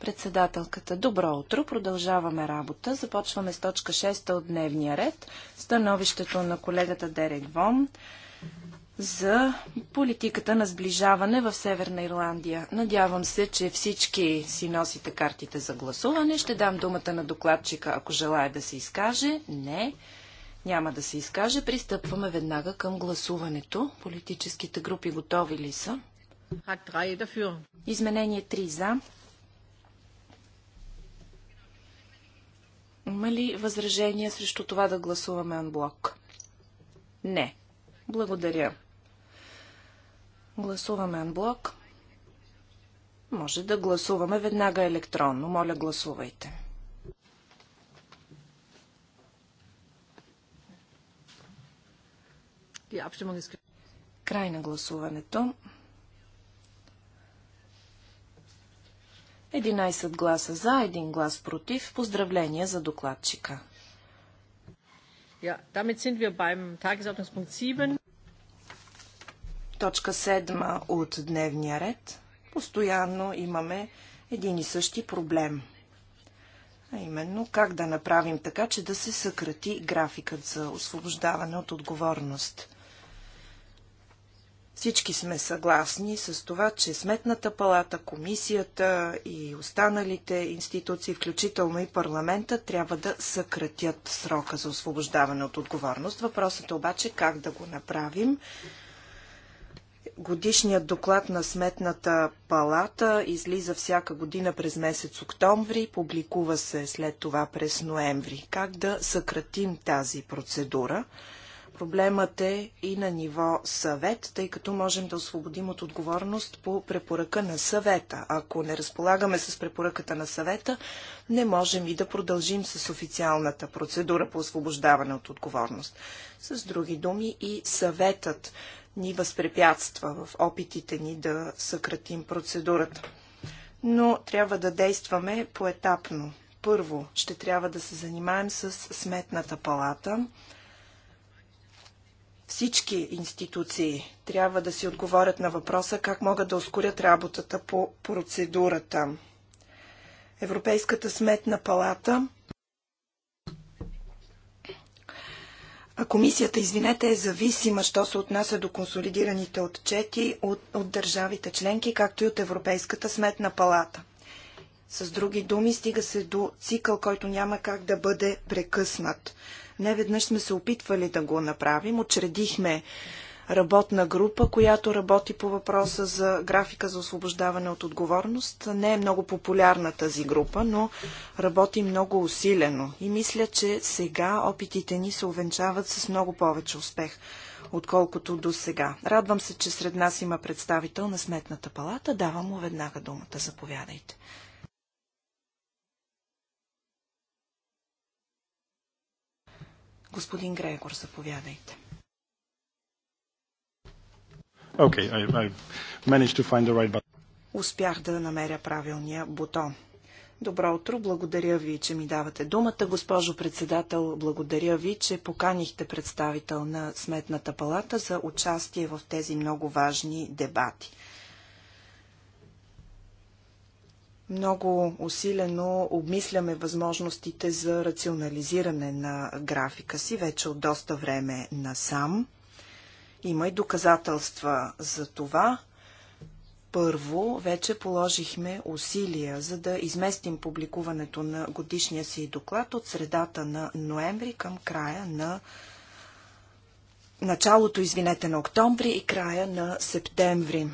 Председателката. Добро утро. Продължаваме работа. Започваме с точка 6 от дневния ред. Становището на колегата Дерек Вон за политиката на сближаване в Северна Ирландия. Надявам се, че всички си носите картите за гласуване. Ще дам думата на докладчика, ако желая да се изкаже. Не, няма да се изкаже. Пристъпваме веднага към гласуването. Политическите групи готови ли са? Изменение 3 за. Има ли възражение срещу това да гласуваме анблок? Не. Благодаря. Гласуваме анблок. Може да гласуваме веднага електронно. Моля, гласувайте. Край на гласуването. 11 гласа за, 1 глас против. Поздравления за докладчика. Ja, damit sind wir beim Tagesordnungspunkt 7. Точка 7 от дневния ред. Постоянно имаме един и същи проблем. А именно, как да направим така, че да се съкрати графикът за освобождаване от отговорност. Всички сме съгласни с това, че Сметната палата, комисията и останалите институции, включително и парламента, трябва да съкратят срока за освобождаване от отговорност. Въпросът е обаче как да го направим. Годишният доклад на Сметната палата излиза всяка година през месец октомври, публикува се след това през ноември. Как да съкратим тази процедура? Проблемът е и на ниво съвет, тъй като можем да освободим от отговорност по препоръка на съвета. Ако не разполагаме с препоръката на съвета, не можем и да продължим с официалната процедура по освобождаване от отговорност. С други думи, и съветът ни възпрепятства в опитите ни да съкратим процедурата. Но трябва да действаме поетапно. Първо, ще трябва да се занимаем с сметната палата. Всички институции трябва да си отговорят на въпроса как могат да ускорят работата по процедурата. Европейската сметна палата А комисията, извинете, е зависима, що се отнася до консолидираните отчети от, от държавите членки, както и от Европейската сметна палата. С други думи, стига се до цикъл, който няма как да бъде прекъснат. Не веднъж сме се опитвали да го направим. Очредихме работна група, която работи по въпроса за графика за освобождаване от отговорност. Не е много популярна тази група, но работи много усилено. И мисля, че сега опитите ни се увенчават с много повече успех отколкото до сега. Радвам се, че сред нас има представител на Сметната палата. Давам му веднага думата. Заповядайте. Господин Грегор, заповядайте. Okay, I, I managed to find the right button. Успях да намеря правилния бутон. Добро утро, благодаря ви, че ми давате думата. Госпожо председател, благодаря ви, че поканихте представител на Сметната палата за участие в тези много важни дебати. Много усилено обмисляме възможностите за рационализиране на графика си вече от доста време насам. Има и доказателства за това. Първо, вече положихме усилия, за да изместим публикуването на годишния си доклад от средата на ноември към края на началото, извинете, на октомври и края на септември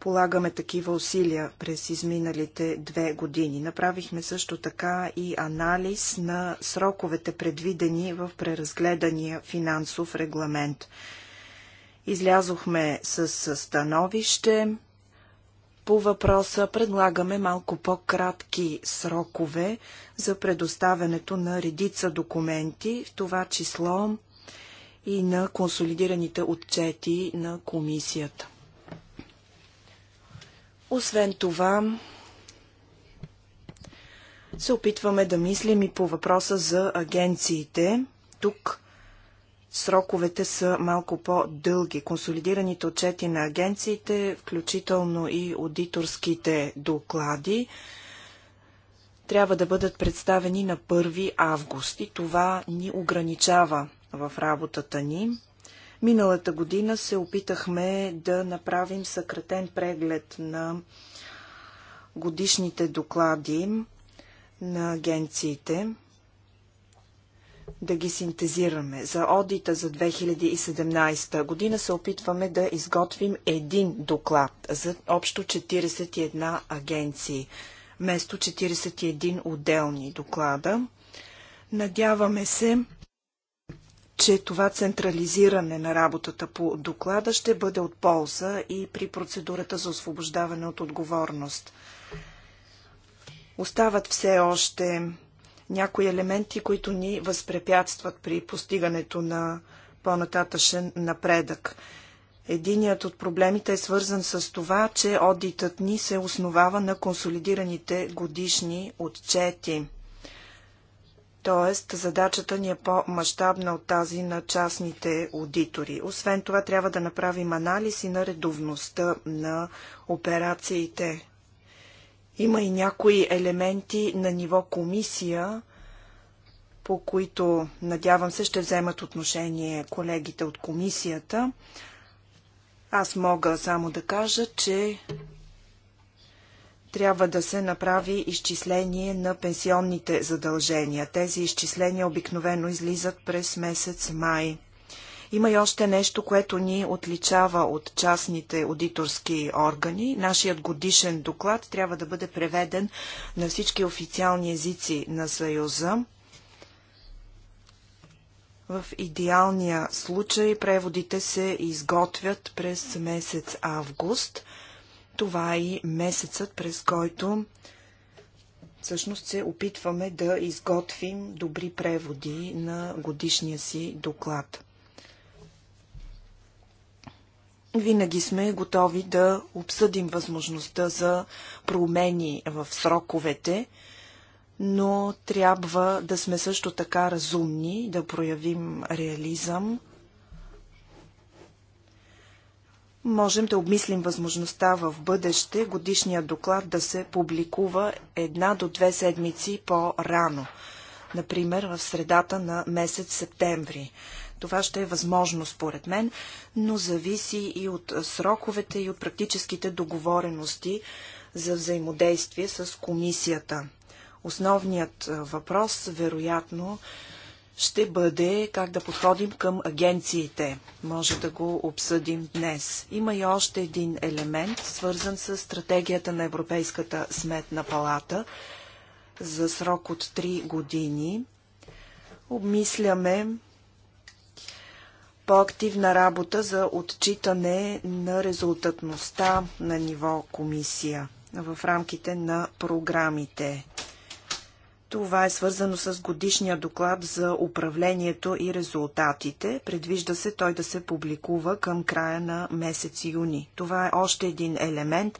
полагаме такива усилия през изминалите две години. Направихме също така и анализ на сроковете предвидени в преразгледания финансов регламент. Излязохме с становище по въпроса, предлагаме малко по-кратки срокове за предоставянето на редица документи, в това число и на консолидираните отчети на комисията. Освен това, се опитваме да мислим и по въпроса за агенциите. Тук сроковете са малко по-дълги. Консолидираните отчети на агенциите, включително и аудиторските доклади, трябва да бъдат представени на 1 август и това ни ограничава в работата ни. Миналата година се опитахме да направим съкратен преглед на годишните доклади на агенциите, да ги синтезираме. За одита за 2017 година се опитваме да изготвим един доклад за общо 41 агенции, вместо 41 отделни доклада. Надяваме се че това централизиране на работата по доклада ще бъде от полза и при процедурата за освобождаване от отговорност. Остават все още някои елементи, които ни възпрепятстват при постигането на по-нататъчен напредък. Единият от проблемите е свързан с това, че одитът ни се основава на консолидираните годишни отчети – Тоест, задачата ни е по-масштабна от тази на частните аудитори. Освен това, трябва да направим анализ и на редовността на операциите. Има и някои елементи на ниво комисия, по които, надявам се, ще вземат отношение колегите от комисията. Аз мога само да кажа, че трябва да се направи изчисление на пенсионните задължения. Тези изчисления обикновено излизат през месец май. Има и още нещо, което ни отличава от частните аудиторски органи. Нашият годишен доклад трябва да бъде преведен на всички официални езици на Съюза. В идеалния случай преводите се изготвят през месец август – това е и месецът, през който всъщност се опитваме да изготвим добри преводи на годишния си доклад. Винаги сме готови да обсъдим възможността за промени в сроковете, но трябва да сме също така разумни, да проявим реализъм Можем да обмислим възможността в бъдеще годишния доклад да се публикува една до две седмици по-рано, например в средата на месец септември. Това ще е възможно според мен, но зависи и от сроковете и от практическите договорености за взаимодействие с комисията. Основният въпрос, вероятно, ще бъде как да подходим към агенциите. Може да го обсъдим днес. Има и още един елемент, свързан с стратегията на Европейската сметна палата за срок от 3 години. Обмисляме по-активна работа за отчитане на резултатността на ниво комисия в рамките на програмите. Това е свързано с годишния доклад за управлението и резултатите. Предвижда се той да се публикува към края на месец юни. Това е още един елемент,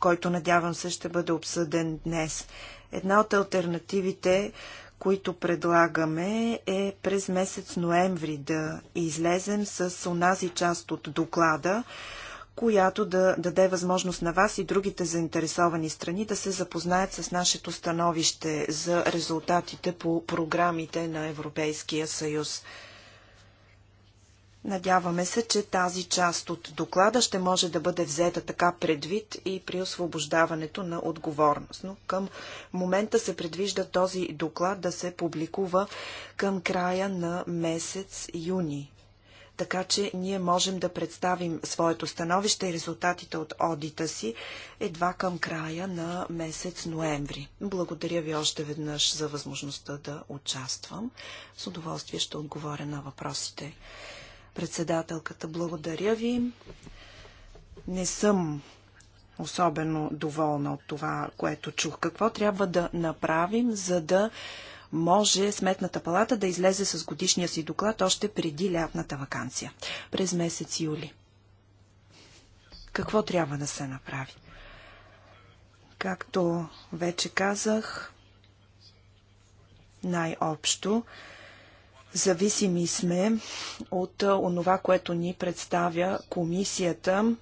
който надявам се ще бъде обсъден днес. Една от альтернативите, които предлагаме е през месец ноември да излезем с онази част от доклада, която да даде възможност на вас и другите заинтересовани страни да се запознаят с нашето становище за резултатите по програмите на Европейския съюз. Надяваме се, че тази част от доклада ще може да бъде взета така предвид и при освобождаването на отговорност. Но към момента се предвижда този доклад да се публикува към края на месец юни така че ние можем да представим своето становище и резултатите от одита си едва към края на месец ноември. Благодаря ви още веднъж за възможността да участвам. С удоволствие ще отговоря на въпросите. Председателката, благодаря ви. Не съм особено доволна от това, което чух. Какво трябва да направим, за да може Сметната палата да излезе с годишния си доклад още преди лятната вакансия, през месец юли. Какво трябва да се направи? Както вече казах, най-общо, зависими сме от онова, което ни представя комисията.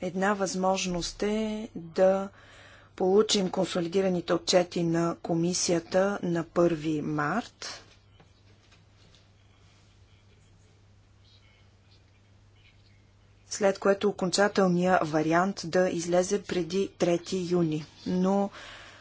Една възможност е да получим консолидираните отчети на комисията на 1 март. след което окончателния вариант да излезе преди 3 юни. Но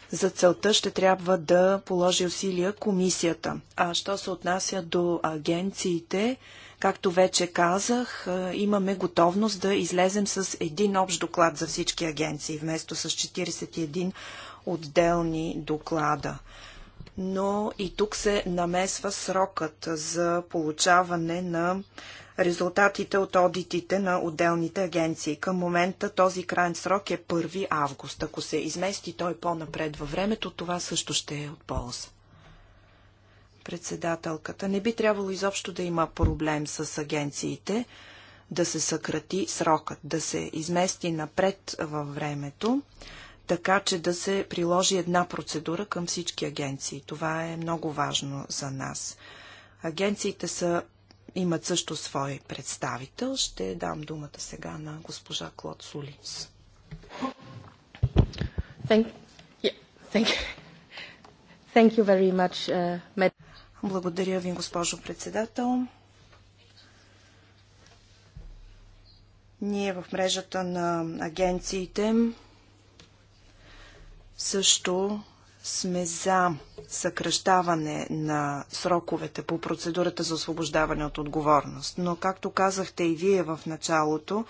за целта ще трябва да положи усилия комисията. А що се отнася до агенциите, Както вече казах, имаме готовност да излезем с един общ доклад за всички агенции, вместо с 41 отделни доклада. Но и тук се намесва срокът за получаване на резултатите от одитите на отделните агенции. Към момента този крайен срок е 1 август. Ако се измести той по-напред във времето, това също ще е от полза. Председателката, не би трябвало изобщо да има проблем с агенциите, да се съкрати срокът, да се измести напред във времето, така че да се приложи една процедура към всички агенции. Това е много важно за нас. Агенциите са, имат също свой представител. Ще дам думата сега на госпожа Клод Сулис. Thank, yeah, thank, thank you very much, uh, благодаря ви, госпожо председател. Ние в мрежата на агенциите също сме за съкръщаване на сроковете по процедурата за освобождаване от отговорност. Но, както казахте и вие в началото,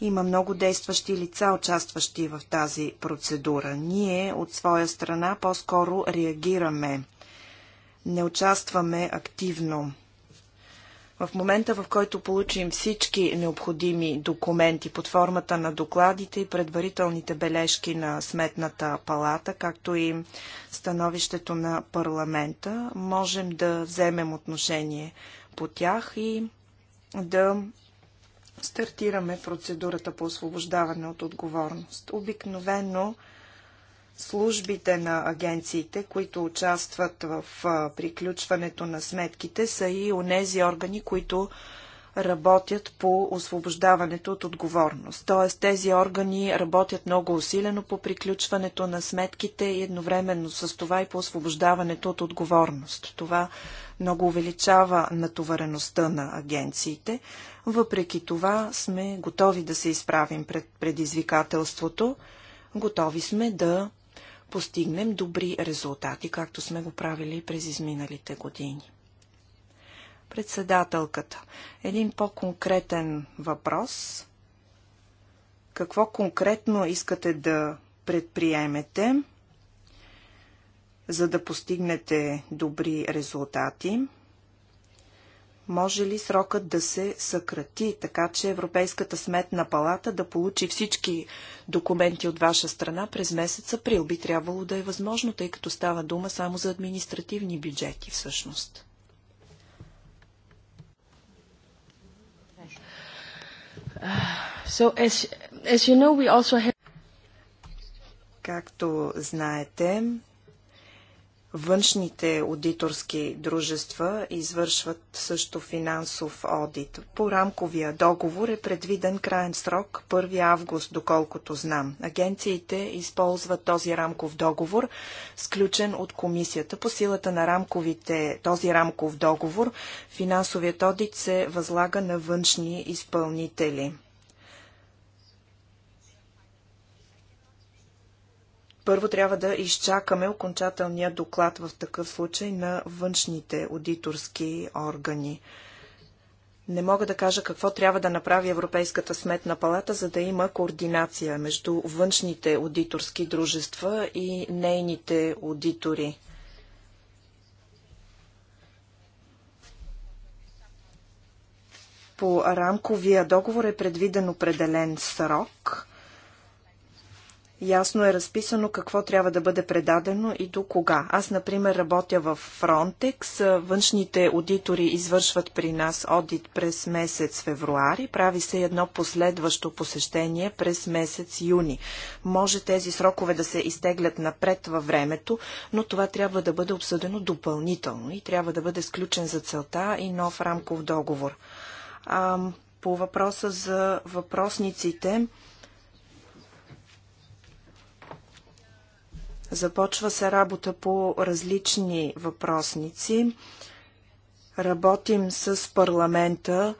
има много действащи лица, участващи в тази процедура. Ние от своя страна по-скоро реагираме не участваме активно. В момента, в който получим всички необходими документи под формата на докладите и предварителните бележки на Сметната палата, както и становището на парламента, можем да вземем отношение по тях и да стартираме процедурата по освобождаване от отговорност. Обикновено службите на агенциите, които участват в приключването на сметките, са и онези органи, които работят по освобождаването от отговорност. Тоест тези органи работят много усилено по приключването на сметките и едновременно с това и по освобождаването от отговорност. Това много увеличава натовареността на агенциите. Въпреки това сме готови да се изправим пред предизвикателството. Готови сме да постигнем добри резултати, както сме го правили през изминалите години. Председателката. Един по-конкретен въпрос. Какво конкретно искате да предприемете, за да постигнете добри резултати? може ли срокът да се съкрати, така че Европейската сметна палата да получи всички документи от ваша страна през месец април? Би трябвало да е възможно, тъй като става дума само за административни бюджети всъщност. So, as, as you know, have... Както знаете, външните аудиторски дружества извършват също финансов одит. По рамковия договор е предвиден крайен срок 1 август, доколкото знам. Агенциите използват този рамков договор, сключен от комисията. По силата на рамковите, този рамков договор, финансовият одит се възлага на външни изпълнители. Първо трябва да изчакаме окончателния доклад в такъв случай на външните аудиторски органи. Не мога да кажа какво трябва да направи Европейската сметна палата, за да има координация между външните аудиторски дружества и нейните аудитори. По рамковия договор е предвиден определен срок – ясно е разписано какво трябва да бъде предадено и до кога. Аз, например, работя в Frontex. Външните аудитори извършват при нас одит през месец февруари. Прави се едно последващо посещение през месец юни. Може тези срокове да се изтеглят напред във времето, но това трябва да бъде обсъдено допълнително и трябва да бъде сключен за целта и нов рамков договор. А, по въпроса за въпросниците, Започва се работа по различни въпросници. Работим с парламента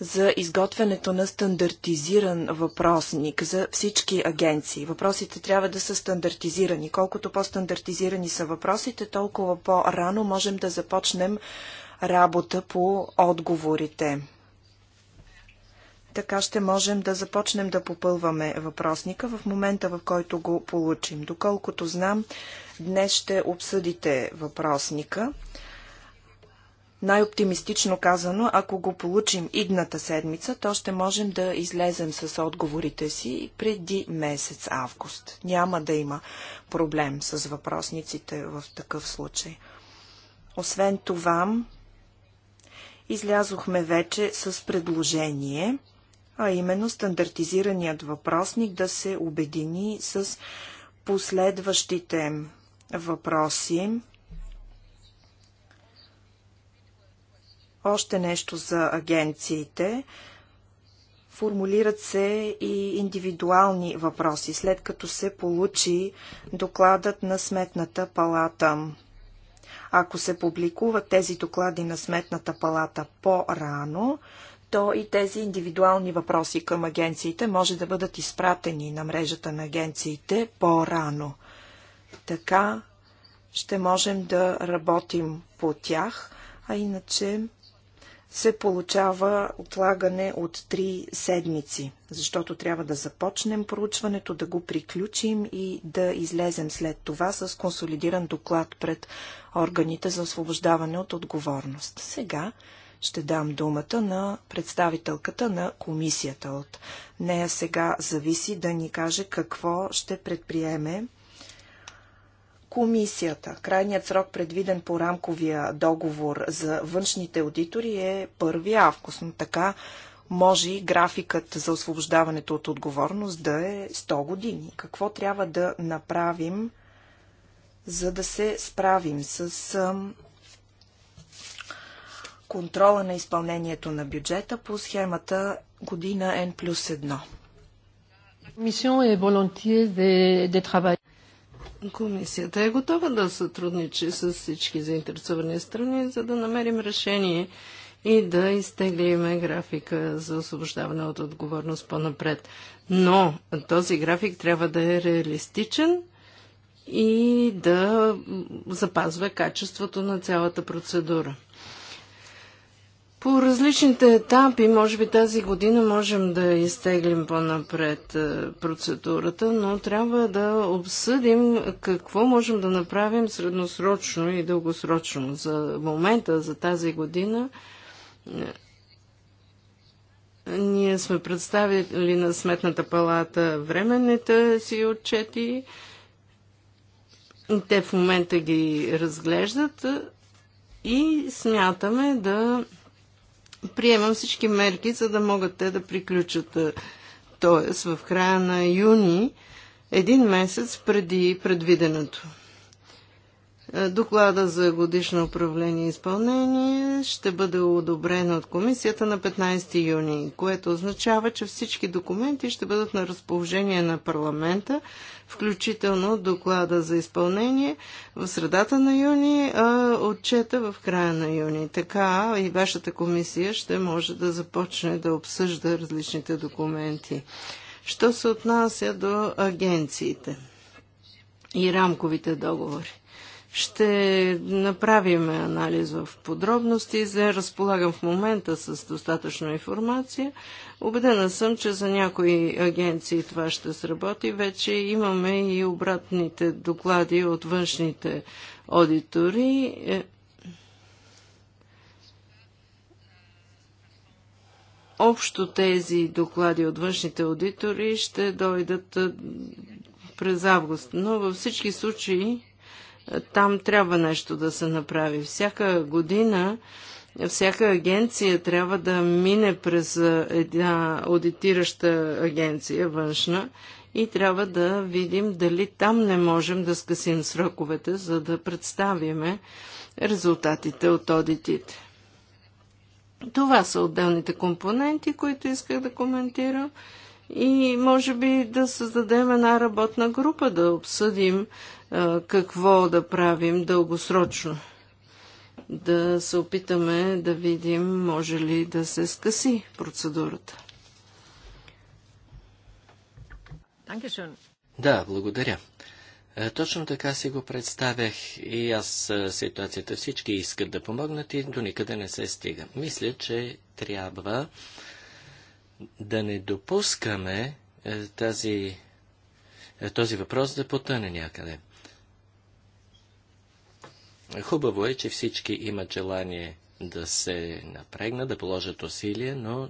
за изготвянето на стандартизиран въпросник за всички агенции. Въпросите трябва да са стандартизирани. Колкото по-стандартизирани са въпросите, толкова по-рано можем да започнем работа по отговорите. Така ще можем да започнем да попълваме въпросника в момента, в който го получим. Доколкото знам, днес ще обсъдите въпросника. Най-оптимистично казано, ако го получим идната седмица, то ще можем да излезем с отговорите си преди месец август. Няма да има проблем с въпросниците в такъв случай. Освен това, излязохме вече с предложение – а именно стандартизираният въпросник да се обедини с последващите въпроси. Още нещо за агенциите. Формулират се и индивидуални въпроси, след като се получи докладът на Сметната палата. Ако се публикуват тези доклади на Сметната палата по-рано, то и тези индивидуални въпроси към агенциите може да бъдат изпратени на мрежата на агенциите по-рано. Така ще можем да работим по тях, а иначе се получава отлагане от три седмици, защото трябва да започнем проучването, да го приключим и да излезем след това с консолидиран доклад пред органите за освобождаване от отговорност. Сега ще дам думата на представителката на комисията. От нея сега зависи да ни каже какво ще предприеме комисията. Крайният срок, предвиден по рамковия договор за външните аудитори е 1 август, но така може и графикът за освобождаването от отговорност да е 100 години. Какво трябва да направим, за да се справим с контрола на изпълнението на бюджета по схемата година N плюс 1. е волонтие Комисията е готова да сътрудничи с всички заинтересовани страни, за да намерим решение и да изтеглиме графика за освобождаване от отговорност по-напред. Но този график трябва да е реалистичен и да запазва качеството на цялата процедура. По различните етапи, може би тази година можем да изтеглим по-напред е, процедурата, но трябва да обсъдим какво можем да направим средносрочно и дългосрочно. За момента, за тази година, е, ние сме представили на Сметната палата временните си отчети. Те в момента ги разглеждат и смятаме да приемам всички мерки, за да могат те да приключат. Т.е. в края на юни, един месец преди предвиденото. Доклада за годишно управление и изпълнение ще бъде одобрен от комисията на 15 юни, което означава, че всички документи ще бъдат на разположение на парламента, включително доклада за изпълнение в средата на юни, а отчета в края на юни. Така и вашата комисия ще може да започне да обсъжда различните документи. Що се отнася до агенциите и рамковите договори? Ще направим анализ в подробности. за разполагам в момента с достатъчно информация. Обедена съм, че за някои агенции това ще сработи. Вече имаме и обратните доклади от външните аудитори. Е, общо тези доклади от външните аудитори ще дойдат е, през август. Но във всички случаи там трябва нещо да се направи. Всяка година всяка агенция трябва да мине през една аудитираща агенция външна и трябва да видим дали там не можем да скъсим сроковете, за да представиме резултатите от одитите. Това са отделните компоненти, които исках да коментирам и може би да създадем една работна група, да обсъдим а, какво да правим дългосрочно. Да се опитаме да видим, може ли да се скъси процедурата. Да, благодаря. Е, точно така си го представях и аз е, ситуацията. Всички искат да помогнат и до никъде не се стига. Мисля, че трябва да не допускаме е, тази, е, този въпрос да потъне някъде. Хубаво е, че всички имат желание да се напрегнат, да положат усилия, но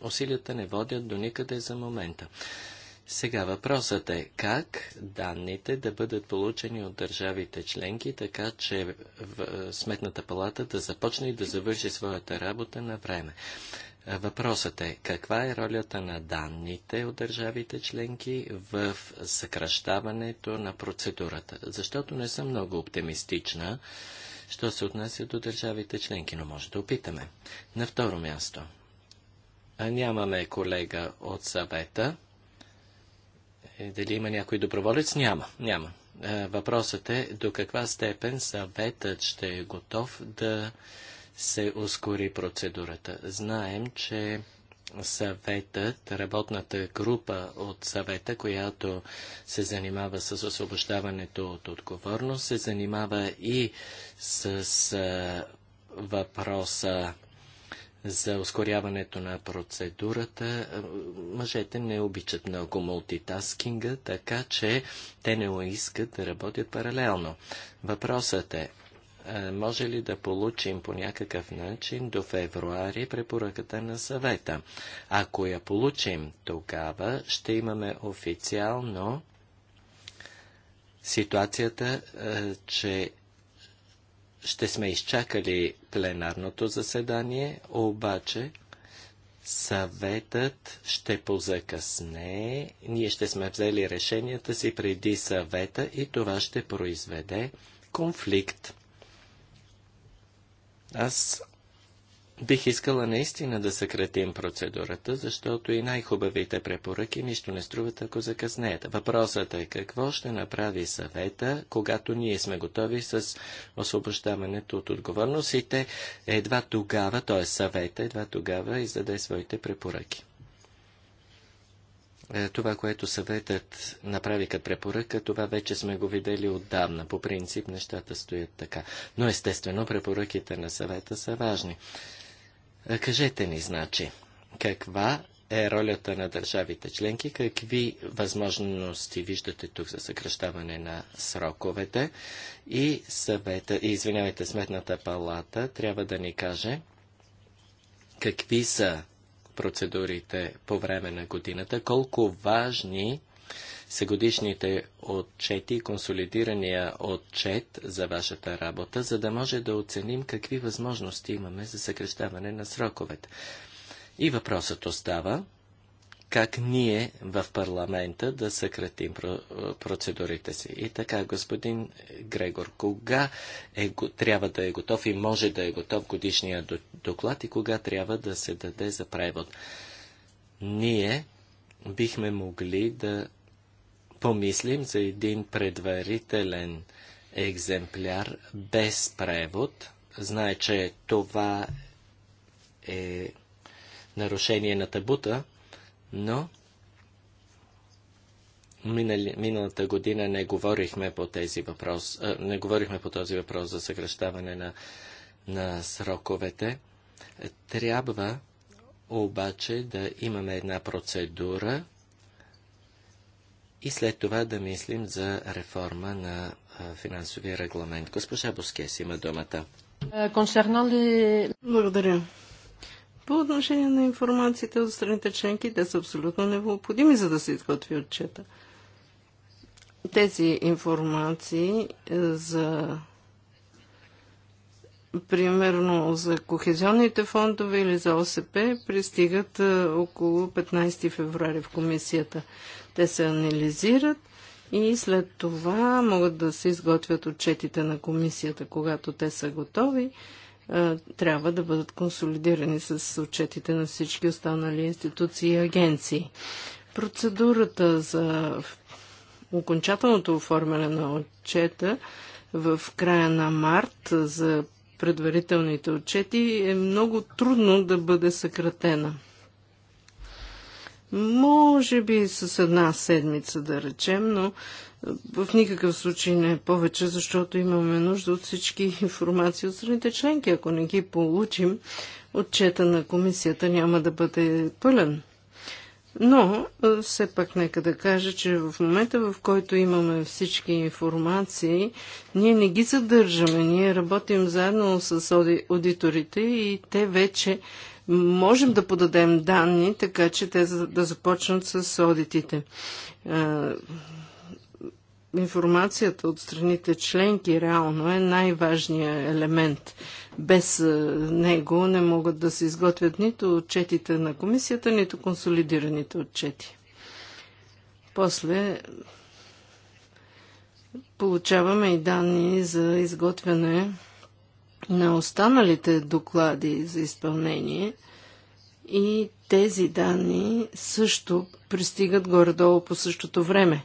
усилията не водят до никъде за момента. Сега въпросът е как данните да бъдат получени от държавите членки, така че в е, Сметната палата да започне и да завърши своята работа на време. Въпросът е, каква е ролята на данните от държавите членки в съкръщаването на процедурата? Защото не съм много оптимистична, що се отнася до държавите членки, но може да опитаме. На второ място. Нямаме колега от съвета. Е, дали има някой доброволец? Няма. Няма. Е, въпросът е до каква степен съветът ще е готов да се ускори процедурата. Знаем, че съветът, работната група от съвета, която се занимава с освобождаването от отговорност, се занимава и с, въпроса за ускоряването на процедурата. Мъжете не обичат много мултитаскинга, така че те не искат да работят паралелно. Въпросът е, е, може ли да получим по някакъв начин до февруари препоръката на съвета? Ако я получим тогава, ще имаме официално ситуацията, е, че ще сме изчакали пленарното заседание, обаче съветът ще позакъсне, ние ще сме взели решенията си преди съвета и това ще произведе конфликт. Аз бих искала наистина да съкратим процедурата, защото и най-хубавите препоръки нищо не струват, ако закъснеят. Въпросът е какво ще направи съвета, когато ние сме готови с освобождаването от отговорностите, едва тогава, т.е. съвета едва тогава издаде своите препоръки. Е, това, което съветът направи като препоръка, това вече сме го видели отдавна. По принцип нещата стоят така. Но естествено препоръките на съвета са важни. Е, кажете ни, значи, каква е ролята на държавите членки, какви възможности виждате тук за съкръщаване на сроковете и съвета, и извинявайте, сметната палата трябва да ни каже какви са процедурите по време на годината, колко важни са годишните отчети, консолидирания отчет за вашата работа, за да може да оценим какви възможности имаме за съкрещаване на сроковете. И въпросът остава, как ние в парламента да съкратим процедурите си. И така, господин Грегор, кога е, трябва да е готов и може да е готов годишния доклад и кога трябва да се даде за превод? Ние бихме могли да помислим за един предварителен екземпляр без превод. Знае, че това е нарушение на табута, но Минали, миналата година не говорихме по тези въпрос, а, не говорихме по този въпрос за съкръщаване на, на сроковете. Трябва обаче да имаме една процедура и след това да мислим за реформа на финансовия регламент. Госпожа Боскес има думата. Е, Благодаря. По отношение на информацията от страните членки, те са абсолютно необходими, за да се изготви отчета. Тези информации е, за примерно за кохезионните фондове или за ОСП пристигат е, около 15 февруари в комисията. Те се анализират и след това могат да се изготвят отчетите на комисията, когато те са готови трябва да бъдат консолидирани с отчетите на всички останали институции и агенции. Процедурата за окончателното оформяне на отчета в края на март за предварителните отчети е много трудно да бъде съкратена. Може би с една седмица да речем, но в никакъв случай не е повече, защото имаме нужда от всички информации от страните членки. Ако не ги получим, отчета на комисията няма да бъде пълен. Но, все пак нека да кажа, че в момента, в който имаме всички информации, ние не ги задържаме. Ние работим заедно с аудиторите и те вече можем да подадем данни, така че те да започнат с одитите. Информацията от страните членки реално е най-важният елемент. Без него не могат да се изготвят нито отчетите на комисията, нито консолидираните отчети. После получаваме и данни за изготвяне на останалите доклади за изпълнение и тези данни също пристигат горе-долу по същото време.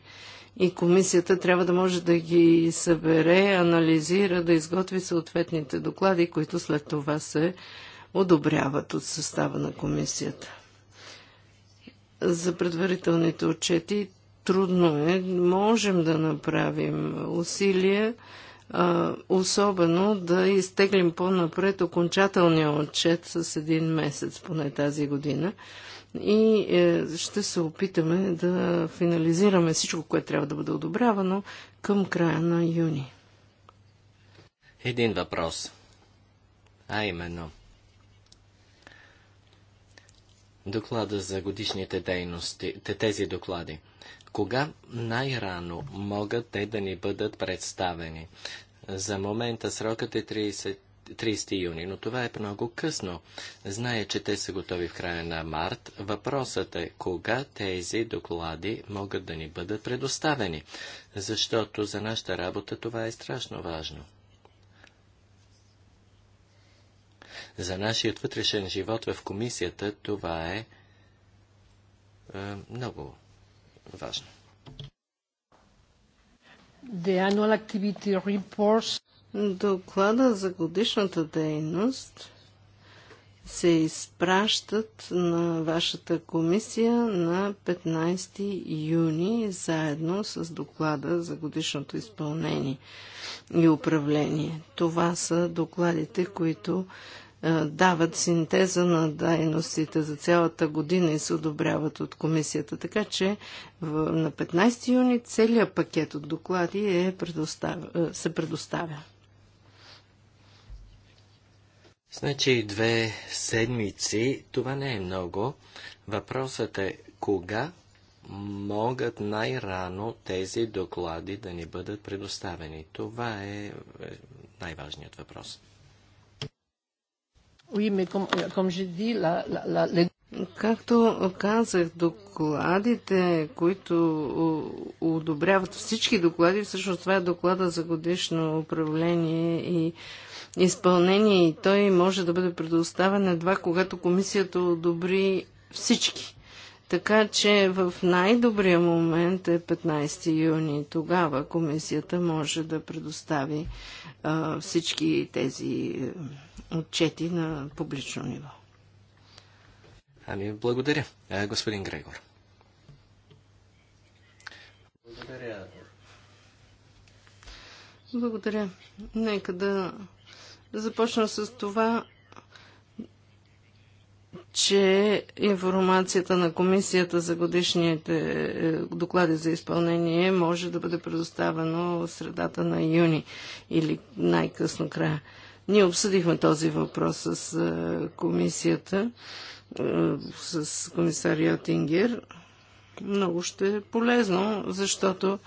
И комисията трябва да може да ги събере, анализира, да изготви съответните доклади, които след това се одобряват от състава на комисията. За предварителните отчети трудно е. Можем да направим усилия а, особено да изтеглим по-напред окончателния отчет с един месец, поне тази година. И е, ще се опитаме да финализираме всичко, което трябва да бъде одобрявано към края на юни. Един въпрос. А именно. Доклада за годишните дейности, тези доклади. Кога най-рано могат те да ни бъдат представени? За момента срокът е 30 30 юни, но това е много късно. Зная, че те са готови в края на март. Въпросът е кога тези доклади могат да ни бъдат предоставени, защото за нашата работа това е страшно важно. За нашият вътрешен живот в комисията това е, е много важно. The annual activity reports. Доклада за годишната дейност се изпращат на вашата комисия на 15 юни, заедно с доклада за годишното изпълнение и управление. Това са докладите, които е, дават синтеза на дайностите за цялата година и се одобряват от комисията. Така че на 15 юни целият пакет от доклади е предостав... Е, се предоставя. Значи две седмици, това не е много. Въпросът е кога могат най-рано тези доклади да ни бъдат предоставени. Това е, е най-важният въпрос. Както казах, докладите, които одобряват всички доклади, всъщност това е доклада за годишно управление и изпълнение и той може да бъде предоставен едва когато комисията одобри всички. Така че в най-добрия момент е 15 юни. Тогава комисията може да предостави а, всички тези а, отчети на публично ниво. Ами, благодаря, господин Грегор. Благодаря. Благодаря. Нека да, започна с това, че информацията на комисията за годишните е, доклади за изпълнение може да бъде предоставено в средата на юни или най-късно края. Ние обсъдихме този въпрос с комисията, с комисар Йотингер. Много ще е полезно, защото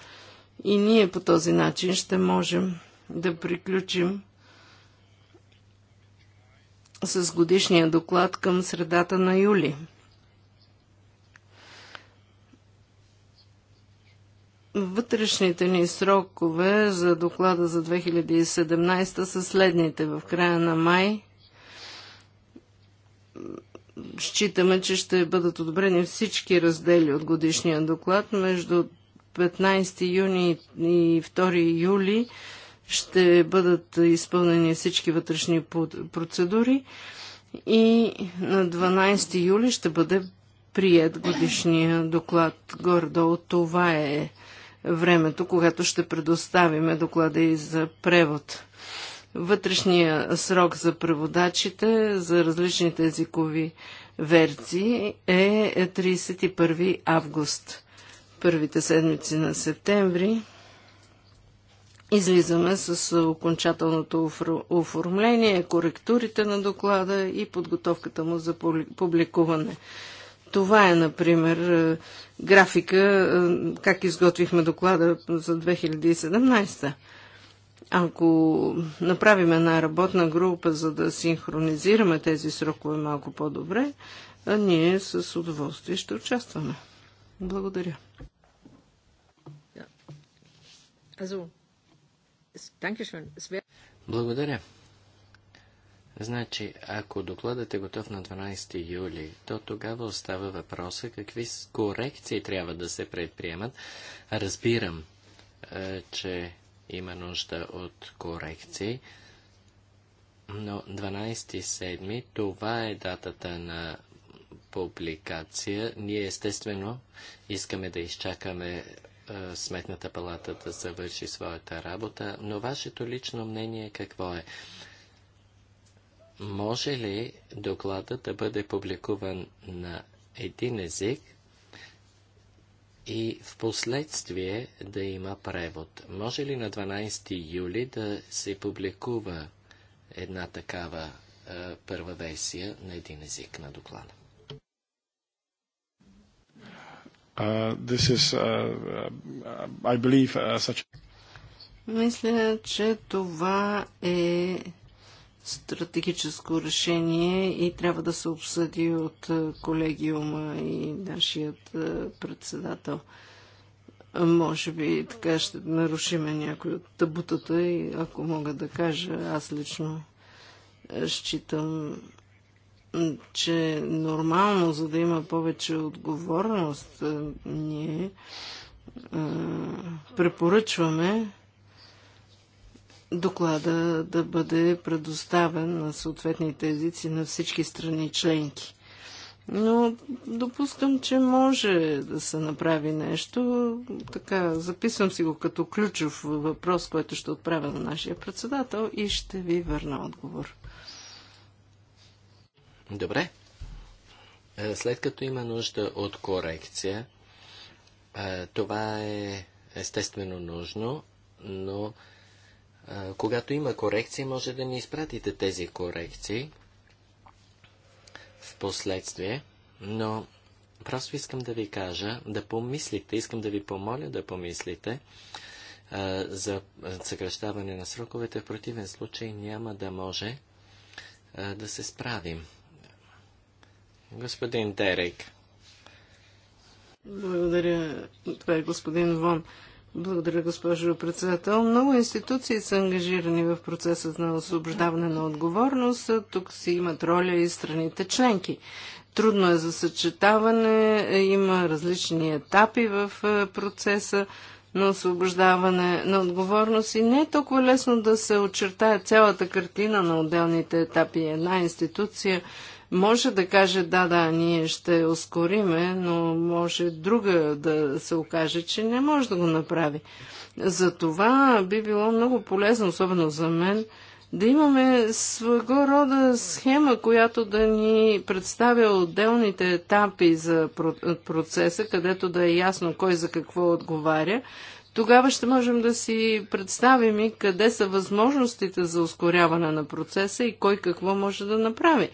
и ние по този начин ще можем да приключим с годишния доклад към средата на юли. Вътрешните ни срокове за доклада за 2017 са следните. В края на май считаме, че ще бъдат одобрени всички раздели от годишния доклад. Между 15 юни и 2 юли ще бъдат изпълнени всички вътрешни процедури и на 12 юли ще бъде прият годишния доклад. Гордо това е времето, когато ще предоставиме доклада и за превод. Вътрешния срок за преводачите за различните езикови версии е 31 август. Първите седмици на септември излизаме с окончателното оформление, коректурите на доклада и подготовката му за публикуване. Това е, например, е, графика, е, как изготвихме доклада за 2017. Ако направим една работна група, за да синхронизираме тези срокове малко по-добре, ние с удоволствие ще участваме. Благодаря. Благодаря. Значи, ако докладът е готов на 12 юли, то тогава остава въпроса какви корекции трябва да се предприемат. Разбирам, е, че има нужда от корекции, но 12.7. това е датата на публикация. Ние естествено искаме да изчакаме е, Сметната палата да завърши своята работа, но вашето лично мнение какво е? Може ли докладът да бъде публикуван на един език и в последствие да има превод? Може ли на 12 юли да се публикува една такава е, първа версия на един език на доклада? Uh, this is, uh, uh I believe, uh, such... Мисля, че това е стратегическо решение и трябва да се обсъди от колегиума и нашият председател. Може би така ще нарушиме някой от табутата и ако мога да кажа, аз лично считам, че нормално, за да има повече отговорност, ние препоръчваме доклада да бъде предоставен на съответните езици на всички страни членки. Но допускам, че може да се направи нещо. Така, записвам си го като ключов въпрос, който ще отправя на нашия председател и ще ви върна отговор. Добре. Е, след като има нужда от корекция, е, това е естествено нужно, но когато има корекции, може да ни изпратите тези корекции в последствие, но просто искам да ви кажа, да помислите, искам да ви помоля да помислите за съкръщаване на сроковете. В противен случай няма да може да се справим. Господин Дерек. Благодаря. Това е господин Вон. Благодаря, госпожо председател. Много институции са ангажирани в процеса на освобождаване на отговорност. Тук си имат роля и страните членки. Трудно е за съчетаване, има различни етапи в процеса на освобождаване на отговорност и не е толкова лесно да се очертая цялата картина на отделните етапи. Една институция може да каже да, да, ние ще ускориме, но може друга да се окаже, че не може да го направи. За това би било много полезно, особено за мен, да имаме своего рода схема, която да ни представя отделните етапи за процеса, където да е ясно кой за какво отговаря. Тогава ще можем да си представим и къде са възможностите за ускоряване на процеса и кой какво може да направи.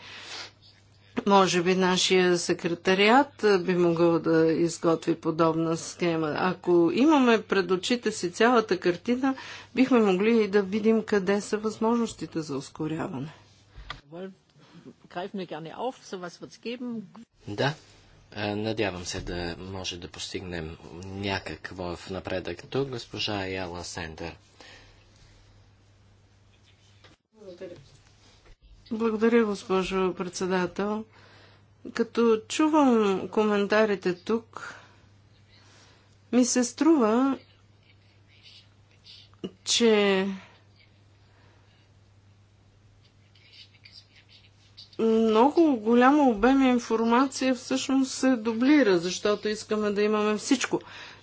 Може би нашия секретариат би могъл да изготви подобна схема. Ако имаме пред очите си цялата картина, бихме могли и да видим къде са възможностите за ускоряване. Да, надявам се да може да постигнем някакво в напредък тук, госпожа Яла Сендер. Благодаря. Благодаря, госпожо председател. Като чувам коментарите тук, ми се струва, че много голям обем информация всъщност се дублира, защото искаме да имаме всичко.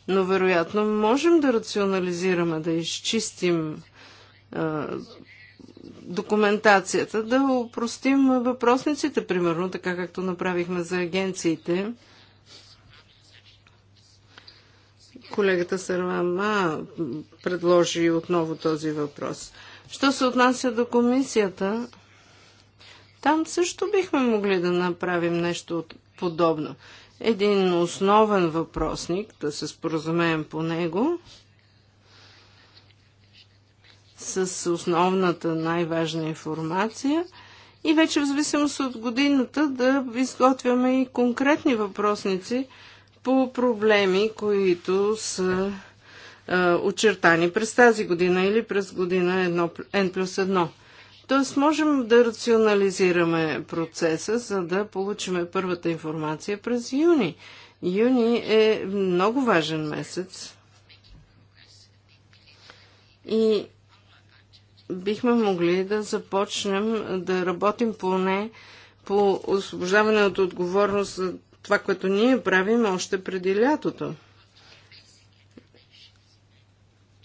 Но вероятно можем да рационализираме, да изчистим документацията, да упростим въпросниците, примерно, така както направихме за агенциите. Колегата Сарвама предложи отново този въпрос. Що се отнася до комисията, там също бихме могли да направим нещо подобно. Един основен въпросник, да се споразумеем по него – с основната най-важна информация и вече в зависимост от годината да изготвяме и конкретни въпросници по проблеми, които са е, очертани през тази година или през година N плюс 1. Тоест можем да рационализираме процеса, за да получиме първата информация през юни. Юни е много важен месец. И бихме могли да започнем да работим поне по освобождаване от отговорност за това, което ние правим още преди лятото.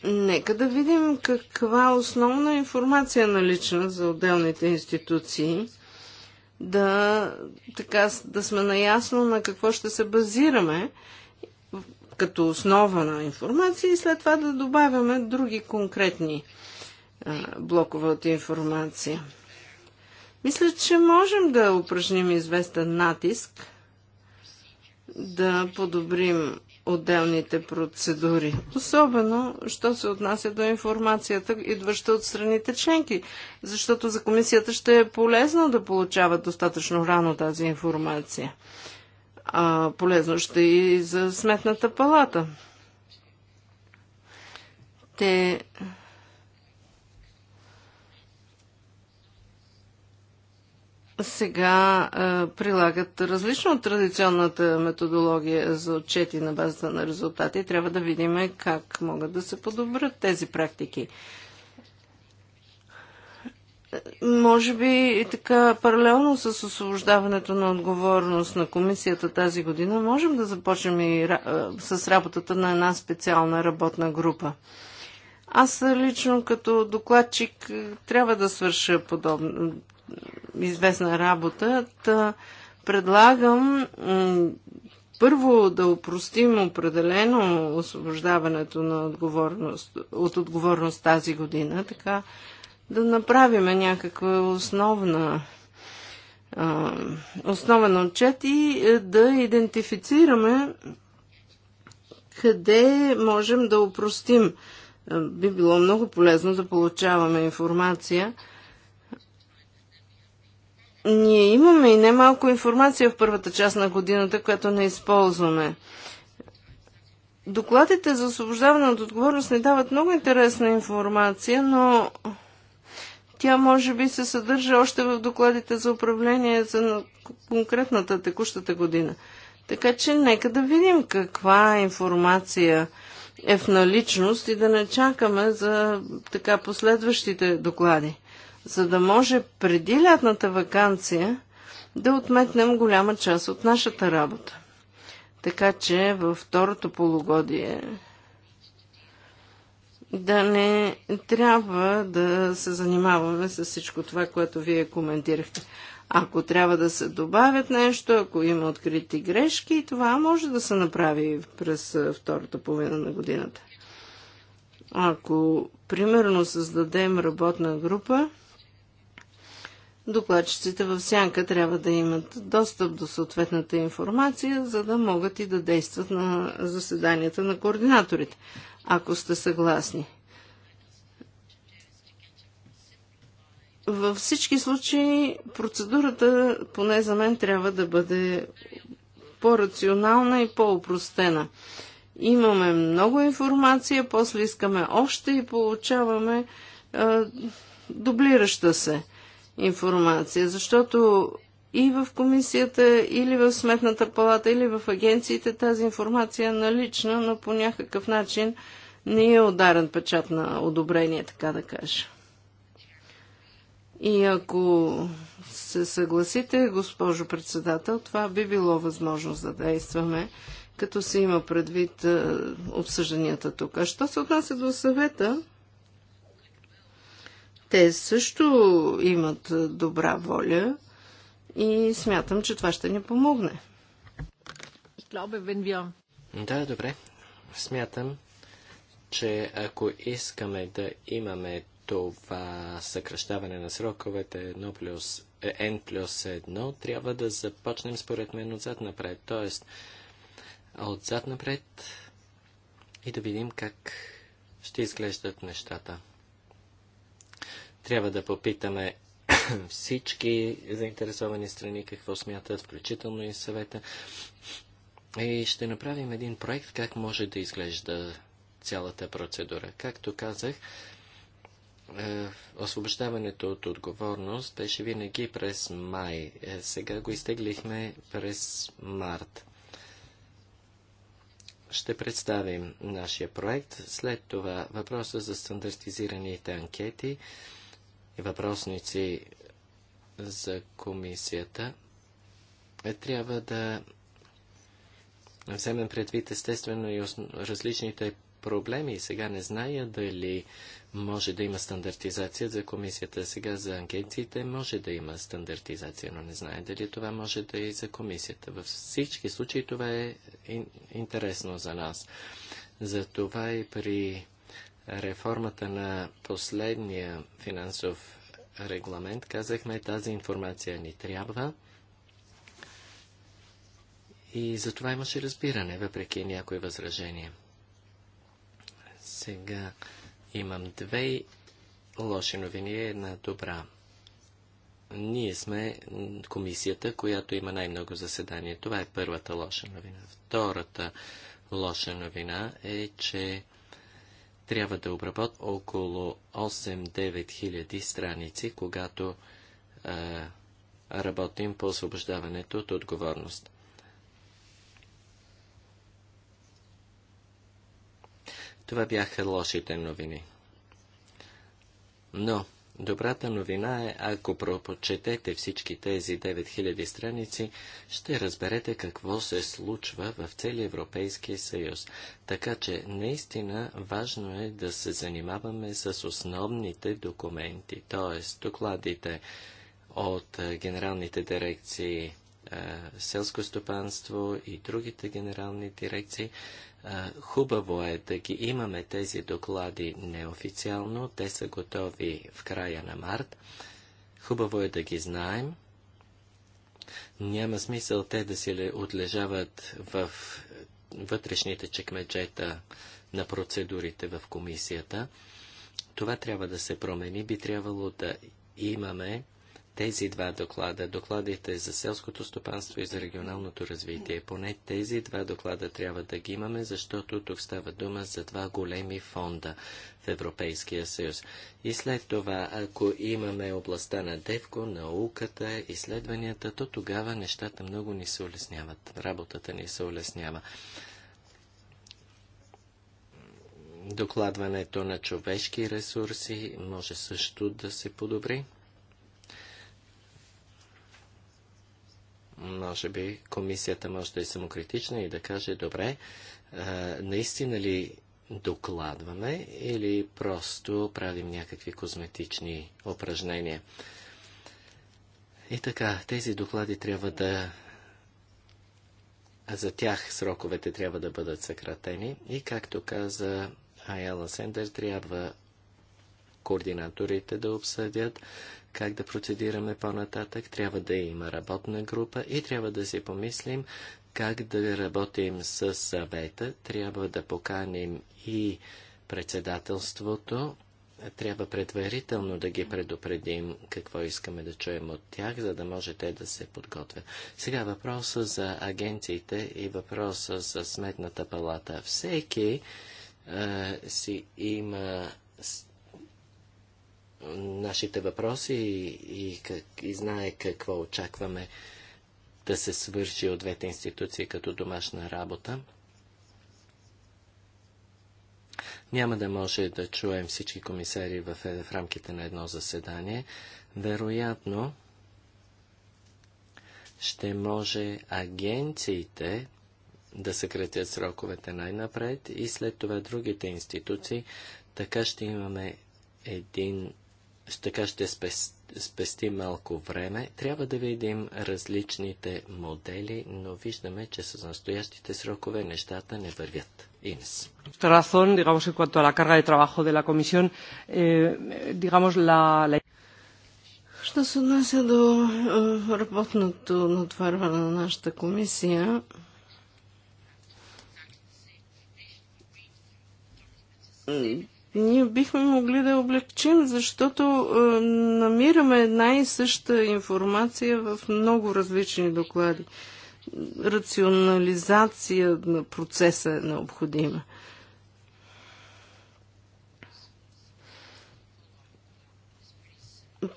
Нека да видим каква основна информация е налична за отделните институции, да, така, да сме наясно на какво ще се базираме като основа на информация и след това да добавяме други конкретни блокове от информация. Мисля, че можем да упражним известен натиск, да подобрим отделните процедури. Особено, що се отнася до информацията, идваща от страните членки. Защото за комисията ще е полезно да получават достатъчно рано тази информация. А, полезно ще и за сметната палата. Те сега а, прилагат различно от традиционната методология за отчети на базата на резултати. Трябва да видим как могат да се подобрят тези практики. Може би и така паралелно с освобождаването на отговорност на комисията тази година, можем да започнем и а, с работата на една специална работна група. Аз лично като докладчик трябва да свърша подобно известна работа. Та предлагам първо да упростим определено освобождаването на отговорност, от отговорност тази година, така да направим някаква основна основен отчет и е, да идентифицираме къде можем да упростим. Е, би било много полезно да получаваме информация – ние имаме и немалко информация в първата част на годината, която не използваме. Докладите за освобождаване от отговорност не дават много интересна информация, но тя може би се съдържа още в докладите за управление за конкретната текущата година. Така че нека да видим каква информация е в наличност и да не чакаме за така последващите доклади за да може преди лятната вакансия да отметнем голяма част от нашата работа. Така че във второто полугодие да не трябва да се занимаваме с всичко това, което вие коментирахте. Ако трябва да се добавят нещо, ако има открити грешки, това може да се направи през втората половина на годината. Ако, примерно, създадем работна група, докладчиците в сянка трябва да имат достъп до съответната информация, за да могат и да действат на заседанията на координаторите, ако сте съгласни. Във всички случаи процедурата, поне за мен, трябва да бъде по-рационална и по-упростена. Имаме много информация, после искаме още и получаваме е, дублираща се информация, защото и в комисията, или в сметната палата, или в агенциите тази информация е налична, но по някакъв начин не е ударен печат на одобрение, така да кажа. И ако се съгласите, госпожо председател, това би било възможност да действаме, като се има предвид е, обсъжданията тук. А що се отнася до съвета, те също имат добра воля и смятам, че това ще ни помогне. Да, добре. Смятам, че ако искаме да имаме това съкръщаване на сроковете 1 плюс, е, N плюс 1, трябва да започнем според мен отзад напред. Тоест, отзад напред и да видим как ще изглеждат нещата. Трябва да попитаме всички заинтересовани страни какво смятат, включително и съвета. И ще направим един проект как може да изглежда цялата процедура. Както казах, е, освобождаването от отговорност беше винаги през май. Е, сега го изтеглихме през март. Ще представим нашия проект. След това въпроса за стандартизираните анкети въпросници за комисията, е, трябва да вземем предвид естествено и различните проблеми. Сега не зная дали може да има стандартизация за комисията. Сега за агенциите може да има стандартизация, но не знае дали това може да е и за комисията. Във всички случаи това е интересно за нас. Затова и при реформата на последния финансов регламент казахме, тази информация ни трябва. И за това имаше разбиране, въпреки някои възражения. Сега имам две лоши новини и една добра. Ние сме комисията, която има най-много заседания. Това е първата лоша новина. Втората лоша новина е, че трябва да обработ около 8-9 хиляди страници, когато а, работим по освобождаването от отговорност. Това бяха лошите новини. Но Добрата новина е, ако пропочетете всички тези 9000 страници, ще разберете какво се случва в целия Европейския съюз. Така че наистина важно е да се занимаваме с основните документи, т.е. докладите от е, генералните дирекции е, селско стопанство и другите генерални дирекции, Хубаво е да ги имаме тези доклади неофициално. Те са готови в края на март. Хубаво е да ги знаем. Няма смисъл те да се отлежават в е, вътрешните чекмеджета на процедурите в комисията. Това трябва да се промени. Би трябвало да имаме тези два доклада, докладите за селското стопанство и за регионалното развитие, поне тези два доклада трябва да ги имаме, защото тук става дума за два големи фонда в Европейския съюз. И след това, ако имаме областта на девко, науката, изследванията, то тогава нещата много ни се улесняват. Работата ни се улеснява докладването на човешки ресурси може също да се подобри. Може би комисията може да е самокритична и да каже, добре, наистина ли докладваме или просто правим някакви козметични упражнения. И така, тези доклади трябва да. За тях сроковете трябва да бъдат съкратени и, както каза Айела Сендер, трябва координаторите да обсъдят как да процедираме по-нататък. Трябва да има работна група и трябва да си помислим как да работим с съвета. Трябва да поканим и председателството. Трябва предварително да ги предупредим какво искаме да чуем от тях, за да може те да се подготвят. Сега въпроса за агенциите и въпроса за сметната палата. Всеки е, си има нашите въпроси и, как, и знае какво очакваме да се свърши от двете институции като домашна работа. Няма да може да чуем всички комисари в, е, в рамките на едно заседание. Вероятно, ще може агенциите да съкратят сроковете най-напред и след това другите институции. Така ще имаме един така ще спести малко време. Трябва да видим различните модели, но виждаме, че с настоящите срокове нещата не вървят. Инес. Razón, digamos, en cuanto a la carga de trabajo de la comisión, eh, digamos, la, la... Що се отнася до е, работното натварване на нашата комисия, ние бихме могли да облегчим, защото е, намираме една и съща информация в много различни доклади. Рационализация на процеса е необходима.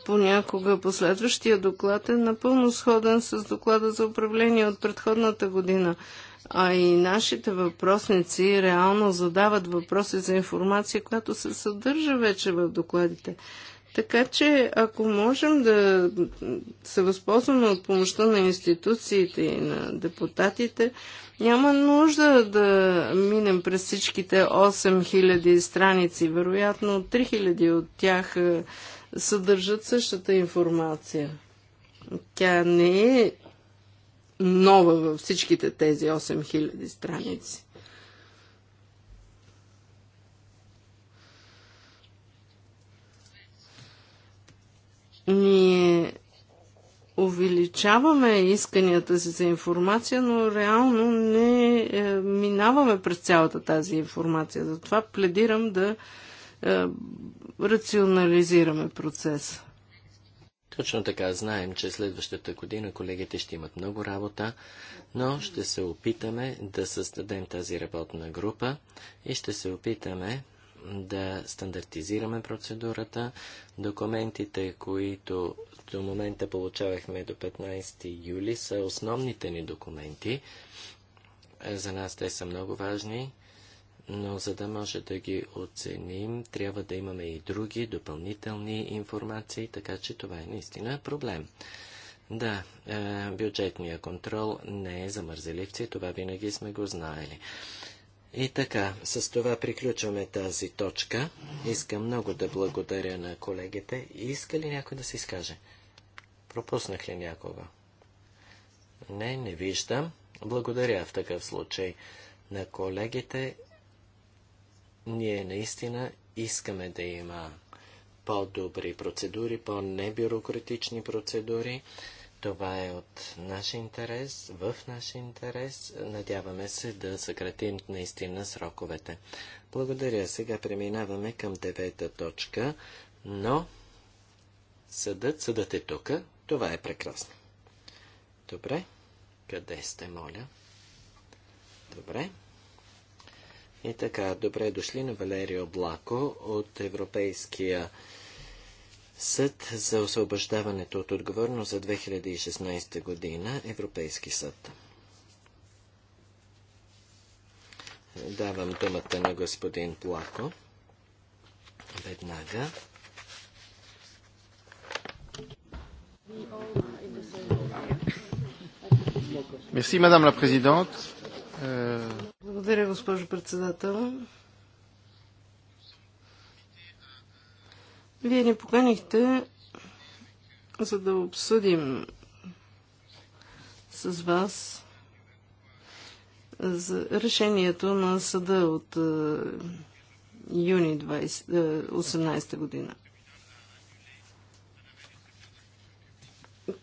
Понякога последващия доклад е напълно сходен с доклада за управление от предходната година а и нашите въпросници реално задават въпроси за информация, която се съдържа вече в докладите. Така че, ако можем да се възползваме от помощта на институциите и на депутатите, няма нужда да минем през всичките 8000 страници. Вероятно, 3000 от тях е, съдържат същата информация. Тя не е нова във всичките тези 8000 страници. Ние увеличаваме исканията си за информация, но реално не е, минаваме през цялата тази информация. Затова пледирам да е, рационализираме процеса. Точно така знаем, че следващата година колегите ще имат много работа, но ще се опитаме да създадем тази работна група и ще се опитаме да стандартизираме процедурата. Документите, които до момента получавахме до 15 юли, са основните ни документи. За нас те са много важни но за да може да ги оценим, трябва да имаме и други допълнителни информации, така че това е наистина проблем. Да, е, бюджетния контрол не е за мързеливци, това винаги сме го знаели. И така, с това приключваме тази точка. Искам много да благодаря на колегите. Иска ли някой да се изкаже? Пропуснах ли някого? Не, не виждам. Благодаря в такъв случай на колегите ние наистина искаме да има по-добри процедури, по-небюрократични процедури. Това е от наш интерес, в наш интерес. Надяваме се да съкратим наистина сроковете. Благодаря. Сега преминаваме към девета точка, но съдът, съдът е тук. Това е прекрасно. Добре. Къде сте, моля? Добре. И така, добре дошли на Валерио Блако от Европейския съд за освобождаването от отговорност за 2016 година, Европейски съд. Давам думата на господин Плако. Веднага. Merci, Madame la Présidente. Благодаря, госпожо председател. Вие ни поканихте, за да обсъдим с вас за решението на съда от е, юни 2018 е, година,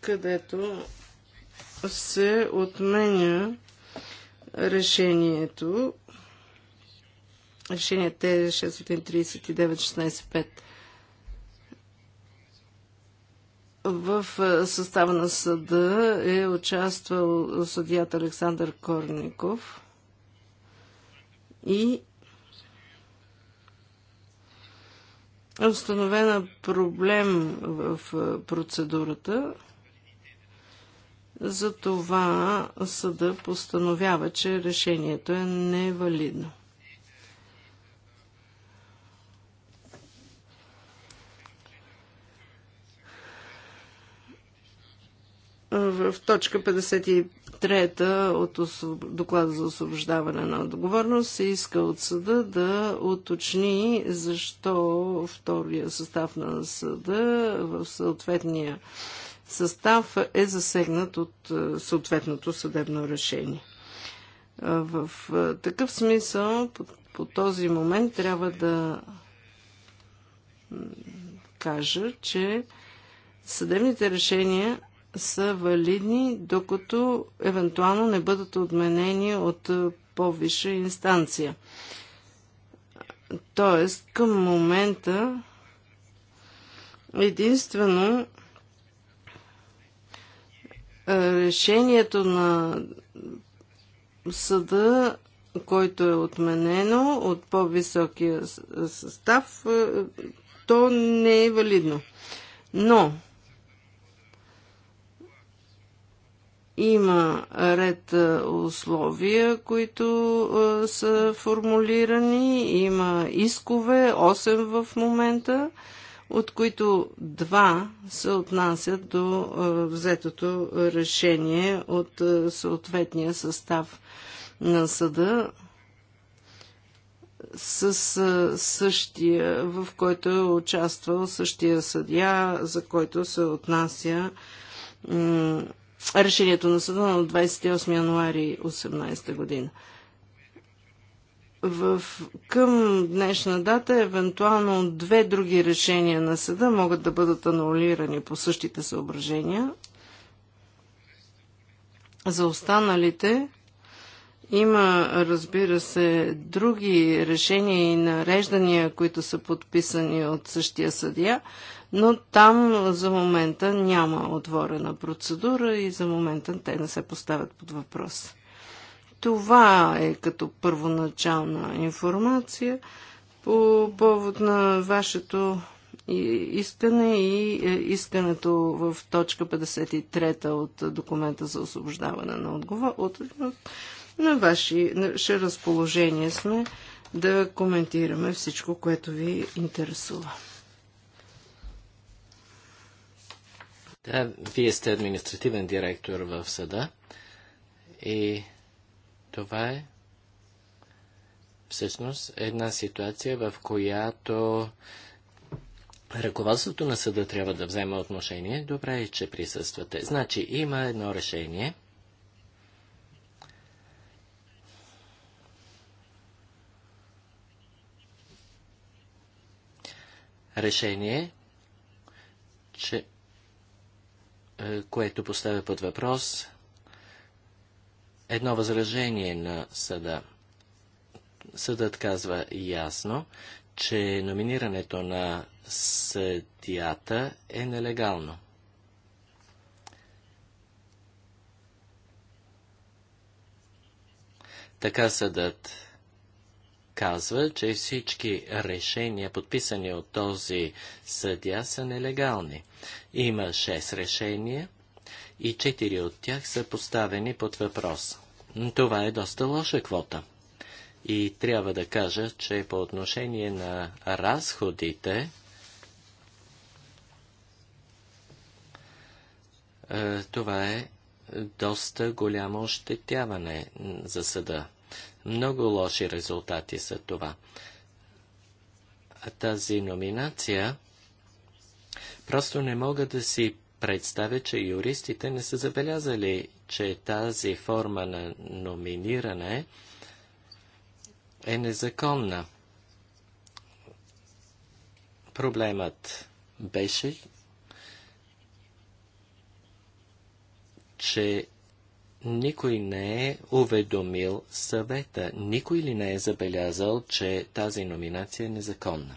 където се отменя решението. Решението е 639 16 5 в състава на съда е участвал съдият Александър Корников и е установена проблем в процедурата – за това съда постановява, че решението е невалидно. в точка 53 от доклада за освобождаване на отговорност се иска от съда да уточни защо втория състав на съда в съответния състав е засегнат от е, съответното съдебно решение. Е, в е, такъв смисъл, по, по този момент трябва да кажа, че съдебните решения са валидни, докато евентуално не бъдат отменени от по-висша инстанция. Тоест, към момента единствено е, решението на съда, който е отменено от по-високия състав, е, то не е валидно. Но има ред е, условия, които са формулирани, има искове, 8 в момента, от които два се отнасят до взетото решение от съответния състав на съда с същия, в който е участвал същия съдия, за който се отнася решението на съда на 28 януари 2018 година в, към днешна дата, евентуално две други решения на съда могат да бъдат анулирани по същите съображения. За останалите има, разбира се, други решения и нареждания, които са подписани от същия съдия, но там за момента няма отворена процедура и за момента те не се поставят под въпрос. Това е като първоначална информация по повод на вашето искане и е, искането в точка 53 от документа за освобождаване на отговор. отговорност. На ваше разположение сме да коментираме всичко, което ви интересува. Да, вие сте административен директор в съда и това е всъщност една ситуация, в която ръководството на съда трябва да взема отношение. Добре е, че присъствате. Значи, има едно решение. Решение, че, е, което поставя под въпрос едно възражение на съда. Съдът казва ясно, че номинирането на съдията е нелегално. Така съдът казва, че всички решения, подписани от този съдя, са нелегални. Има 6 решения – и четири от тях са поставени под въпрос. Това е доста лоша квота. И трябва да кажа, че по отношение на разходите, е, това е доста голямо ощетяване за съда. Много лоши резултати са това. Тази номинация просто не мога да си представя, че юристите не са забелязали, че тази форма на номиниране е незаконна. Проблемът беше, че никой не е уведомил съвета, никой ли не е забелязал, че тази номинация е незаконна.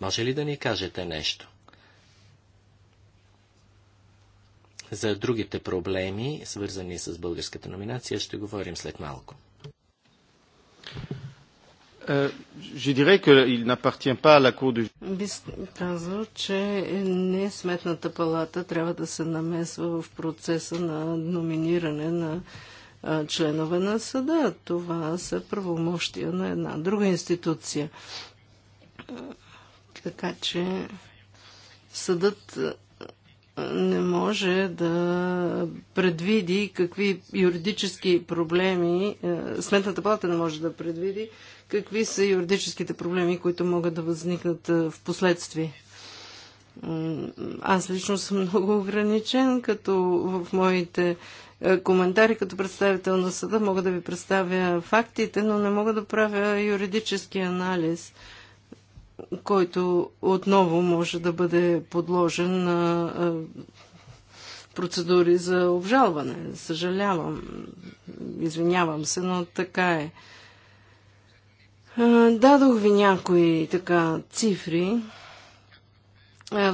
Може ли да ни кажете нещо? За другите проблеми, свързани с българската номинация, ще говорим след малко. Е, je dirais qu'il n'appartient pas à la Cour de казал, че не Сметната палата трябва да се намесва в процеса на номиниране на членове на съда. Това са правомощия на една друга институция. Е, така че съдът не може да предвиди какви юридически проблеми, е, Сметната палата не може да предвиди какви са юридическите проблеми, които могат да възникнат е, в последствие. Аз лично съм много ограничен, като в моите е, коментари като представител на съда мога да ви представя фактите, но не мога да правя юридически анализ – който отново може да бъде подложен на процедури за обжалване. Съжалявам, извинявам се, но така е. Дадох ви някои така цифри.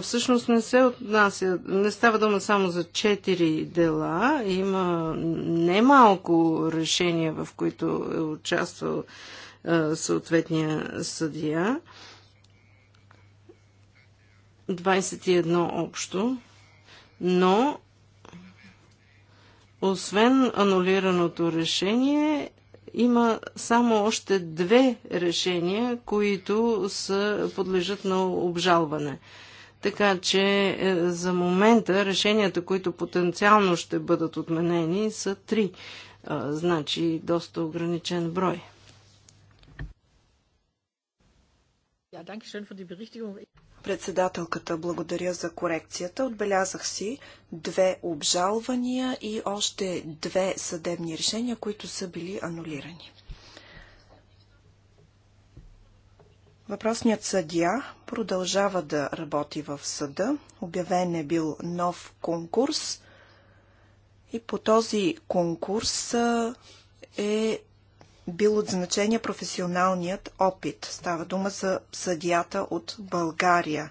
Всъщност не се отнася, не става дума само за четири дела. Има немалко решения, в които е участвал съответния съдия. 21 общо, но освен анулираното решение, има само още две решения, които са, подлежат на обжалване. Така че е, за момента решенията, които потенциално ще бъдат отменени, са три. Е, значи доста ограничен брой. Председателката, благодаря за корекцията. Отбелязах си две обжалвания и още две съдебни решения, които са били анулирани. Въпросният съдия продължава да работи в съда. Обявен е бил нов конкурс и по този конкурс е бил от значение професионалният опит. Става дума за съдията от България.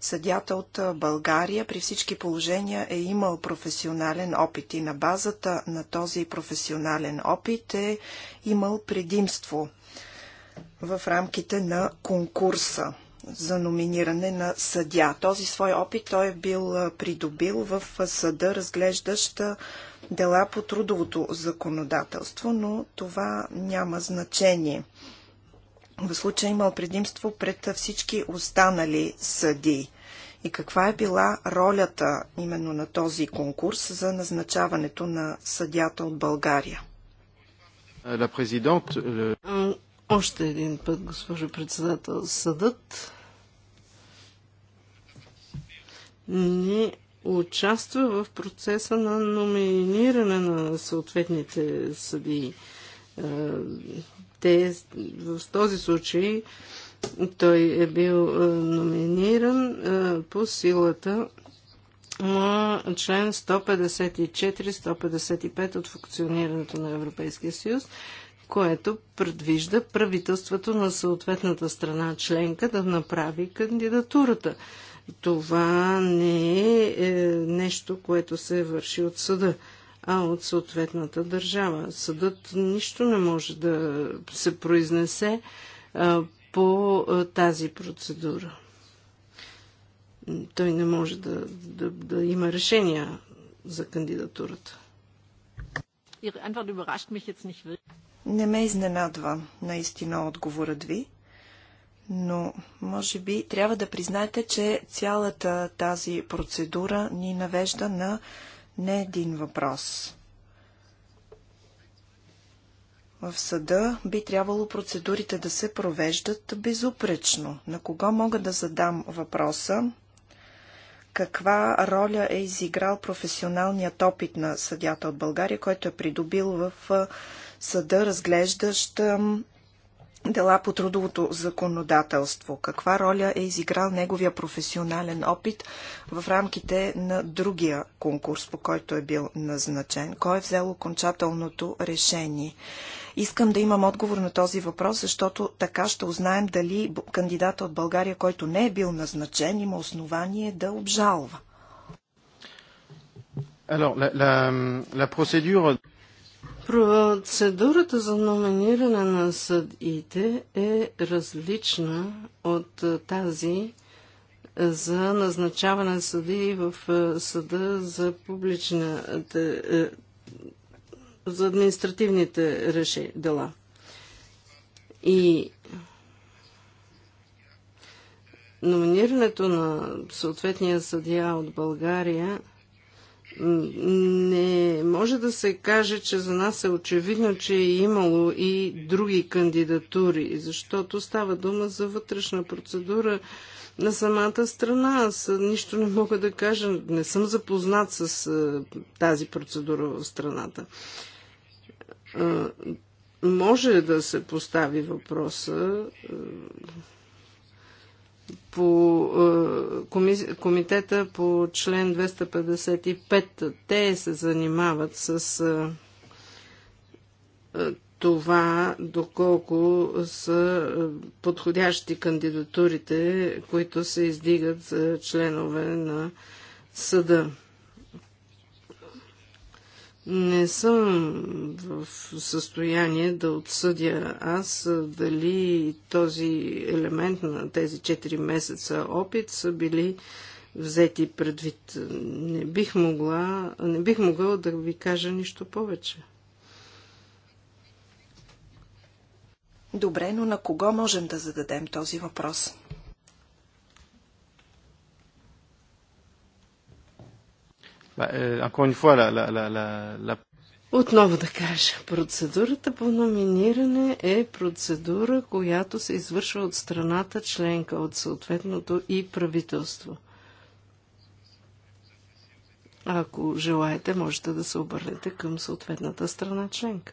Съдята от България при всички положения е имал професионален опит и на базата на този професионален опит е имал предимство в рамките на конкурса за номиниране на съдя. Този свой опит той е бил придобил в съда, разглеждаща дела по трудовото законодателство, но това няма значение. В случая имал предимство пред всички останали съдии. И каква е била ролята именно на този конкурс за назначаването на съдята от България? Още един път, госпожо председател, съдът ни участва в процеса на номиниране на съответните съдии. Е, те, в този случай той е бил е, номиниран е, по силата на член 154-155 от функционирането на Европейския съюз, което предвижда правителството на съответната страна членка да направи кандидатурата това не е, е нещо, което се върши от съда, а от съответната държава. Съдът нищо не може да се произнесе по тази процедура. Той не може да, да, да има решения за кандидатурата. Не ме изненадва наистина отговорът ви но може би трябва да признаете, че цялата тази процедура ни навежда на не един въпрос. В съда би трябвало процедурите да се провеждат безупречно. На кого мога да задам въпроса? Каква роля е изиграл професионалният опит на съдята от България, който е придобил в съда, разглеждащ дела по трудовото законодателство? Каква роля е изиграл неговия професионален опит в рамките на другия конкурс, по който е бил назначен? Кой е взел окончателното решение? Искам да имам отговор на този въпрос, защото така ще узнаем дали кандидата от България, който не е бил назначен, има основание да обжалва. Alors, la, la, la procédure... Процедурата за номиниране на съдиите е различна от тази за назначаване на съдии в съда за публичната за административните реши, дела. И номинирането на съответния съдия от България – не може да се каже, че за нас е очевидно, че е имало и други кандидатури, защото става дума за вътрешна процедура на самата страна. Аз нищо не мога да кажа. Не съм запознат с тази процедура в страната. Може да се постави въпроса по е, комитета по член 255. Те се занимават с е, е, това, доколко са подходящи кандидатурите, които се издигат за членове на съда. Не съм в състояние да отсъдя аз дали този елемент на тези 4 месеца опит са били взети предвид. Не бих могла, не бих могла да ви кажа нищо повече. Добре, но на кого можем да зададем този въпрос? Euh, Отново да кажа, процедурата по номиниране е процедура, която се извършва от страната членка, от съответното и правителство. Ако желаете, можете да се обърнете към съответната страна членка.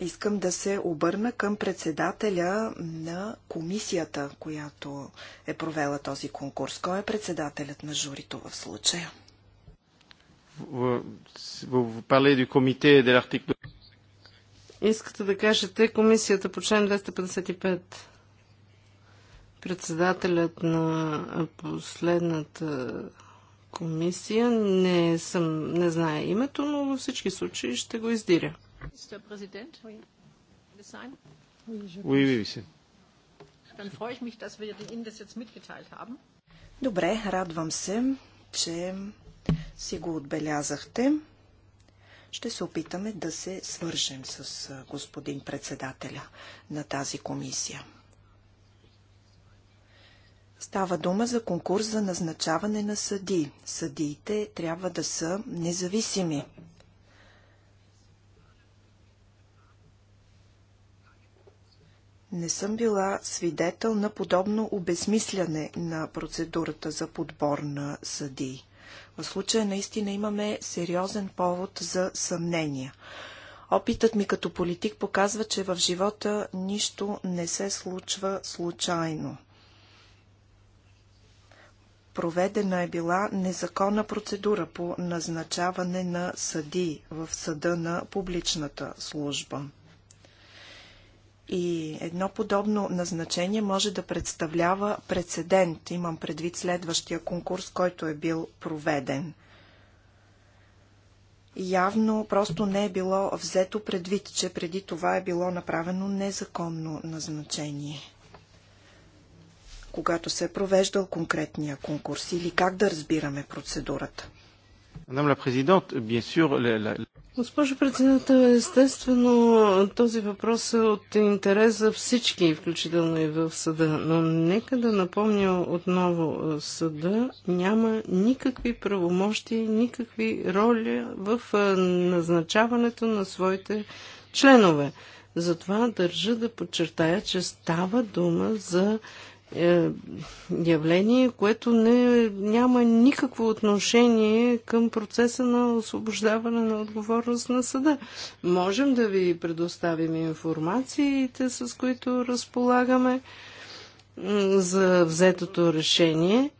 Искам да се обърна към председателя на комисията, която е провела този конкурс. Кой е председателят на журито в случая? Искате да кажете комисията по член 255? Председателят на последната комисия, не, съм, не знае името, но във всички случаи ще го издиря. Добре, радвам се, че си го отбелязахте. Ще се опитаме да се свържем с господин председателя на тази комисия. Става дума за конкурс за назначаване на съди. Съдиите трябва да са независими. Не съм била свидетел на подобно обезмисляне на процедурата за подбор на съдии. В случая наистина имаме сериозен повод за съмнения. Опитът ми като политик показва, че в живота нищо не се случва случайно. Проведена е била незаконна процедура по назначаване на съди в съда на публичната служба. И едно подобно назначение може да представлява прецедент. Имам предвид следващия конкурс, който е бил проведен. Явно просто не е било взето предвид, че преди това е било направено незаконно назначение когато се е провеждал конкретния конкурс или как да разбираме процедурата. Госпожо председател, естествено този въпрос е от интерес за всички, включително и в съда. Но нека да напомня отново, е, съда няма никакви правомощи, никакви роли в е, назначаването на своите членове. Затова държа да подчертая, че става дума за е, явление, което не, няма никакво отношение към процеса на освобождаване на отговорност на съда. Можем да ви предоставим информациите, с които разполагаме за взетото решение,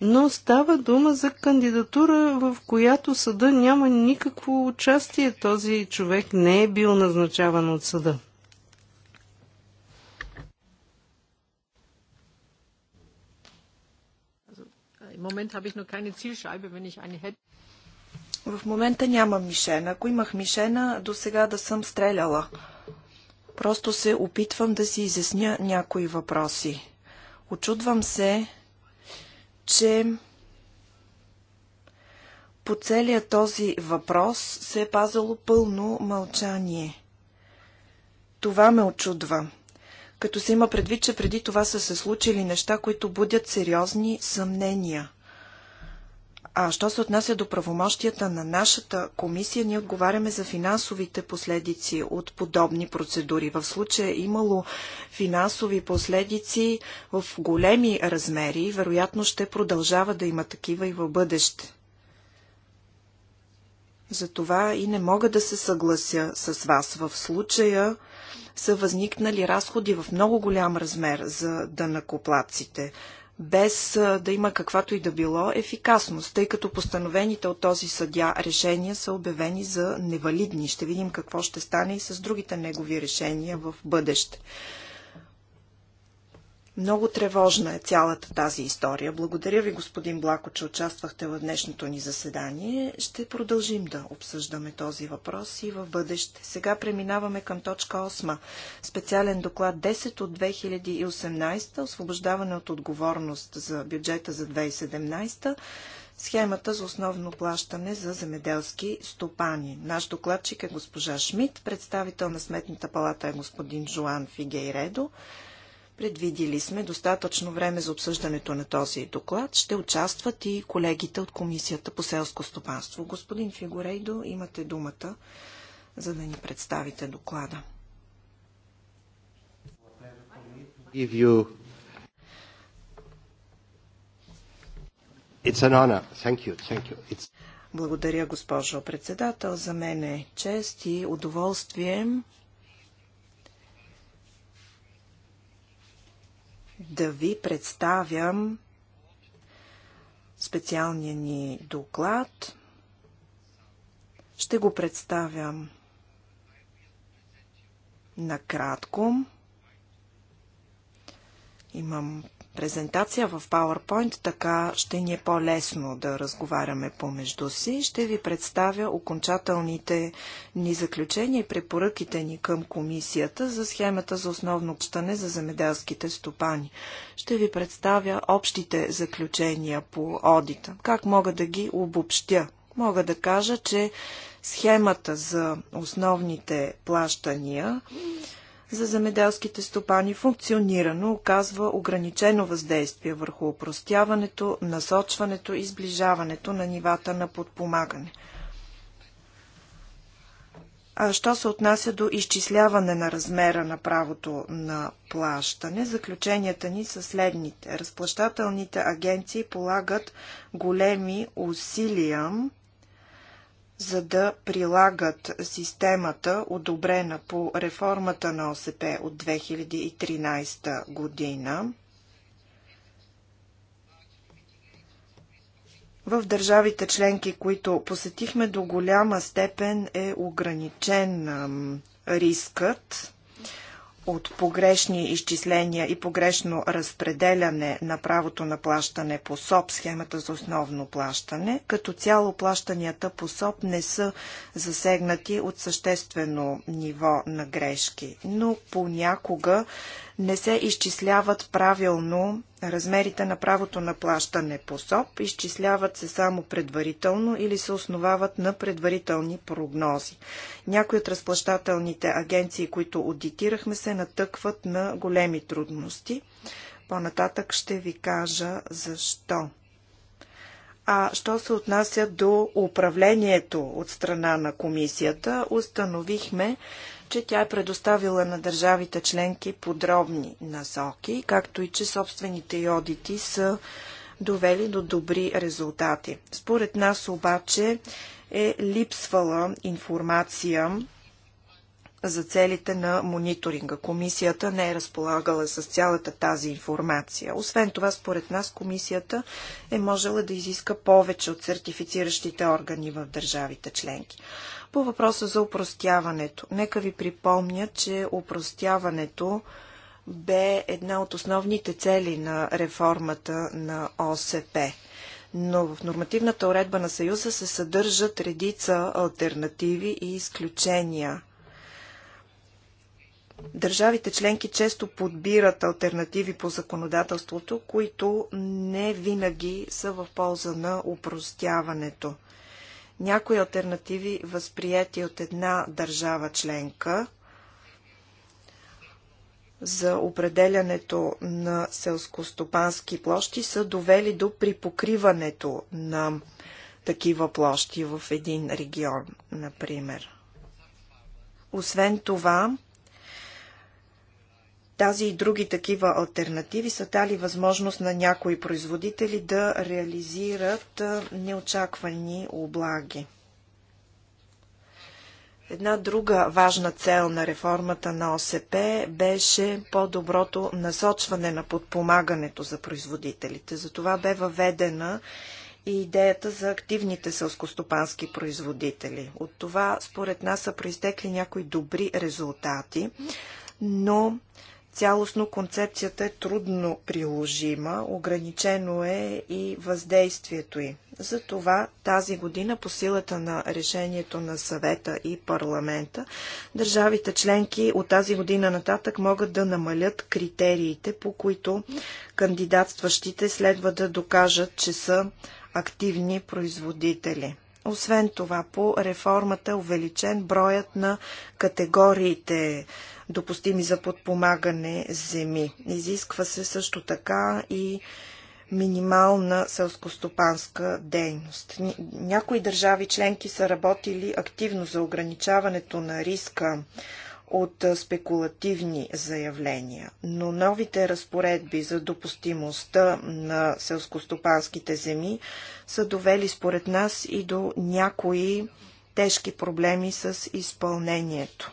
но става дума за кандидатура, в която съда няма никакво участие. Този човек не е бил назначаван от съда. В момента нямам мишена. Ако имах мишена, до сега да съм стреляла. Просто се опитвам да си изясня някои въпроси. Очудвам се, че по целия този въпрос се е пазало пълно мълчание. Това ме очудва като се има предвид, че преди това са се случили неща, които будят сериозни съмнения. А що се отнася до правомощията на нашата комисия, ние отговаряме за финансовите последици от подобни процедури. В случая е имало финансови последици в големи размери, вероятно ще продължава да има такива и в бъдеще. Затова и не мога да се съглася с вас. В случая са възникнали разходи в много голям размер за дънакоплаците, без да има каквато и да било ефикасност, тъй като постановените от този съдя решения са обявени за невалидни. Ще видим какво ще стане и с другите негови решения в бъдеще. Много тревожна е цялата тази история. Благодаря ви, господин Блако, че участвахте в днешното ни заседание. Ще продължим да обсъждаме този въпрос и в бъдеще. Сега преминаваме към точка 8. Специален доклад 10 от 2018, освобождаване от отговорност за бюджета за 2017, схемата за основно плащане за земеделски стопани. Наш докладчик е госпожа Шмидт, представител на Сметната палата е господин Жоан Фигейредо. Предвидили сме достатъчно време за обсъждането на този доклад. Ще участват и колегите от Комисията по селско стопанство. Господин Фигурейдо, имате думата, за да ни представите доклада. Thank you. Thank you. Благодаря, госпожо председател. За мен е чест и удоволствие да ви представям специалния ни доклад. Ще го представям накратко. Имам презентация в PowerPoint, така ще ни е по-лесно да разговаряме помежду си. Ще ви представя окончателните ни заключения и препоръките ни към комисията за схемата за основно общане за земеделските стопани. Ще ви представя общите заключения по одита. Как мога да ги обобщя? Мога да кажа, че схемата за основните плащания за земеделските стопани функционирано оказва ограничено въздействие върху опростяването, насочването и сближаването на нивата на подпомагане. А що се отнася до изчисляване на размера на правото на плащане, заключенията ни са следните. Разплащателните агенции полагат големи усилия за да прилагат системата, одобрена по реформата на ОСП от 2013 година. В държавите членки, които посетихме до голяма степен е ограничен рискът от погрешни изчисления и погрешно разпределяне на правото на плащане по СОП, схемата за основно плащане. Като цяло плащанията по СОП не са засегнати от съществено ниво на грешки, но понякога не се изчисляват правилно размерите на правото на плащане по СОП, изчисляват се само предварително или се основават на предварителни прогнози. Някои от разплащателните агенции, които аудитирахме, се натъкват на големи трудности. По-нататък ще ви кажа защо. А що се отнася до управлението от страна на комисията, установихме, че тя е предоставила на държавите членки подробни насоки, както и че собствените й одити са довели до добри резултати. Според нас обаче е липсвала информация за целите на мониторинга. Комисията не е разполагала с цялата тази информация. Освен това, според нас, комисията е можела да изиска повече от сертифициращите органи в държавите членки. По въпроса за упростяването, нека ви припомня, че упростяването бе една от основните цели на реформата на ОСП но в нормативната уредба на Съюза се съдържат редица альтернативи и изключения. Държавите членки често подбират альтернативи по законодателството, които не винаги са в полза на упростяването. Някои альтернативи, възприяти от една държава членка, за определянето на селскостопански площи са довели до припокриването на такива площи в един регион, например. Освен това, тази и други такива альтернативи са дали възможност на някои производители да реализират неочаквани облаги. Една друга важна цел на реформата на ОСП беше по-доброто насочване на подпомагането за производителите. Затова бе въведена и идеята за активните селскостопански производители. От това, според нас, са произтекли някои добри резултати, но Цялостно концепцията е трудно приложима, ограничено е и въздействието й. Затова тази година по силата на решението на съвета и парламента, държавите членки от тази година нататък могат да намалят критериите, по които кандидатстващите следва да докажат, че са активни производители. Освен това, по реформата е увеличен броят на категориите допустими за подпомагане земи. Изисква се също така и минимална селскостопанска дейност. Някои държави членки са работили активно за ограничаването на риска от спекулативни заявления, но новите разпоредби за допустимостта на селскостопанските земи са довели според нас и до някои тежки проблеми с изпълнението.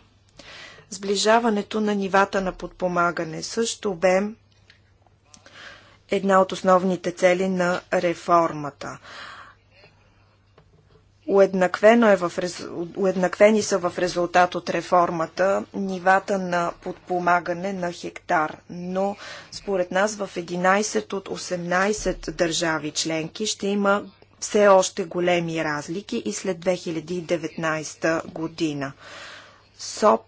Сближаването на нивата на подпомагане също бе една от основните цели на реформата. Уеднаквено е в, уеднаквени са в резултат от реформата нивата на подпомагане на хектар, но според нас в 11 от 18 държави членки ще има все още големи разлики и след 2019 година. СОП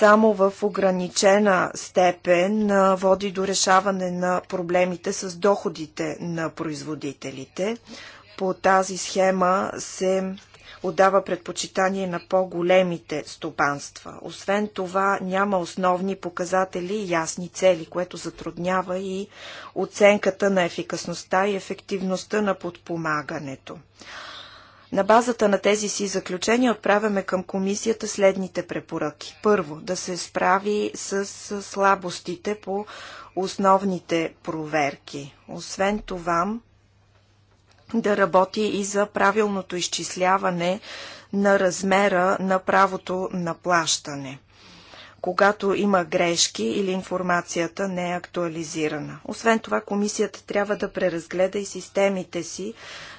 само в ограничена степен води до решаване на проблемите с доходите на производителите. По тази схема се отдава предпочитание на по-големите стопанства. Освен това, няма основни показатели и ясни цели, което затруднява и оценката на ефикасността и ефективността на подпомагането. На базата на тези си заключения отправяме към комисията следните препоръки. Първо, да се справи с слабостите по основните проверки. Освен това, да работи и за правилното изчисляване на размера на правото на плащане когато има грешки или информацията не е актуализирана. Освен това, комисията трябва да преразгледа и системите си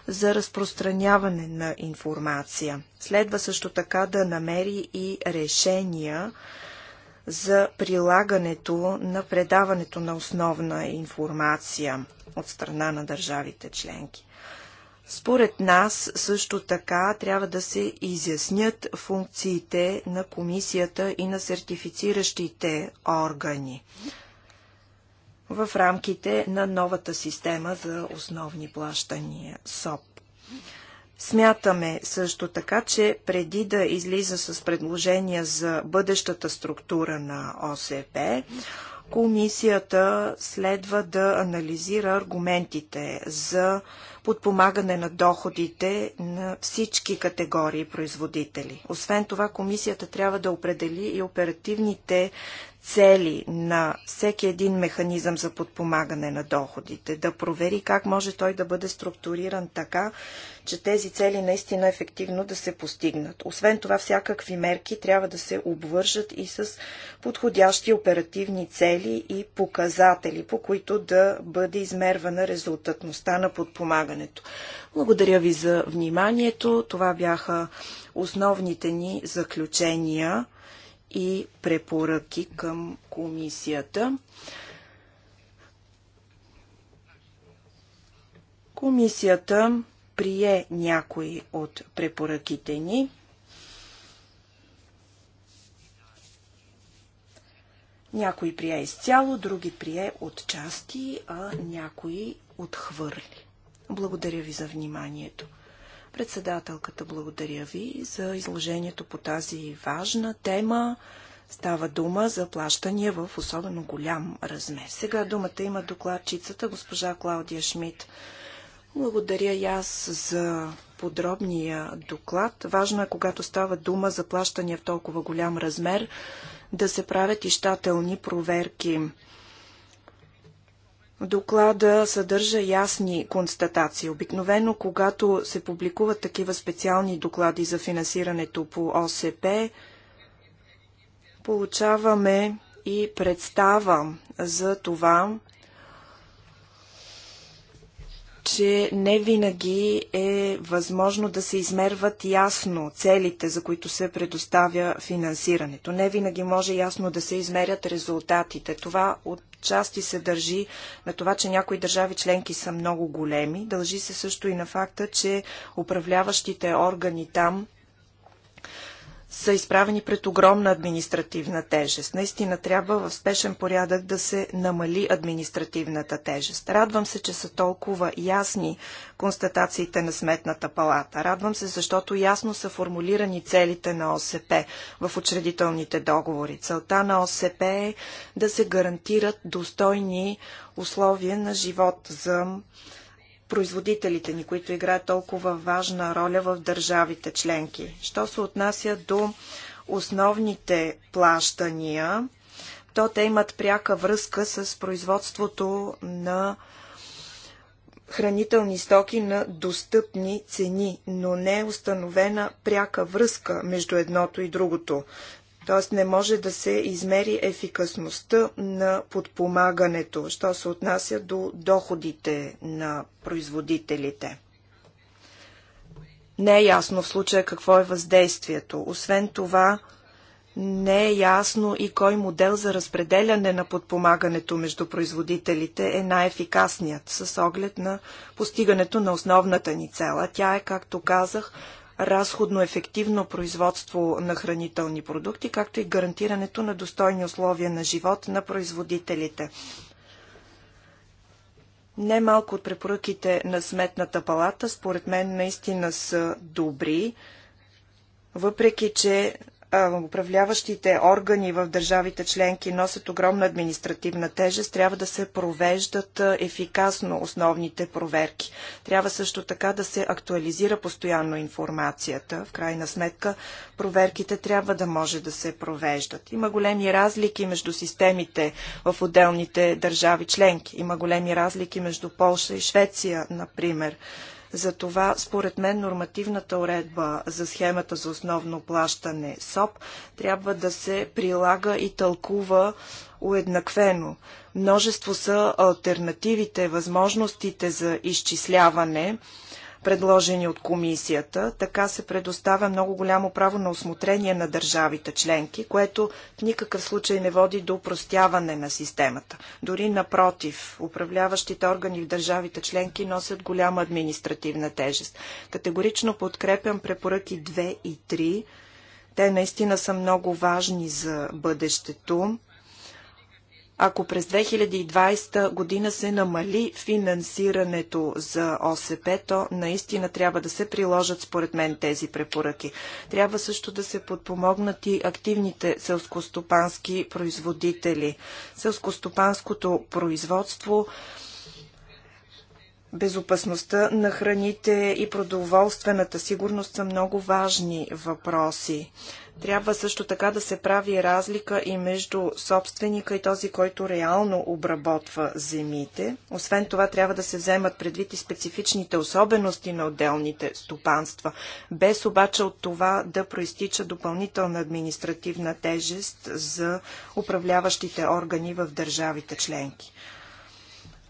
за разпространяване на информация. Следва също така да намери и решения за прилагането на предаването на основна информация от страна на държавите членки. Според нас също така трябва да се изяснят функциите на комисията и на сертифициращите органи в рамките на новата система за основни плащания СОП. Смятаме също така, че преди да излиза с предложения за бъдещата структура на ОСП, комисията следва да анализира аргументите за подпомагане на доходите на всички категории производители. Освен това, комисията трябва да определи и оперативните цели на всеки един механизъм за подпомагане на доходите, да провери как може той да бъде структуриран така, че тези цели наистина ефективно да се постигнат. Освен това, всякакви мерки трябва да се обвържат и с подходящи оперативни цели и показатели, по които да бъде измервана резултатността на подпомагането. Благодаря ви за вниманието. Това бяха основните ни заключения и препоръки към комисията. Комисията прие някои от препоръките ни. Някои прие изцяло, други прие от части, а някои отхвърли. Благодаря ви за вниманието. Председателката, благодаря ви за изложението по тази важна тема. Става дума за плащания в особено голям размер. Сега думата има докладчицата госпожа Клаудия Шмидт. Благодаря и аз за подробния доклад. Важно е, когато става дума за плащания в толкова голям размер, да се правят и щателни проверки. Доклада съдържа ясни констатации. Обикновено, когато се публикуват такива специални доклади за финансирането по ОСП, получаваме и представа за това че не винаги е възможно да се измерват ясно целите, за които се предоставя финансирането. Не винаги може ясно да се измерят резултатите. Това от части се държи на това, че някои държави членки са много големи. Дължи се също и на факта, че управляващите органи там са изправени пред огромна административна тежест. Наистина трябва в спешен порядък да се намали административната тежест. Радвам се, че са толкова ясни констатациите на Сметната палата. Радвам се, защото ясно са формулирани целите на ОСП в учредителните договори. Целта на ОСП е да се гарантират достойни условия на живот за производителите ни, които играят толкова важна роля в държавите членки. Що се отнася до основните плащания, то те имат пряка връзка с производството на хранителни стоки на достъпни цени, но не е установена пряка връзка между едното и другото т.е. не може да се измери ефикасността на подпомагането, що се отнася до доходите на производителите. Не е ясно в случая какво е въздействието. Освен това, не е ясно и кой модел за разпределяне на подпомагането между производителите е най-ефикасният с оглед на постигането на основната ни цела. Тя е, както казах, разходно-ефективно производство на хранителни продукти, както и гарантирането на достойни условия на живот на производителите. Немалко от препоръките на Сметната палата, според мен, наистина са добри, въпреки че управляващите органи в държавите членки носят огромна административна тежест, трябва да се провеждат ефикасно основните проверки. Трябва също така да се актуализира постоянно информацията. В крайна сметка проверките трябва да може да се провеждат. Има големи разлики между системите в отделните държави членки. Има големи разлики между Полша и Швеция, например. Затова, според мен, нормативната уредба за схемата за основно плащане СОП трябва да се прилага и тълкува уеднаквено. Множество са альтернативите, възможностите за изчисляване, предложени от комисията. Така се предоставя много голямо право на осмотрение на държавите членки, което в никакъв случай не води до упростяване на системата. Дори напротив, управляващите органи в държавите членки носят голяма административна тежест. Категорично подкрепям препоръки 2 и 3. Те наистина са много важни за бъдещето. Ако през 2020 година се намали финансирането за ОСП, то наистина трябва да се приложат според мен тези препоръки. Трябва също да се подпомогнат и активните селскостопански производители. Селскостопанското производство Безопасността на храните и продоволствената сигурност са много важни въпроси. Трябва също така да се прави разлика и между собственика и този, който реално обработва земите. Освен това, трябва да се вземат предвид и специфичните особености на отделните стопанства, без обаче от това да проистича допълнителна административна тежест за управляващите органи в държавите членки.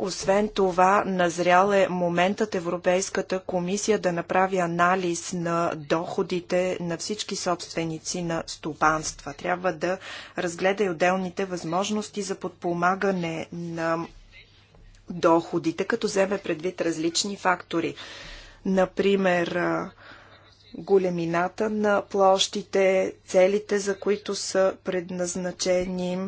Освен това, назрял е моментът Европейската комисия да направи анализ на доходите на всички собственици на стопанства. Трябва да разгледа и отделните възможности за подпомагане на доходите, като вземе предвид различни фактори. Например, големината на площите, целите, за които са предназначени,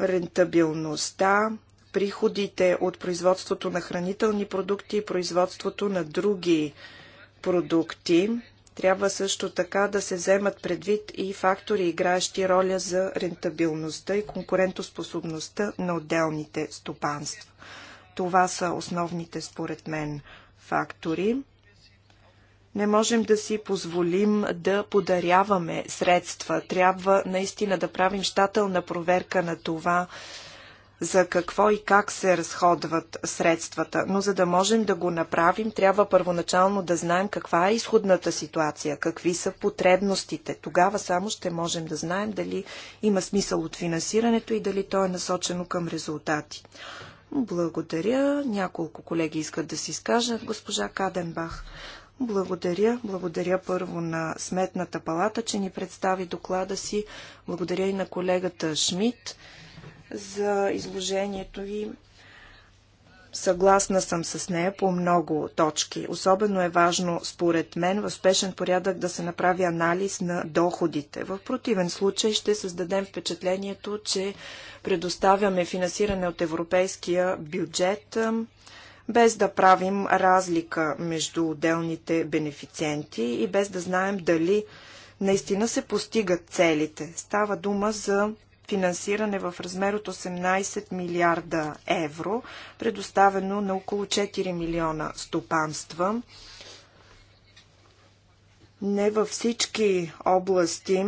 рентабилността, приходите от производството на хранителни продукти и производството на други продукти. Трябва също така да се вземат предвид и фактори, играещи роля за рентабилността и конкурентоспособността на отделните стопанства. Това са основните, според мен, фактори. Не можем да си позволим да подаряваме средства. Трябва наистина да правим щателна проверка на това за какво и как се разходват средствата, но за да можем да го направим, трябва първоначално да знаем каква е изходната ситуация, какви са потребностите. Тогава само ще можем да знаем дали има смисъл от финансирането и дали то е насочено към резултати. Благодаря. Няколко колеги искат да си изкажат. Госпожа Каденбах. Благодаря. Благодаря първо на Сметната палата, че ни представи доклада си. Благодаря и на колегата Шмидт за изложението ви. Съгласна съм с нея по много точки. Особено е важно, според мен, в спешен порядък да се направи анализ на доходите. В противен случай ще създадем впечатлението, че предоставяме финансиране от европейския бюджет, без да правим разлика между отделните бенефициенти и без да знаем дали наистина се постигат целите. Става дума за финансиране в размер от 18 милиарда евро, предоставено на около 4 милиона стопанства. Не във всички области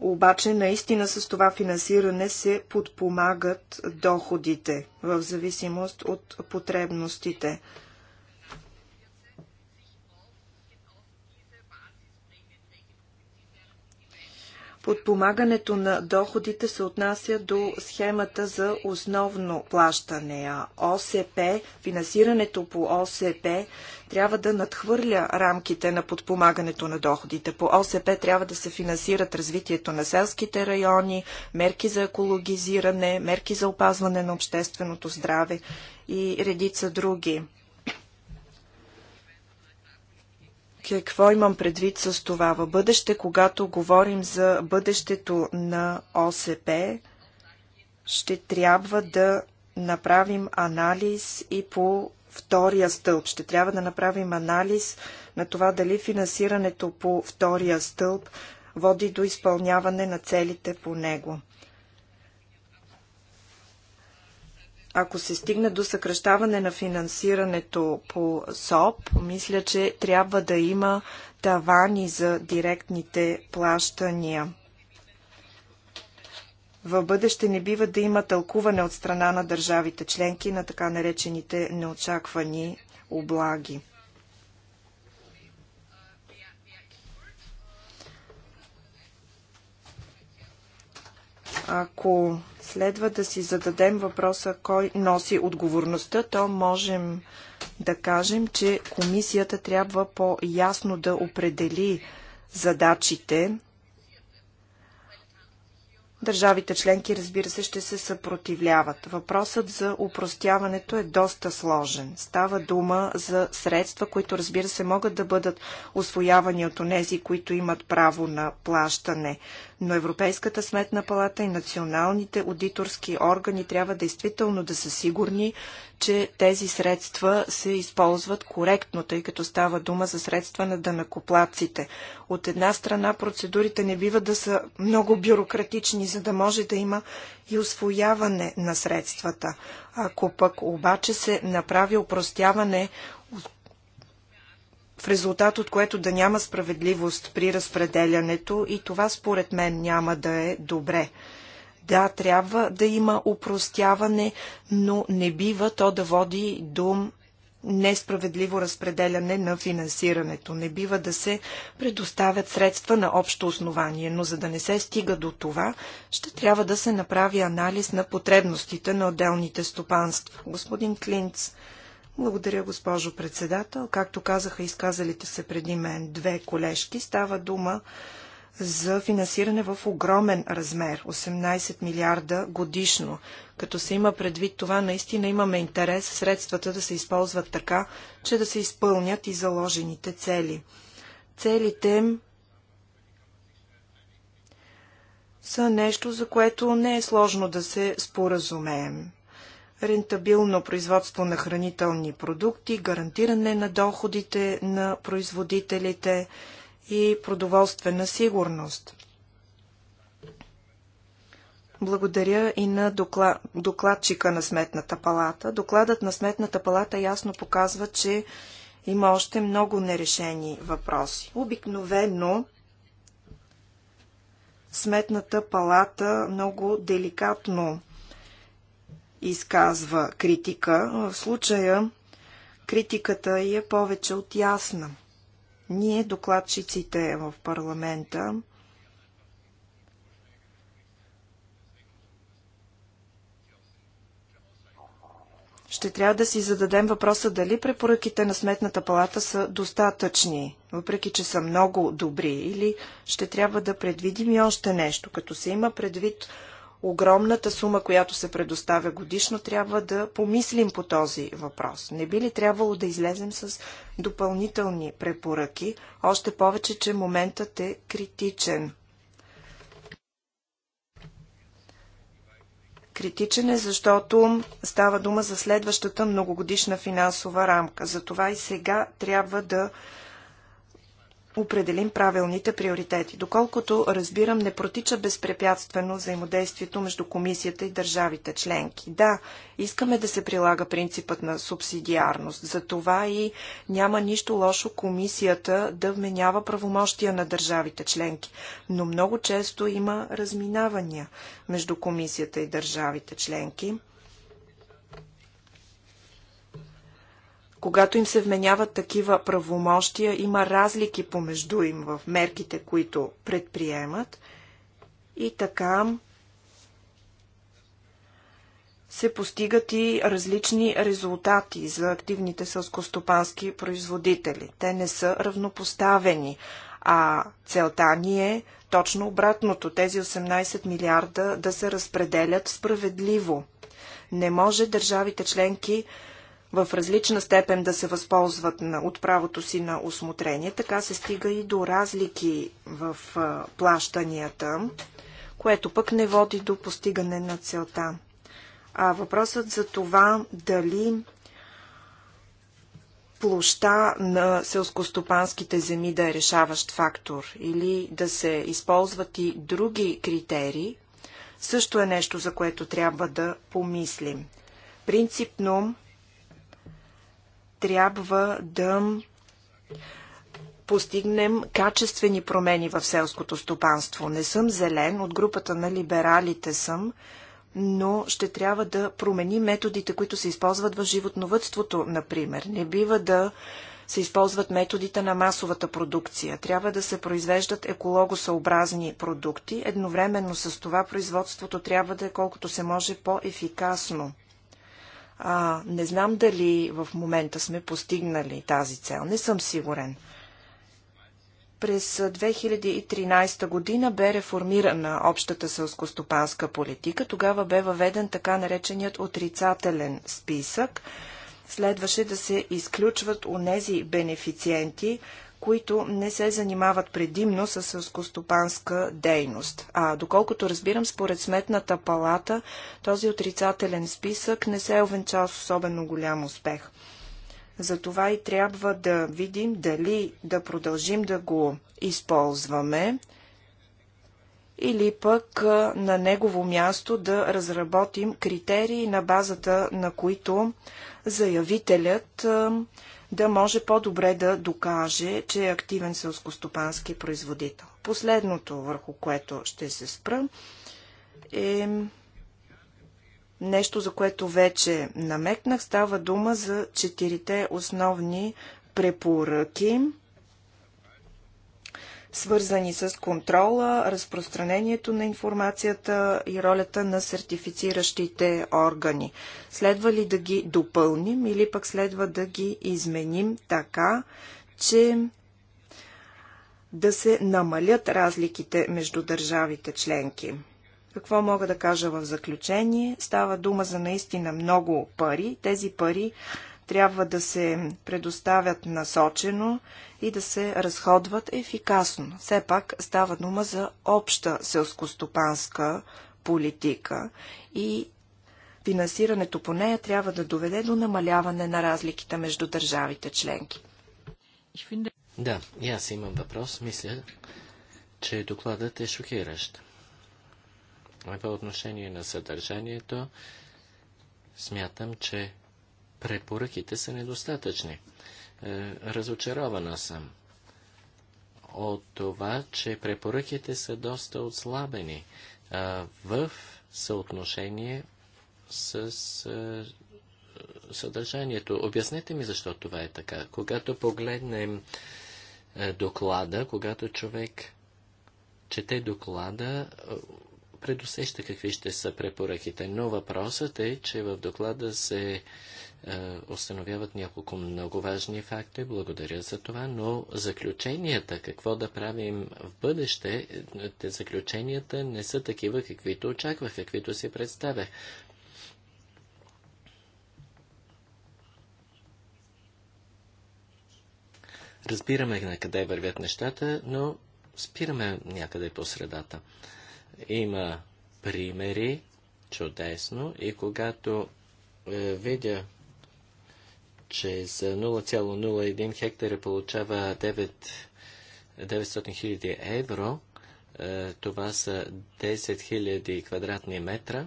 Обаче наистина с това финансиране се подпомагат доходите в зависимост от потребностите. подпомагането на доходите се отнася до схемата за основно плащане, а ОСП, финансирането по ОСП трябва да надхвърля рамките на подпомагането на доходите. По ОСП трябва да се финансират развитието на селските райони, мерки за екологизиране, мерки за опазване на общественото здраве и редица други Какво имам предвид с това? В бъдеще, когато говорим за бъдещето на ОСП, ще трябва да направим анализ и по втория стълб. Ще трябва да направим анализ на това дали финансирането по втория стълб води до изпълняване на целите по него. ако се стигне до съкръщаване на финансирането по СОП, мисля, че трябва да има тавани за директните плащания. В бъдеще не бива да има тълкуване от страна на държавите членки на така наречените неочаквани облаги. Ако следва да си зададем въпроса кой носи отговорността, то можем да кажем, че комисията трябва по-ясно да определи задачите. Държавите членки, разбира се, ще се съпротивляват. Въпросът за упростяването е доста сложен. Става дума за средства, които, разбира се, могат да бъдат освоявани от онези, които имат право на плащане но Европейската сметна палата и националните аудиторски органи трябва действително да са сигурни, че тези средства се използват коректно, тъй като става дума за средства на дънакоплаците. От една страна процедурите не бива да са много бюрократични, за да може да има и освояване на средствата. Ако пък обаче се направи упростяване в резултат от което да няма справедливост при разпределянето и това според мен няма да е добре. Да, трябва да има упростяване, но не бива то да води до несправедливо разпределяне на финансирането. Не бива да се предоставят средства на общо основание, но за да не се стига до това, ще трябва да се направи анализ на потребностите на отделните стопанства. Господин Клинц, благодаря, госпожо председател. Както казаха изказалите се преди мен две колежки, става дума за финансиране в огромен размер 18 милиарда годишно. Като се има предвид това, наистина имаме интерес средствата да се използват така, че да се изпълнят и заложените цели. Целите са нещо, за което не е сложно да се споразумеем рентабилно производство на хранителни продукти, гарантиране на доходите на производителите и продоволствена сигурност. Благодаря и на доклад, докладчика на Сметната палата. Докладът на Сметната палата ясно показва, че има още много нерешени въпроси. Обикновено Сметната палата много деликатно изказва критика. В случая критиката е повече от ясна. Ние, докладчиците в парламента, ще трябва да си зададем въпроса дали препоръките на Сметната палата са достатъчни, въпреки че са много добри, или ще трябва да предвидим и още нещо, като се има предвид огромната сума, която се предоставя годишно, трябва да помислим по този въпрос. Не би ли трябвало да излезем с допълнителни препоръки, още повече, че моментът е критичен. Критичен е, защото става дума за следващата многогодишна финансова рамка. Затова и сега трябва да определим правилните приоритети. Доколкото разбирам, не протича безпрепятствено взаимодействието между комисията и държавите членки. Да, искаме да се прилага принципът на субсидиарност. За това и няма нищо лошо комисията да вменява правомощия на държавите членки. Но много често има разминавания между комисията и държавите членки. когато им се вменяват такива правомощия, има разлики помежду им в мерките, които предприемат. И така се постигат и различни резултати за активните сълскостопански производители. Те не са равнопоставени, а целта ни е точно обратното. Тези 18 милиарда да се разпределят справедливо. Не може държавите членки в различна степен да се възползват на, от правото си на осмотрение. Така се стига и до разлики в а, плащанията, което пък не води до постигане на целта. А въпросът за това дали площа на селскостопанските земи да е решаващ фактор или да се използват и други критерии, също е нещо, за което трябва да помислим. Принципно трябва да постигнем качествени промени в селското стопанство. Не съм зелен, от групата на либералите съм, но ще трябва да промени методите, които се използват в животновътството, например. Не бива да се използват методите на масовата продукция. Трябва да се произвеждат екологосъобразни продукти. Едновременно с това производството трябва да е колкото се може по-ефикасно. А, не знам дали в момента сме постигнали тази цел. Не съм сигурен. През 2013 година бе реформирана общата селскостопанска политика. Тогава бе въведен така нареченият отрицателен списък. Следваше да се изключват нези бенефициенти, които не се занимават предимно с селскостопанска дейност. А доколкото разбирам, според сметната палата, този отрицателен списък не се е овенчал с особено голям успех. Затова и трябва да видим дали да продължим да го използваме или пък на негово място да разработим критерии на базата на които заявителят да може по-добре да докаже, че е активен селскостопански производител. Последното, върху което ще се спра, е нещо, за което вече намекнах. Става дума за четирите основни препоръки – свързани с контрола, разпространението на информацията и ролята на сертифициращите органи. Следва ли да ги допълним или пък следва да ги изменим така, че да се намалят разликите между държавите членки? Какво мога да кажа в заключение? Става дума за наистина много пари. Тези пари трябва да се предоставят насочено и да се разходват ефикасно. Все пак става дума за обща селскостопанска политика и финансирането по нея трябва да доведе до намаляване на разликите между държавите членки. Да, и аз имам въпрос. Мисля, че докладът е шокиращ. По отношение на съдържанието, смятам, че препоръките са недостатъчни. Е, разочарована съм от това, че препоръките са доста отслабени е, в съотношение с е, съдържанието. Обяснете ми защо това е така. Когато погледнем доклада, когато човек чете доклада, предусеща какви ще са препоръките. Но въпросът е, че в доклада се е, установяват няколко много важни факти. Благодаря за това, но заключенията, какво да правим в бъдеще, те заключенията не са такива, каквито очаквах, каквито си представях. Разбираме на къде вървят нещата, но спираме някъде по средата. Има примери, чудесно, и когато е, видя че за 0,01 хектара получава 9, 900 хиляди евро. Е, това са 10 хиляди квадратни метра.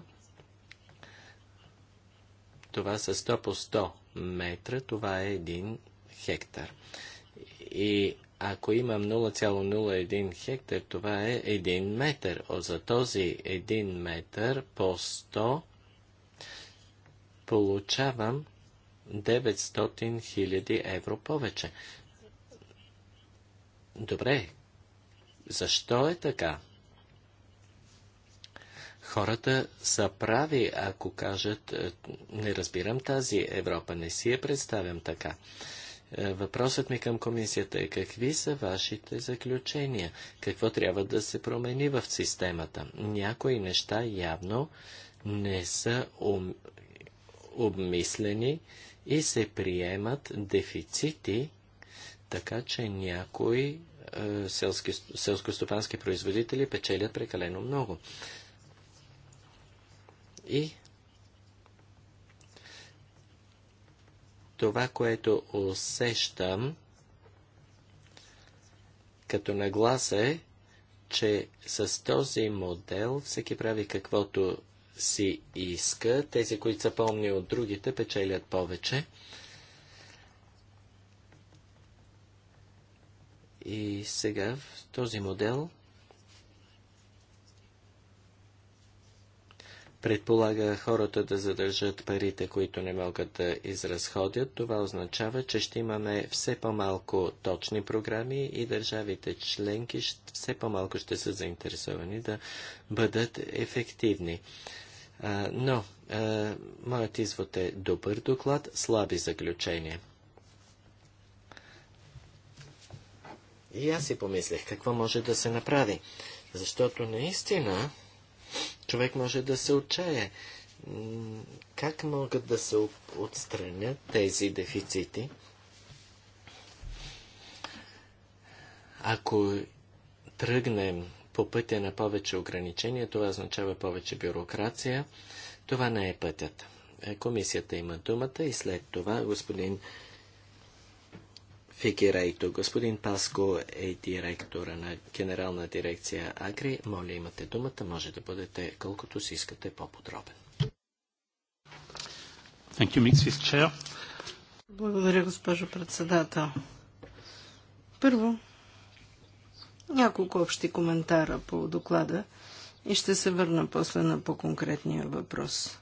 Това са 100 по 100 метра. Това е 1 хектар. И ако имам 0,01 хектар, това е 1 метър. О, за този 1 метър по 100 получавам 900 000 евро повече. Добре, защо е така? Хората са прави, ако кажат, е, не разбирам тази Европа, не си я представям така. Е, въпросът ми към комисията е какви са вашите заключения? Какво трябва да се промени в системата? Някои неща явно не са ум... обмислени и се приемат дефицити, така че някои е, селски, селскостопански производители печелят прекалено много. И това, което усещам като нагласа е, че с този модел всеки прави каквото си иска. Тези, които са помни от другите, печелят повече. И сега в този модел предполага хората да задържат парите, които не могат да изразходят. Това означава, че ще имаме все по-малко точни програми и държавите членки все по-малко ще са заинтересовани да бъдат ефективни. но, моят извод е добър доклад, слаби заключения. И аз си помислих, какво може да се направи, защото наистина човек може да се отчае. Как могат да се отстранят тези дефицити? Ако тръгнем по пътя на повече ограничения, това означава повече бюрокрация. Това не е пътят. Е, комисията има думата и след това господин Фигерейто. Господин Паско е директора на Генерална дирекция Агри. Моля, имате думата. Може да бъдете колкото си искате по-подробен. Благодаря, госпожо председател. Първо, няколко общи коментара по доклада и ще се върна после на по-конкретния въпрос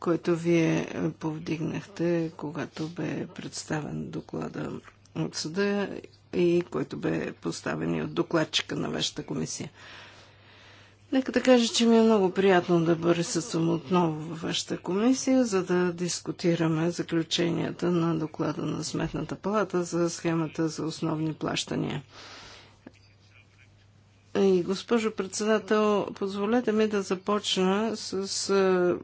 който вие е, повдигнахте, когато бе представен доклада от съда и който бе поставен и от докладчика на вашата комисия. Нека да кажа, че ми е много приятно да присъствам отново във вашата комисия, за да дискутираме заключенията на доклада на Сметната палата за схемата за основни плащания. И госпожо председател, позволете ми да започна с,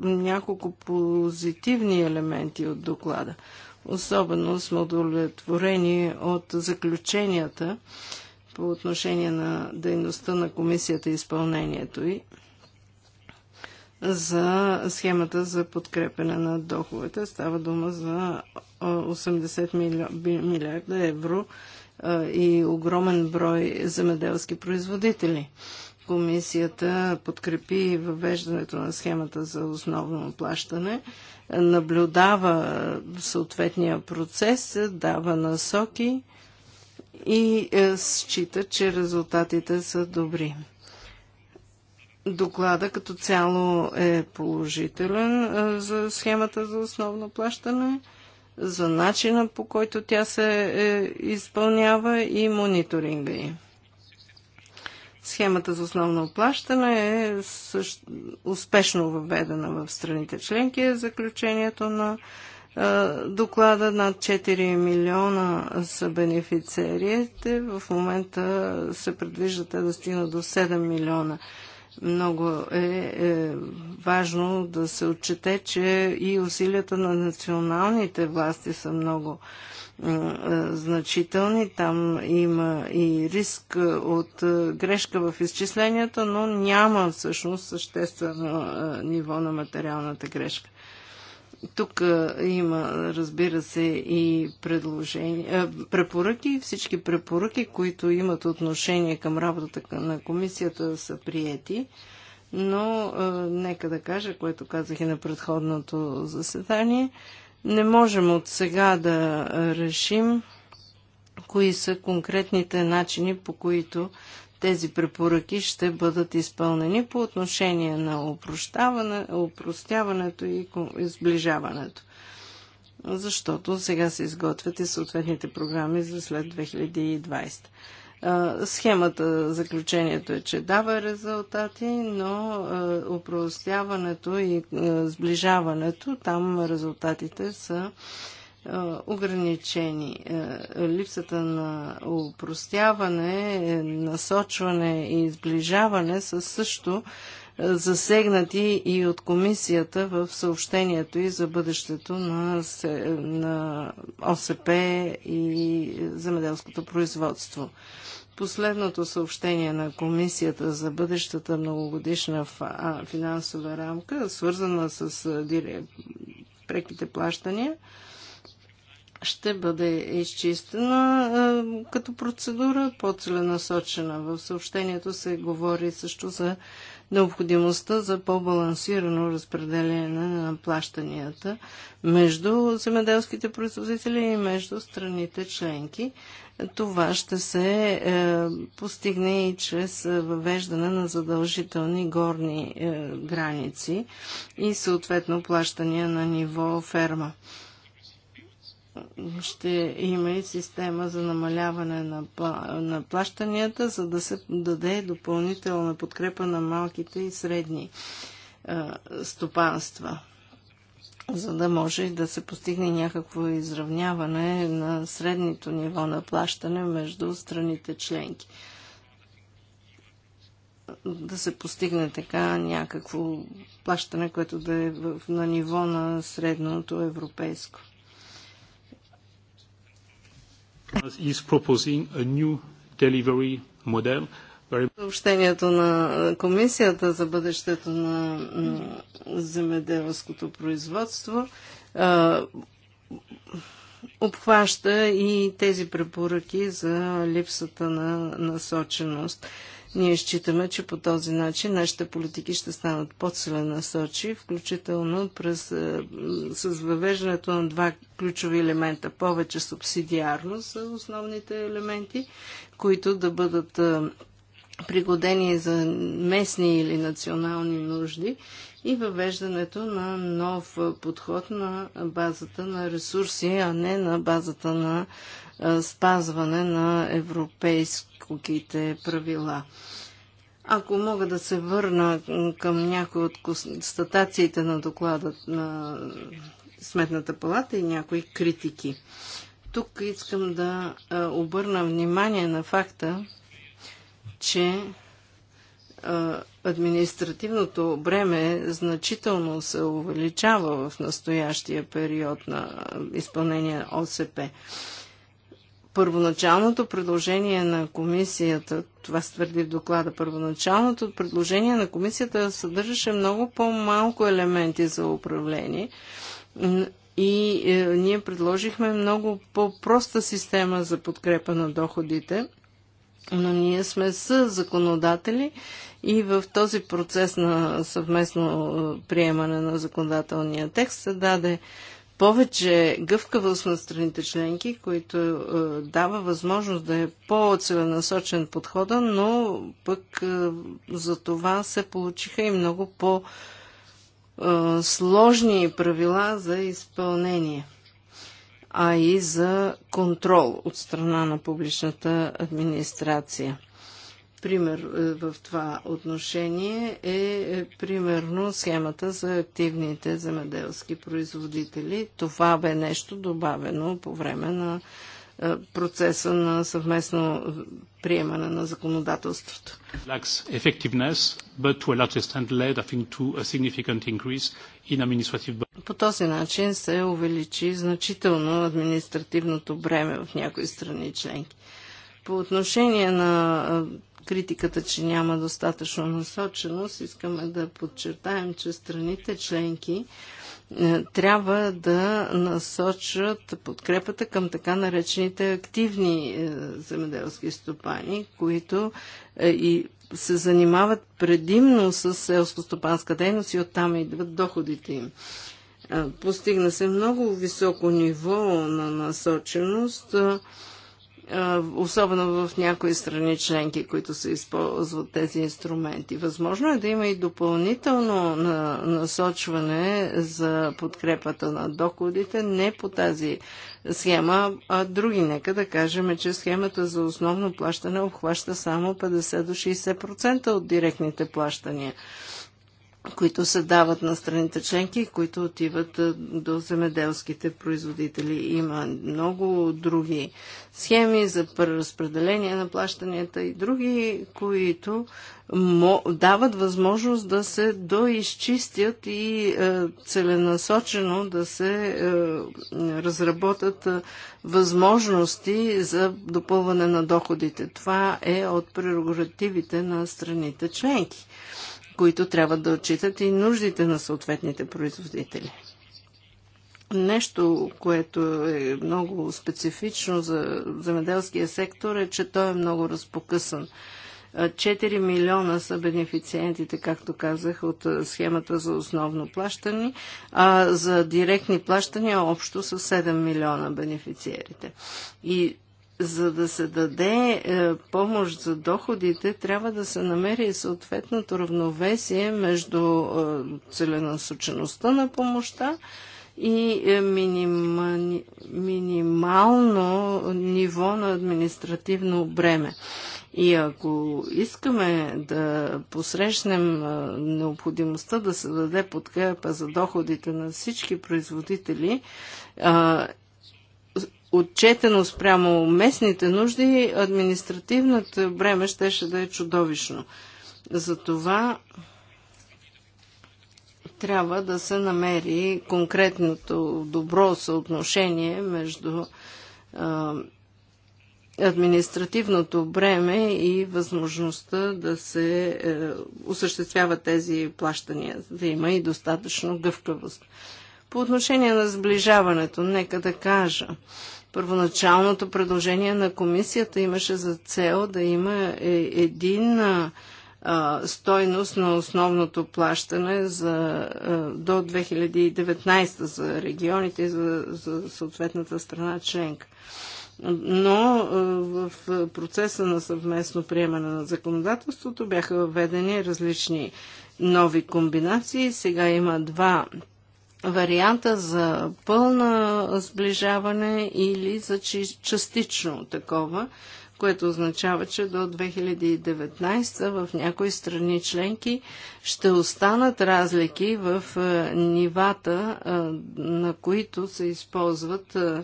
няколко позитивни елементи от доклада. Особено сме удовлетворени от заключенията по отношение на дейността на комисията и изпълнението й за схемата за подкрепене на доходите. Става дума за 80 милиарда евро и огромен брой земеделски производители. Комисията подкрепи въвеждането на схемата за основно плащане, наблюдава съответния процес, дава насоки и е, счита, че резултатите са добри. Доклада като цяло е положителен е, за схемата за основно плащане – за начина по който тя се е, изпълнява и мониторинга й. Схемата за основно оплащане е също, успешно въведена в страните членки. Е заключението на е, доклада над 4 милиона са бенефициерите. В момента се предвижда те да стигнат до 7 милиона. Е, много е, е важно да се отчете, че и усилията на националните власти са много е, значителни. Там има и риск е, от е, грешка в изчисленията, но няма всъщност съществено ниво на материалната грешка. Тук има, разбира се, и предложения, препоръки. Всички препоръки, които имат отношение към работата на комисията, са приети. Но нека да кажа, което казах и на предходното заседание, не можем от сега да решим кои са конкретните начини, по които тези препоръки ще бъдат изпълнени по отношение на опростяването и изближаването. Защото сега се изготвят и съответните програми за след 2020. Схемата, заключението е, че дава резултати, но опростяването и сближаването, там резултатите са ограничени. Липсата на упростяване, е, насочване и изближаване са също засегнати и от комисията в съобщението и за бъдещето на, на ОСП и земеделското производство. Последното съобщение на Комисията за бъдещата многогодишна финансова рамка, свързана с преките плащания, ще бъде изчистена като процедура, по-целенасочена. В съобщението се говори също за необходимостта за по-балансирано разпределение на плащанията между земеделските производители и между страните членки. Това ще се е, постигне и чрез въвеждане на задължителни горни е, граници и съответно плащания на ниво ферма ще има и система за намаляване на, пла... на плащанията, за да се даде допълнителна подкрепа на малките и средни а, стопанства, за да може да се постигне някакво изравняване на средното ниво на плащане между страните членки. Да се постигне така някакво плащане, което да е в... на ниво на средното европейско is proposing a new delivery model Съобщението на Комисията за бъдещето на земеделското производство обхваща и тези препоръки за липсата на насоченост. Ние считаме, че по този начин нашите политики ще станат по-целенасочи, включително през, е, с въвеждането на два ключови елемента. Повече субсидиарност са основните елементи, които да бъдат е, пригодени за местни или национални нужди и въвеждането на нов подход на базата на ресурси, а не на базата на спазване на европейските правила. Ако мога да се върна към някои от констатациите на доклада на Сметната палата и някои критики. Тук искам да обърна внимание на факта, че административното бреме значително се увеличава в настоящия период на изпълнение на ОСП. Първоначалното предложение на комисията, това се твърди в доклада, първоначалното предложение на комисията съдържаше много по-малко елементи за управление и е, ние предложихме много по-проста система за подкрепа на доходите – но ние сме с законодатели и в този процес на съвместно е, приемане на законодателния текст се даде повече гъвкавост на страните членки, които е, дава възможност да е по-целенасочен подхода, но пък е, за това се получиха и много по-сложни е, правила за изпълнение а и за контрол от страна на публичната администрация. Пример е, в това отношение е, е примерно схемата за активните земеделски производители. Това бе нещо добавено по време на е, процеса на съвместно приемане на законодателството. Lacks effectiveness, but to a large extent led, I think, to a significant increase in administrative По този начин се увеличи значително административното бреме в някои страни членки. По отношение на е, критиката, че няма достатъчно насоченост, искаме да подчертаем, че страните членки е, трябва да насочат подкрепата към така наречените активни е, земеделски стопани, които е, и се занимават предимно с селско-стопанска дейност и оттам идват доходите им. Постигна се много високо ниво на насоченост особено в някои страни членки, които се използват тези инструменти. Възможно е да има и допълнително насочване за подкрепата на доходите, не по тази схема, а други. Нека да кажем, че схемата за основно плащане обхваща само 50 до 60% от директните плащания които се дават на страните членки и които отиват до земеделските производители. Има много други схеми за преразпределение на плащанията и други, които дават възможност да се доизчистят и целенасочено да се разработят възможности за допълване на доходите. Това е от прерогативите на страните членки които трябва да отчитат и нуждите на съответните производители. Нещо, което е много специфично за земеделския сектор е, че той е много разпокъсан. 4 милиона са бенефициентите, както казах, от схемата за основно плащане, а за директни плащания общо са 7 милиона бенефициерите. И за да се даде е, помощ за доходите, трябва да се намери съответното равновесие между е, целенасочеността на помощта и е, минимално ниво на административно бреме. И ако искаме да посрещнем необходимостта да се даде подкрепа за доходите на всички производители, отчетено спрямо местните нужди, административната бреме щеше да е чудовищно. Затова трябва да се намери конкретното добро съотношение между административното бреме и възможността да се е, осъществяват тези плащания, да има и достатъчно гъвкавост. По отношение на сближаването, нека да кажа, Първоначалното предложение на комисията имаше за цел да има е, един стойност на основното плащане за, до 2019 за регионите и за, за съответната страна членка. Но в процеса на съвместно приемане на законодателството бяха введени различни нови комбинации. Сега има два варианта за пълна сближаване или за частично такова, което означава, че до 2019 в някои страни членки ще останат разлики в е, нивата, е, на които се използват е,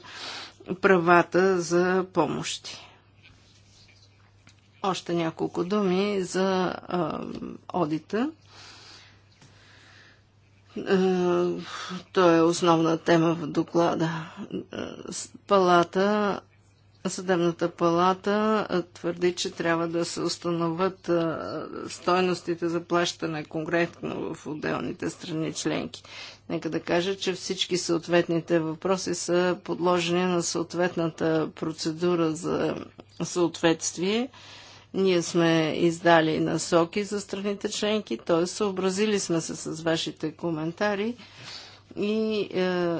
правата за помощи. Още няколко думи за одита. Е, то е основна тема в доклада. Е, палата, съдебната палата е, твърди, че трябва да се установят стойностите за плащане конкретно в отделните страни членки. Нека да кажа, че всички съответните въпроси са подложени на съответната процедура за съответствие ние сме издали насоки за страните членки, т.е. съобразили сме се с вашите коментари и е,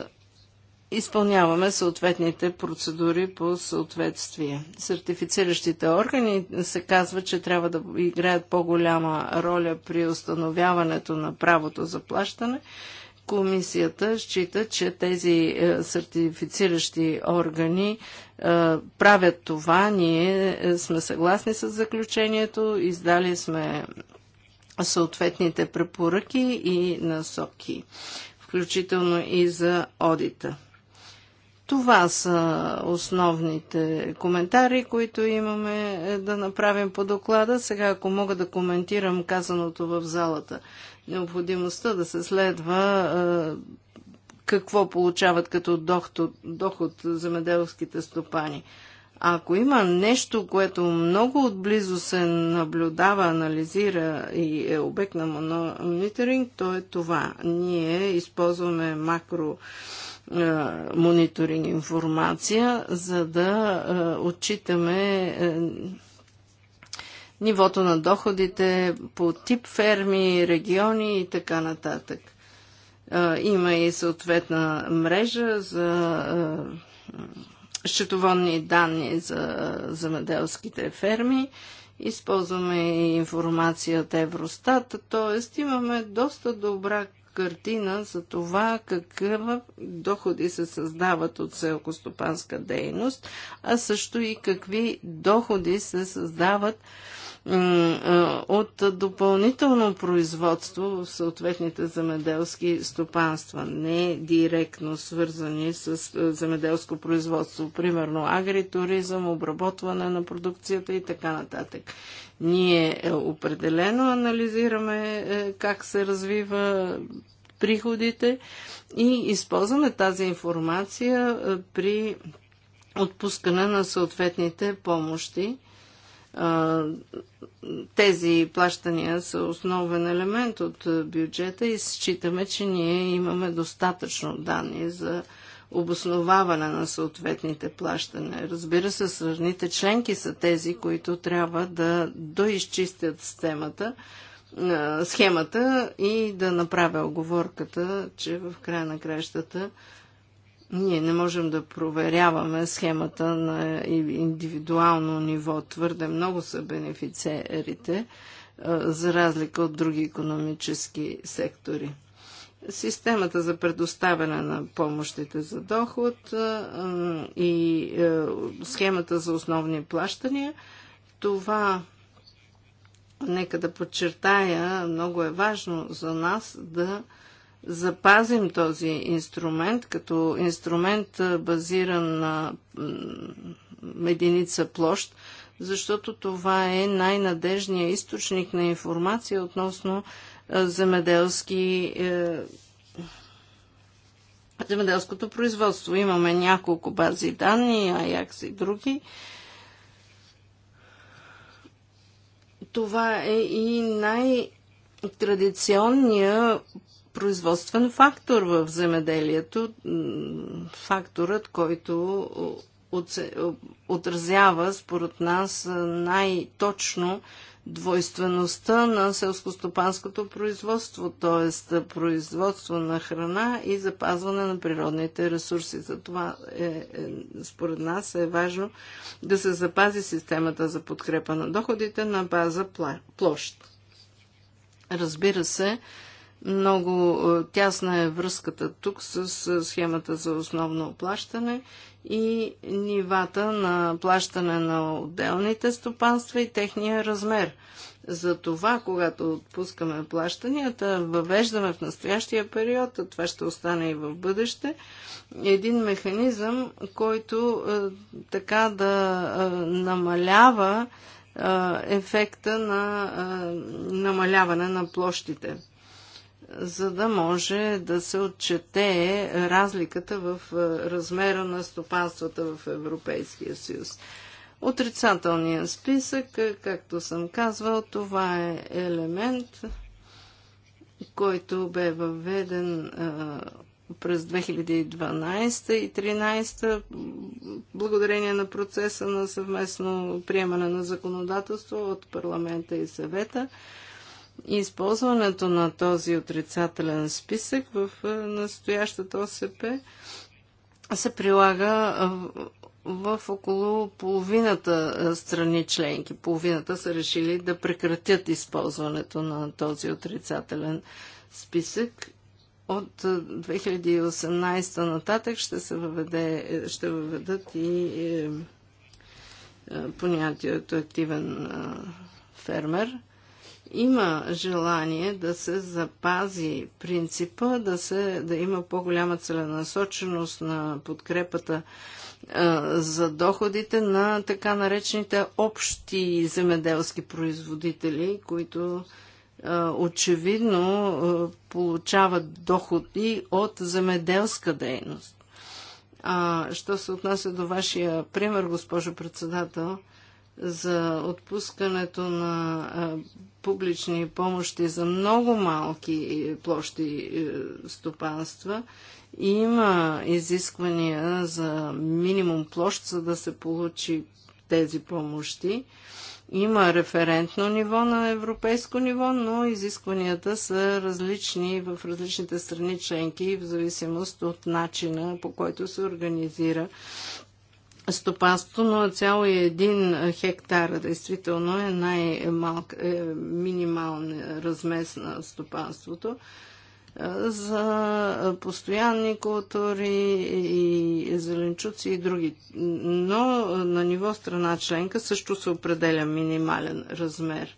изпълняваме съответните процедури по съответствие. Сертифициращите органи се казва, че трябва да играят по-голяма роля при установяването на правото за плащане. Комисията счита, че тези е, сертифициращи органи правят това. Ние е, сме съгласни с заключението, издали сме съответните препоръки и насоки, включително и за одита. Това са основните коментари, които имаме е, да направим по доклада. Сега, ако мога да коментирам казаното в залата, необходимостта да се следва е, какво получават като доход, доход земеделските стопани. А ако има нещо, което много отблизо се наблюдава, анализира и е обект на мониторинг, то е това. Ние използваме макро е, мониторинг информация, за да е, отчитаме е, нивото на доходите по тип ферми, региони и така нататък. Има и съответна мрежа за счетоводни данни за замеделските ферми. Използваме и информация от Евростат, т.е. имаме доста добра картина за това какъв доходи се създават от селкостопанска дейност, а също и какви доходи се създават от допълнително производство в съответните земеделски стопанства, не директно свързани с земеделско производство, примерно агритуризъм, обработване на продукцията и така нататък. Ние е, определено анализираме е, как се развива приходите и използваме тази информация е, при отпускане на съответните помощи тези плащания са основен елемент от бюджета и считаме, че ние имаме достатъчно данни за обосноваване на съответните плащания. Разбира се, сравните членки са тези, които трябва да доизчистят системата, схемата и да направя оговорката, че в края на кращата ние не можем да проверяваме схемата на индивидуално ниво. Твърде много са бенефициерите, за разлика от други економически сектори. Системата за предоставяне на помощите за доход и схемата за основни плащания, това, нека да подчертая, много е важно за нас да запазим този инструмент като инструмент базиран на единица площ, защото това е най-надежният източник на информация относно земеделски е, земеделското производство. Имаме няколко бази данни, Аякс и други. Това е и най- традиционния производствен фактор в земеделието, факторът, който отразява според нас най-точно двойствеността на селскостопанското производство, т.е. производство на храна и запазване на природните ресурси. За това е, е според нас е важно да се запази системата за подкрепа на доходите на база площ. Разбира се, много е, тясна е връзката тук с схемата за основно оплащане и нивата на плащане на отделните стопанства и техния размер. За това, когато отпускаме плащанията, въвеждаме в настоящия период, а това ще остане и в бъдеще, един механизъм, който е, така да е, намалява ефекта на намаляване на площите за да може да се отчете разликата в е, размера на стопанствата в Европейския съюз. Отрицателният списък, е, както съм казвал, това е елемент, който бе въведен е, през 2012 и 2013, благодарение на процеса на съвместно приемане на законодателство от парламента и съвета използването на този отрицателен списък в е, настоящата ОСП се прилага е, в около половината е, страни членки. Половината са решили да прекратят използването на този отрицателен списък. От 2018 нататък ще се въведе, ще въведат и понятието активен фермер има желание да се запази принципа, да, се, да има по-голяма целенасоченост на подкрепата за доходите на така наречените общи земеделски производители, които очевидно получават доходи от земеделска дейност. А, що се отнася до вашия пример, госпожо председател, за отпускането на публични помощи за много малки е, площи е, стопанства. Има изисквания за минимум площ, за да се получи тези помощи. Има референтно ниво на европейско ниво, но изискванията са различни в различните страни членки в зависимост от начина по който се организира стопанство 0,1 е хектара. Действително е най малка е, е размес на стопанството за постоянни култури и зеленчуци и други. Но на ниво страна членка също се определя минимален размер.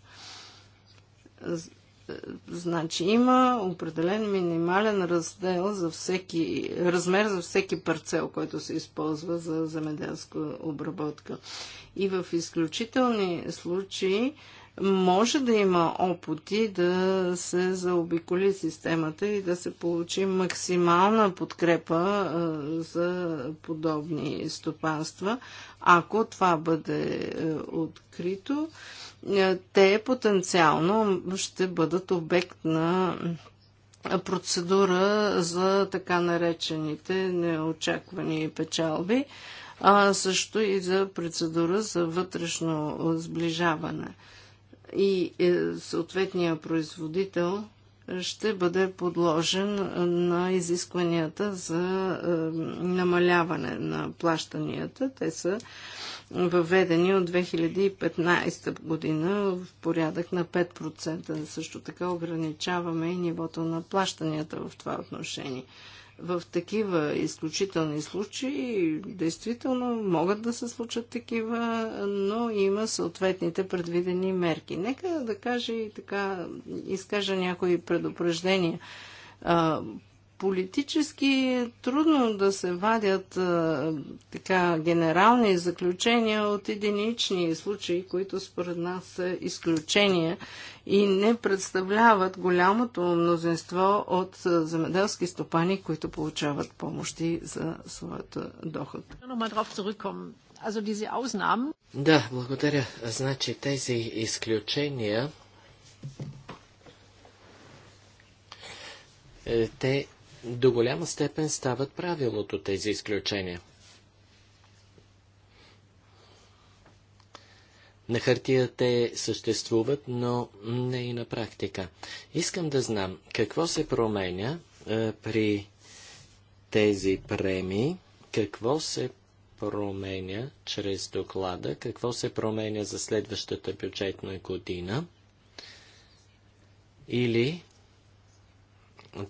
Значи има определен минимален раздел за всеки, размер за всеки парцел, който се използва за земеделска обработка. И в изключителни случаи може да има опити да се заобиколи системата и да се получи максимална подкрепа за подобни стопанства, ако това бъде открито е, те потенциално ще бъдат обект на процедура за така наречените неочаквани печалби, а също и за процедура за вътрешно сближаване. И е, съответният производител ще бъде подложен на изискванията за е, намаляване на плащанията. Те са въведени от 2015 година в порядък на 5%. Също така ограничаваме и нивото на плащанията в това отношение. В такива изключителни случаи действително могат да се случат такива, но има съответните предвидени мерки. Нека да кажа и така, изкажа някои предупреждения политически е трудно да се вадят а, така генерални заключения от единични случаи, които според нас са изключения и не представляват голямото мнозинство от земеделски стопани, които получават помощи за своята доход. Да, благодаря. Значи тези изключения е, те до голяма степен стават правилото тези изключения. На хартия те съществуват, но не и на практика. Искам да знам какво се променя е, при тези премии, какво се променя чрез доклада, какво се променя за следващата бюджетна година или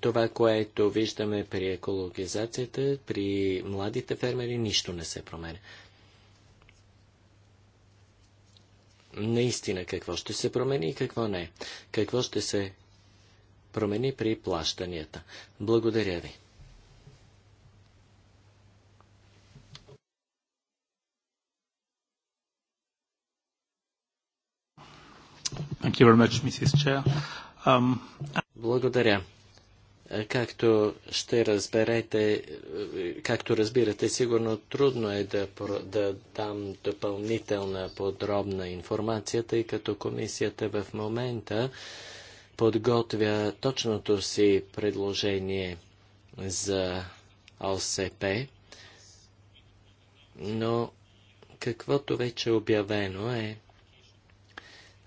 това, което виждаме при екологизацията, при младите фермери, нищо не се променя. Наистина, какво ще се промени и какво не? Какво ще се промени при плащанията? Благодаря ви. Um, Благодаря. Както ще разберете, както разбирате, сигурно трудно е да, да дам допълнителна подробна информация, тъй като комисията в момента подготвя точното си предложение за ОСП, но каквото вече е обявено е,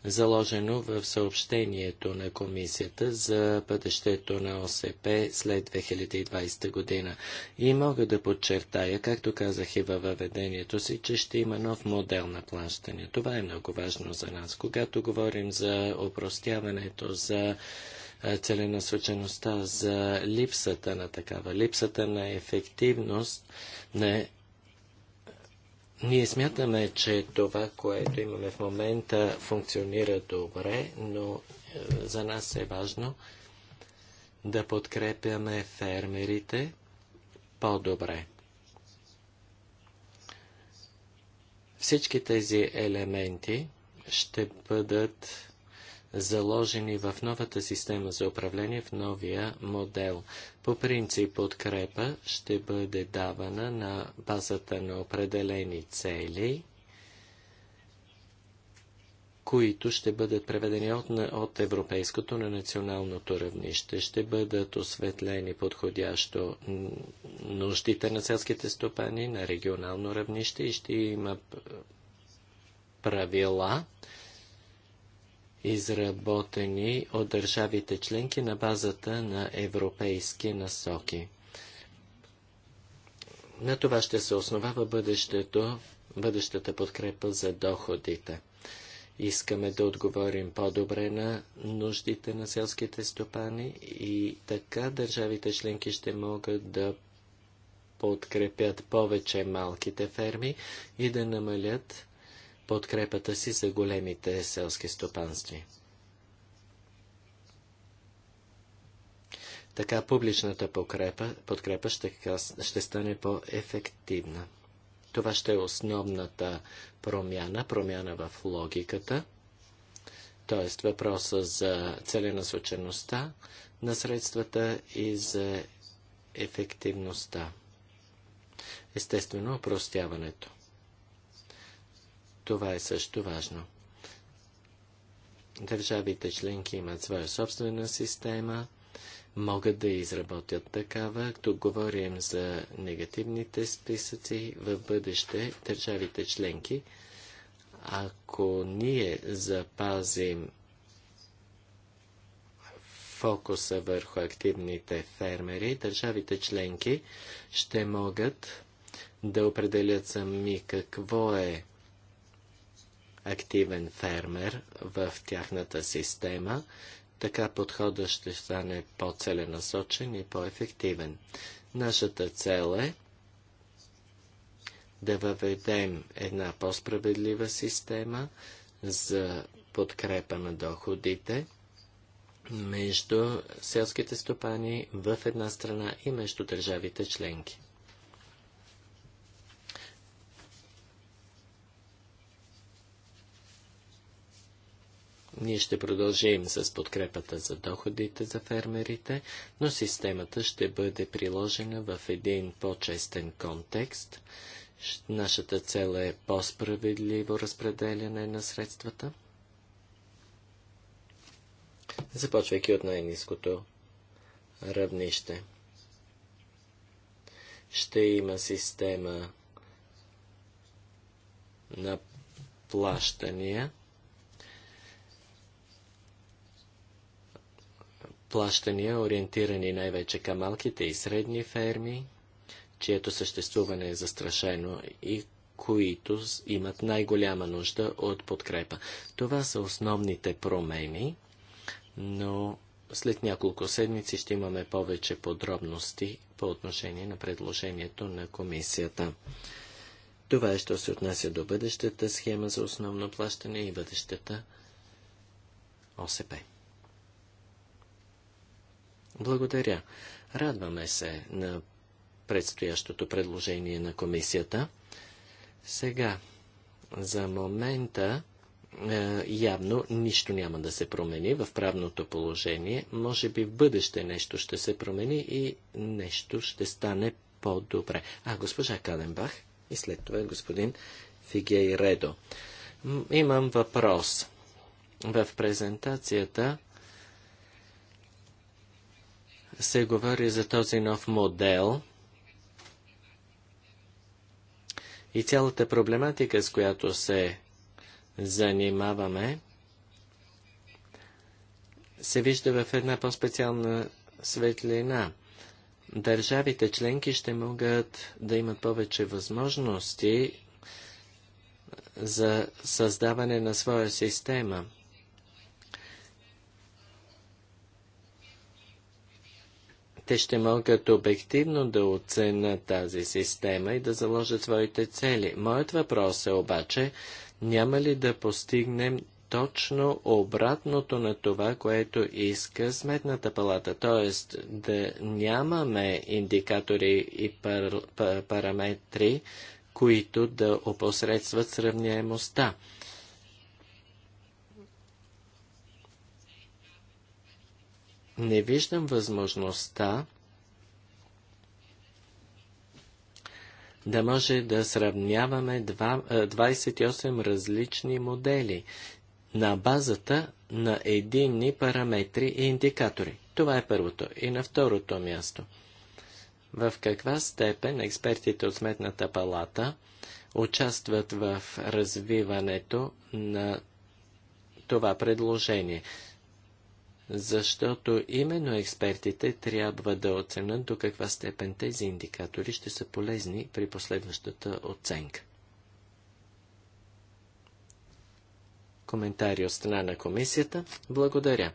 заложено в съобщението на комисията за бъдещето на ОСП след 2020 година. И мога да подчертая, както казах и във въведението си, че ще има нов модел на плащане. Това е много важно за нас. Когато говорим за опростяването, за целенасочеността, за липсата на такава, липсата на ефективност, на ние смятаме, че това, което имаме в момента, функционира добре, но е, за нас е важно да подкрепяме фермерите по-добре. Всички тези елементи ще бъдат заложени в новата система за управление, в новия модел. По принцип подкрепа ще бъде давана на базата на определени цели, които ще бъдат преведени от, от европейското на националното равнище. Ще бъдат осветлени подходящо нуждите на селските стопани на регионално равнище и ще има правила, изработени от държавите членки на базата на европейски насоки. На това ще се основава бъдещето, бъдещата подкрепа за доходите. Искаме да отговорим по-добре на нуждите на селските стопани и така държавите членки ще могат да подкрепят повече малките ферми и да намалят подкрепата си за големите селски стопанстви. Така публичната подкрепа, подкрепа ще, ще стане по-ефективна. Това ще е основната промяна, промяна в логиката, т.е. въпроса за целенасочеността на средствата и за ефективността. Естествено, опростяването. Това е също важно. Държавите членки имат своя собствена система, могат да изработят такава. Тук говорим за негативните списъци в бъдеще. Държавите членки, ако ние запазим фокуса върху активните фермери, държавите членки ще могат да определят сами какво е активен фермер в тяхната система, така подходът ще стане по-целенасочен и по-ефективен. Нашата цел е да въведем една по-справедлива система за подкрепа на доходите между селските стопани в една страна и между държавите членки. Ние ще продължим с подкрепата за доходите за фермерите, но системата ще бъде приложена в един по-честен контекст. Нашата цел е по-справедливо разпределяне на средствата. Започвайки от най-низкото равнище. Ще има система на плащания – плащания, ориентирани най-вече към малките и средни ферми, чието съществуване е застрашено и които имат най-голяма нужда от подкрепа. Това са основните промени, но след няколко седмици ще имаме повече подробности по отношение на предложението на комисията. Това е, що се отнася до бъдещата схема за основно плащане и бъдещата ОСП. Благодаря. Радваме се на предстоящото предложение на комисията. Сега, за момента, е, явно нищо няма да се промени в правното положение. Може би в бъдеще нещо ще се промени и нещо ще стане по-добре. А, госпожа Каленбах и след това господин Фигей Редо. Имам въпрос. В презентацията се говори за този нов модел и цялата проблематика, с която се занимаваме, се вижда в една по-специална светлина. Държавите членки ще могат да имат повече възможности за създаване на своя система – Те ще могат обективно да оценят тази система и да заложат своите цели. Моят въпрос е обаче, няма ли да постигнем точно обратното на това, което иска Сметната палата, т.е. да нямаме индикатори и пар, пар, параметри, които да опосредстват сравняемостта. не виждам възможността да може да сравняваме 28 различни модели на базата на единни параметри и индикатори. Това е първото. И на второто място. В каква степен експертите от Сметната палата участват в развиването на това предложение? защото именно експертите трябва да оценят до каква степен тези индикатори ще са полезни при последващата оценка. Коментари от страна на комисията. Благодаря.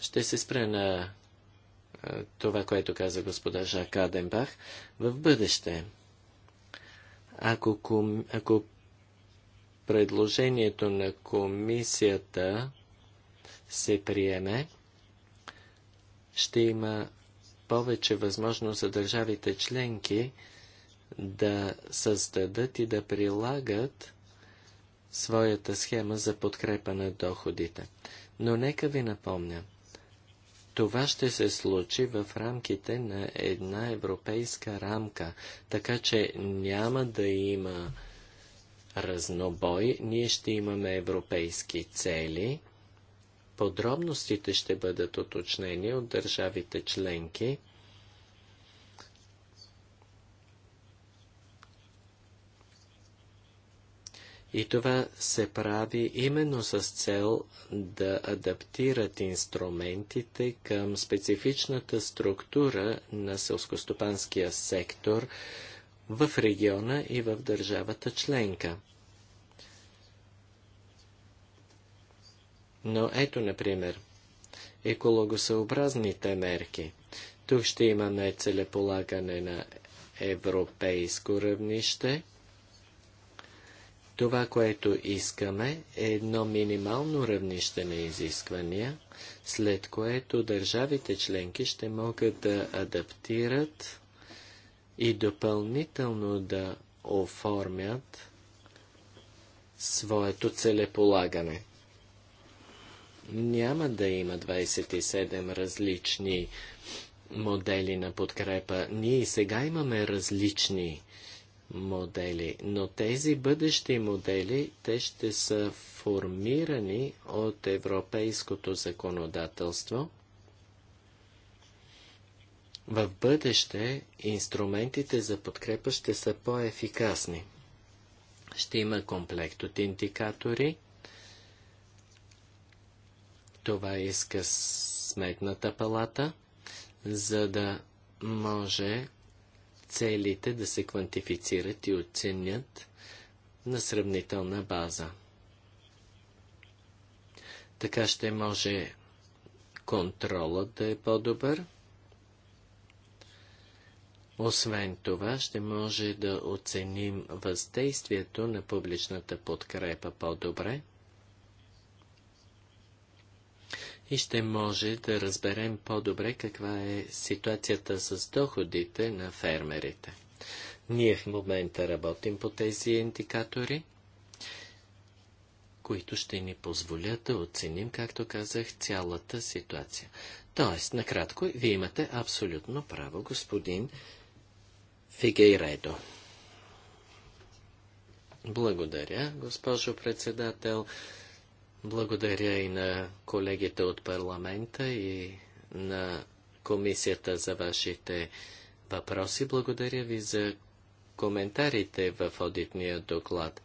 Ще се спре на е, това, което каза господа Жак Аденбах. В бъдеще, ако, ако предложението на комисията се приеме, ще има повече възможност за държавите членки да създадат и да прилагат своята схема за подкрепа на доходите. Но нека ви напомня, това ще се случи в рамките на една европейска рамка, така че няма да има разнобой. Ние ще имаме европейски цели. Подробностите ще бъдат уточнени от държавите членки. И това се прави именно с цел да адаптират инструментите към специфичната структура на селскостопанския сектор в региона и в държавата членка. Но ето, например, екологосъобразните мерки. Тук ще имаме целеполагане на европейско равнище. Това, което искаме, е едно минимално равнище на изисквания, след което държавите членки ще могат да адаптират и допълнително да оформят своето целеполагане. Няма да има 27 различни модели на подкрепа. Ние сега имаме различни модели, но тези бъдещи модели, те ще са формирани от европейското законодателство – в бъдеще инструментите за подкрепа ще са по-ефикасни. Ще има комплект от индикатори. Това иска сметната палата, за да може целите да се квантифицират и оценят на сравнителна база. Така ще може контролът да е по-добър. Освен това, ще може да оценим въздействието на публичната подкрепа по-добре и ще може да разберем по-добре каква е ситуацията с доходите на фермерите. Ние в момента работим по тези индикатори, които ще ни позволят да оценим, както казах, цялата ситуация. Тоест, накратко, вие имате абсолютно право, господин Фигейредо. Благодаря, госпожо председател. Благодаря и на колегите от парламента и на комисията за вашите въпроси. Благодаря ви за коментарите в одитния доклад.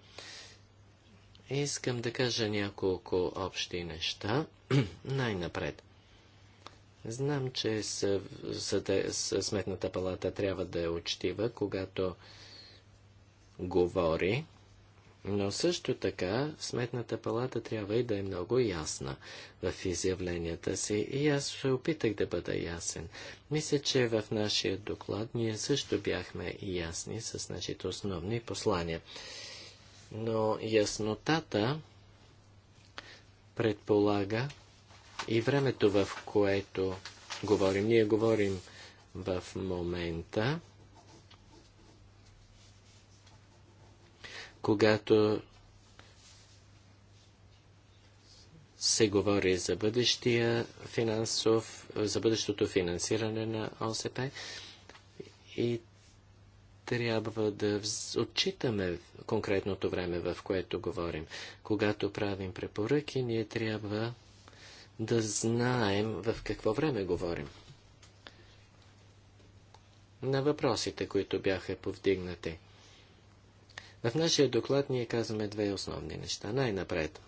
Искам да кажа няколко общи неща най-напред. Знам, че Сметната палата трябва да е учтива, когато говори, но също така Сметната палата трябва и да е много ясна в изявленията си и аз се опитах да бъда ясен. Мисля, че в нашия доклад ние също бяхме ясни с нашите основни послания. Но яснотата предполага и времето, в което говорим. Ние говорим в момента, когато се говори за бъдещия финансов, за бъдещото финансиране на ОСП и трябва да отчитаме конкретното време, в което говорим. Когато правим препоръки, ние трябва да знаем в какво време говорим. На въпросите, които бяха повдигнати. В нашия доклад ние казваме две основни неща. Най-напред.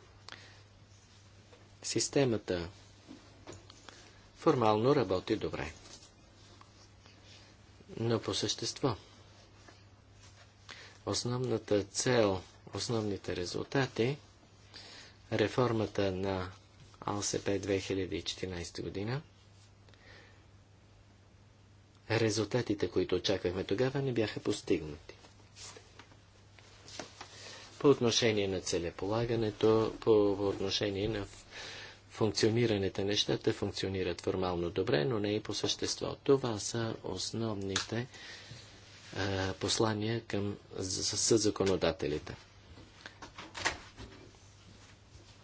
Системата формално работи добре. Но по същество. Основната цел, основните резултати, реформата на АЛСП 2014 година. Резултатите, които очаквахме тогава, не бяха постигнати. По отношение на целеполагането, по, отношение на функционирането, нещата функционират формално добре, но не и по същество. Това са основните послания към съ законодателите.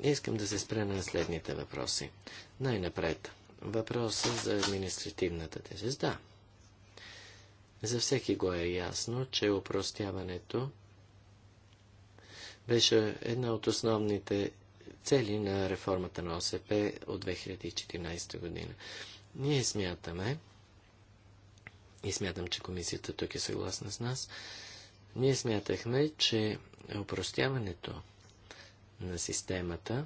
Искам да се спра на следните въпроси. Най-напред, въпроса за административната тежест. Да. За всеки го е ясно, че упростяването беше една от основните цели на реформата на ОСП от 2014 година. Ние смятаме, и смятам, че комисията тук е съгласна с нас, ние смятахме, че упростяването на системата,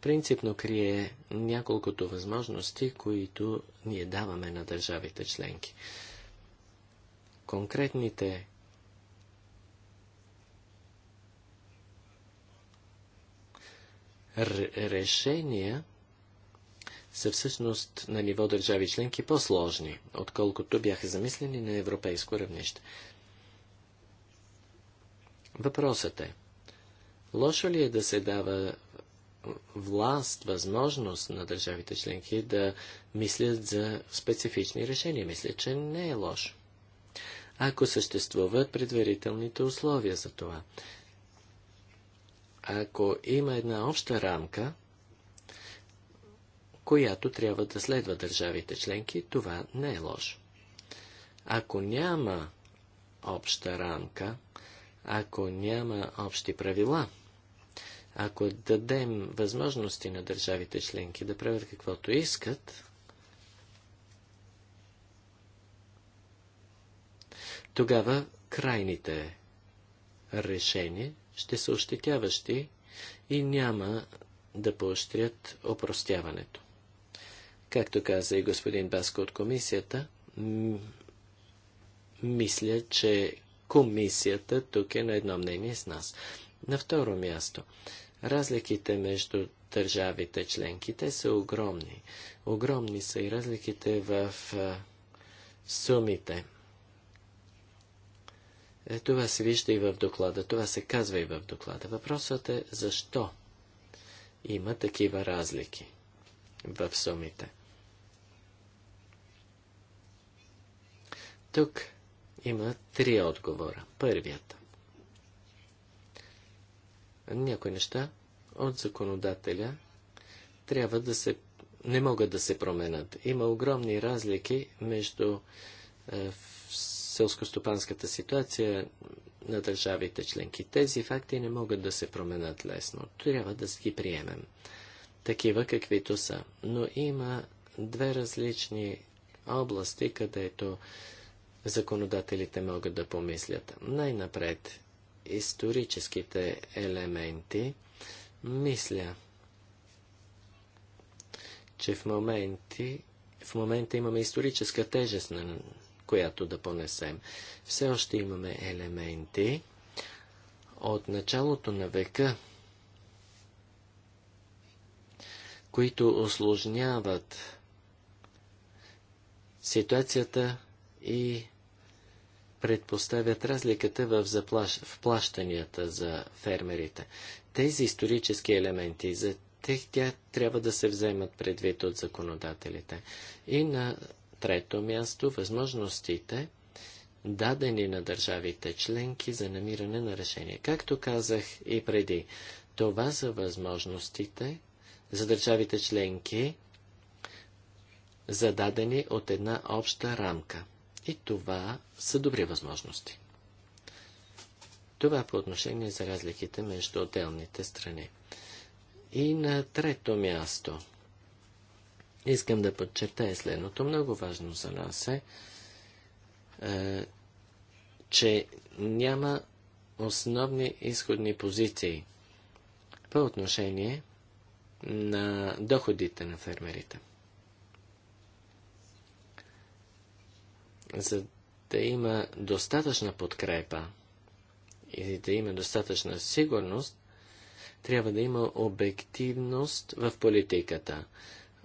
принципно крие няколкото възможности, които ние даваме на държавите членки. Конкретните решения са всъщност на ниво държави членки по-сложни, отколкото бяха замислени на европейско равнище. Въпросът е, лошо ли е да се дава власт, възможност на държавите членки да мислят за специфични решения? Мисля, че не е лошо. Ако съществуват предварителните условия за това. Ако има една обща рамка, която трябва да следва държавите членки, това не е лошо. Ако няма обща рамка, ако няма общи правила, ако дадем възможности на държавите членки да правят каквото искат, тогава крайните решения ще са ощетяващи и няма да поощрят опростяването. Както каза и господин Баско от комисията, мисля, че комисията тук е на едно мнение с нас. На второ място, разликите между държавите членките са огромни. Огромни са и разликите в сумите. Е, това се вижда и в доклада, това се казва и в доклада. Въпросът е защо има такива разлики в сумите. Тук има три отговора. Първият. Някои неща от законодателя трябва да се, не могат да се променят. Има огромни разлики между е, селскостопанската ситуация на държавите членки. Тези факти не могат да се променят лесно. Трябва да ги приемем. Такива каквито са. Но има две различни области, където законодателите могат да помислят. Най-напред, историческите елементи, мисля, че в, моменти, в момента имаме историческа тежест, на която да понесем. Все още имаме елементи от началото на века, които осложняват ситуацията и предпоставят разликата в, заплаш... в плащанията за фермерите. Тези исторически елементи, за тях тя трябва да се вземат предвид от законодателите. И на трето място, възможностите, дадени на държавите членки за намиране на решение. Както казах и преди, това са възможностите за държавите членки, зададени от една обща рамка. И това са добри възможности. Това е по отношение за разликите между отделните страни. И на трето място искам да подчертая следното. Много важно за нас е, е че няма основни изходни позиции по отношение на доходите на фермерите. за да има достатъчна подкрепа и да има достатъчна сигурност, трябва да има обективност в политиката,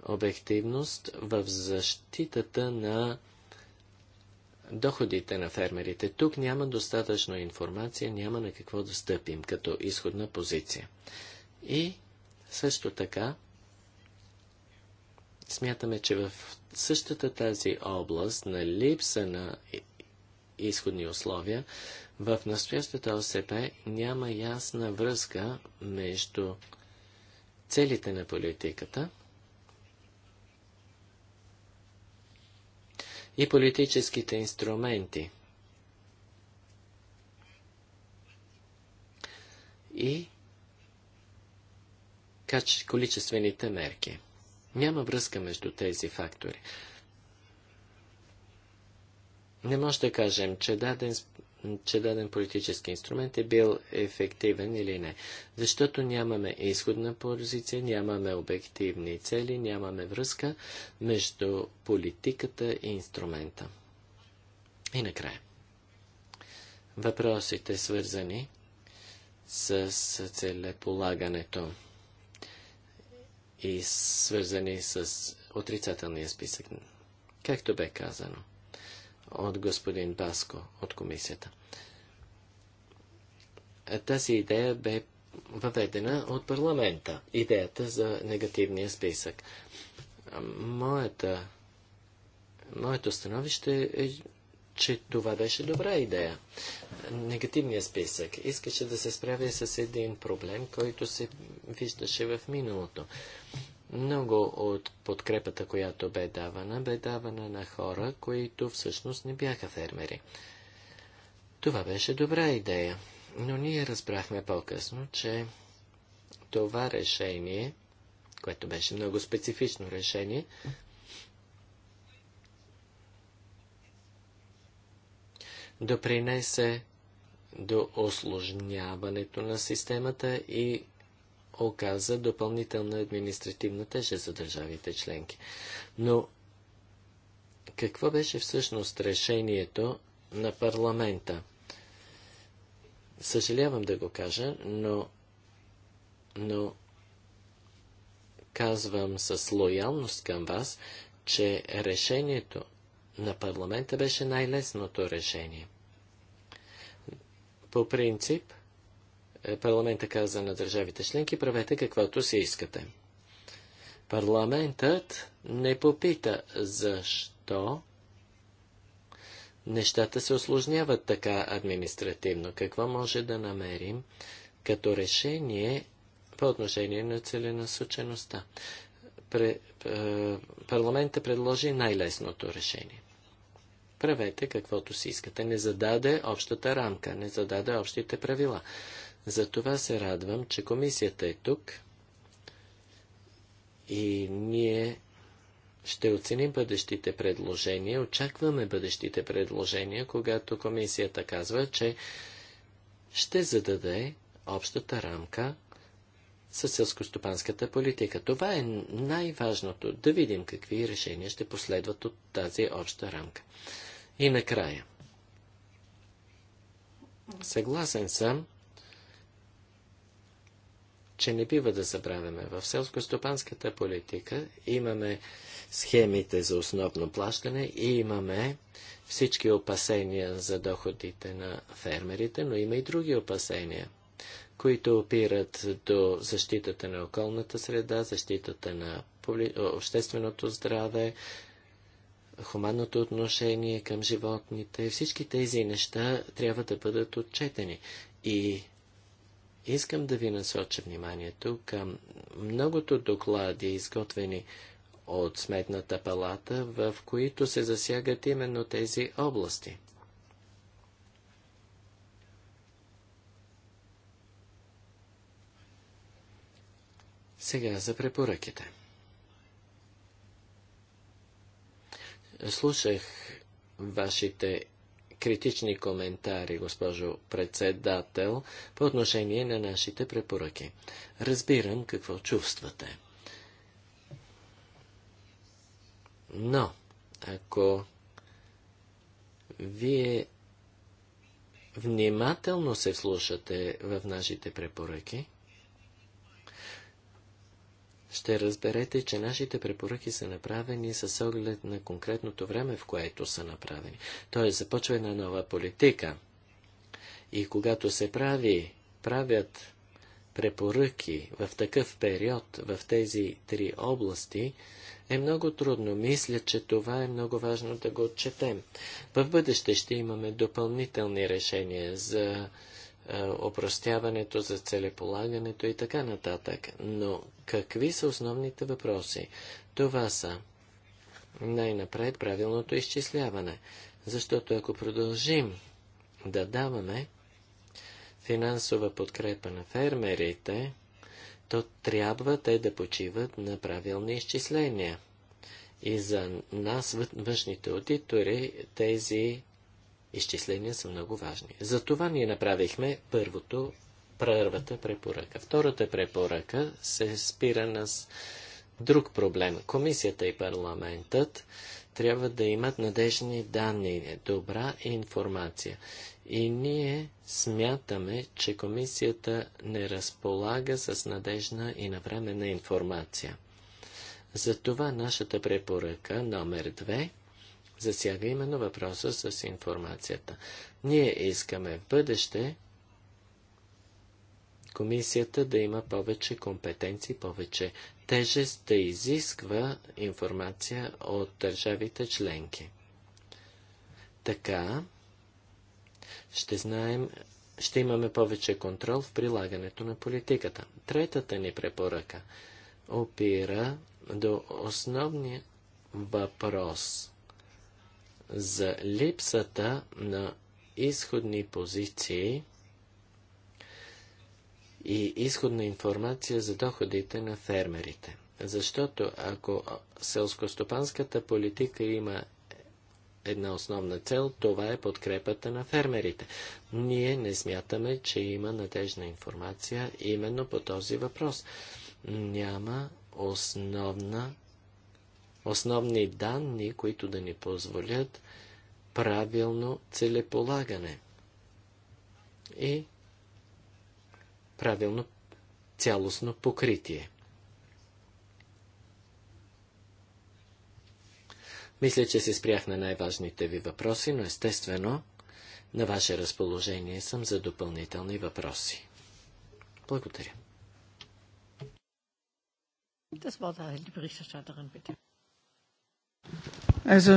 обективност в защитата на доходите на фермерите. Тук няма достатъчно информация, няма на какво да стъпим като изходна позиция. И също така смятаме, че в същата тази област на липса на изходни условия, в настоящата ОСП няма ясна връзка между целите на политиката и политическите инструменти. и количествените мерки. Няма връзка между тези фактори. Не може да кажем, че даден, че даден политически инструмент е бил ефективен или не, защото нямаме изходна позиция, нямаме обективни цели, нямаме връзка между политиката и инструмента. И накрая. Въпросите свързани с целеполагането и свързани с отрицателния списък, както бе казано от господин Баско от комисията. Тази идея бе въведена от парламента, идеята за негативния списък. Моята, моето становище е че това беше добра идея. Негативният списък искаше да се справя с един проблем, който се виждаше в миналото. Много от подкрепата, която бе давана, бе давана на хора, които всъщност не бяха фермери. Това беше добра идея, но ние разбрахме по-късно, че това решение, което беше много специфично решение, допринесе до осложняването на системата и оказа допълнителна административна тежест за държавите членки. Но какво беше всъщност решението на парламента? Съжалявам да го кажа, но, но казвам с лоялност към вас, че решението на парламента беше най-лесното решение. По принцип, е, парламента каза на държавите членки, правете каквото си искате. Парламентът не попита защо нещата се осложняват така административно. Какво може да намерим като решение по отношение на целенасочеността? Е, Парламентът предложи най-лесното решение правете каквото си искате. Не зададе общата рамка, не зададе общите правила. Затова се радвам, че комисията е тук и ние ще оценим бъдещите предложения, очакваме бъдещите предложения, когато комисията казва, че ще зададе общата рамка със селскостопанската политика. Това е най-важното, да видим какви решения ще последват от тази обща рамка. И накрая. Съгласен съм, че не бива да забравяме. В селско-стопанската политика имаме схемите за основно плащане и имаме всички опасения за доходите на фермерите, но има и други опасения, които опират до защитата на околната среда, защитата на общественото здраве, хуманното отношение към животните, всички тези неща трябва да бъдат отчетени. И искам да ви насоча вниманието към многото доклади, изготвени от Сметната палата, в които се засягат именно тези области. Сега за препоръките. Слушах вашите критични коментари, госпожо председател, по отношение на нашите препоръки. Разбирам какво чувствате. Но, ако вие внимателно се слушате в нашите препоръки, ще разберете, че нашите препоръки са направени с оглед на конкретното време, в което са направени. Тоест, започва една нова политика. И когато се прави, правят препоръки в такъв период, в тези три области, е много трудно. Мисля, че това е много важно да го отчетем. В бъдеще ще имаме допълнителни решения за опростяването, за целеполагането и така нататък. Но какви са основните въпроси? Това са най-напред правилното изчисляване, защото ако продължим да даваме финансова подкрепа на фермерите, то трябва те да почиват на правилни изчисления. И за нас, външните аудитори, тези изчисления са много важни. Затова ние направихме първото, първата препоръка. Втората препоръка се спира на друг проблем. Комисията и парламентът трябва да имат надежни данни, добра информация. И ние смятаме, че комисията не разполага с надежна и навременна информация. Затова нашата препоръка номер 2 засяга именно въпроса с информацията. Ние искаме в бъдеще комисията да има повече компетенции, повече тежест да изисква информация от държавите членки. Така ще знаем, ще имаме повече контрол в прилагането на политиката. Третата ни препоръка опира до основния въпрос за липсата на изходни позиции и изходна информация за доходите на фермерите. Защото ако селскостопанската политика има една основна цел, това е подкрепата на фермерите. Ние не смятаме, че има надежна информация именно по този въпрос. Няма основна основни данни, които да ни позволят правилно целеполагане и правилно цялостно покритие. Мисля, че се спрях на най-важните ви въпроси, но естествено на ваше разположение съм за допълнителни въпроси. Благодаря. Das Wort erhält die Berichterstatterin, bitte. Also,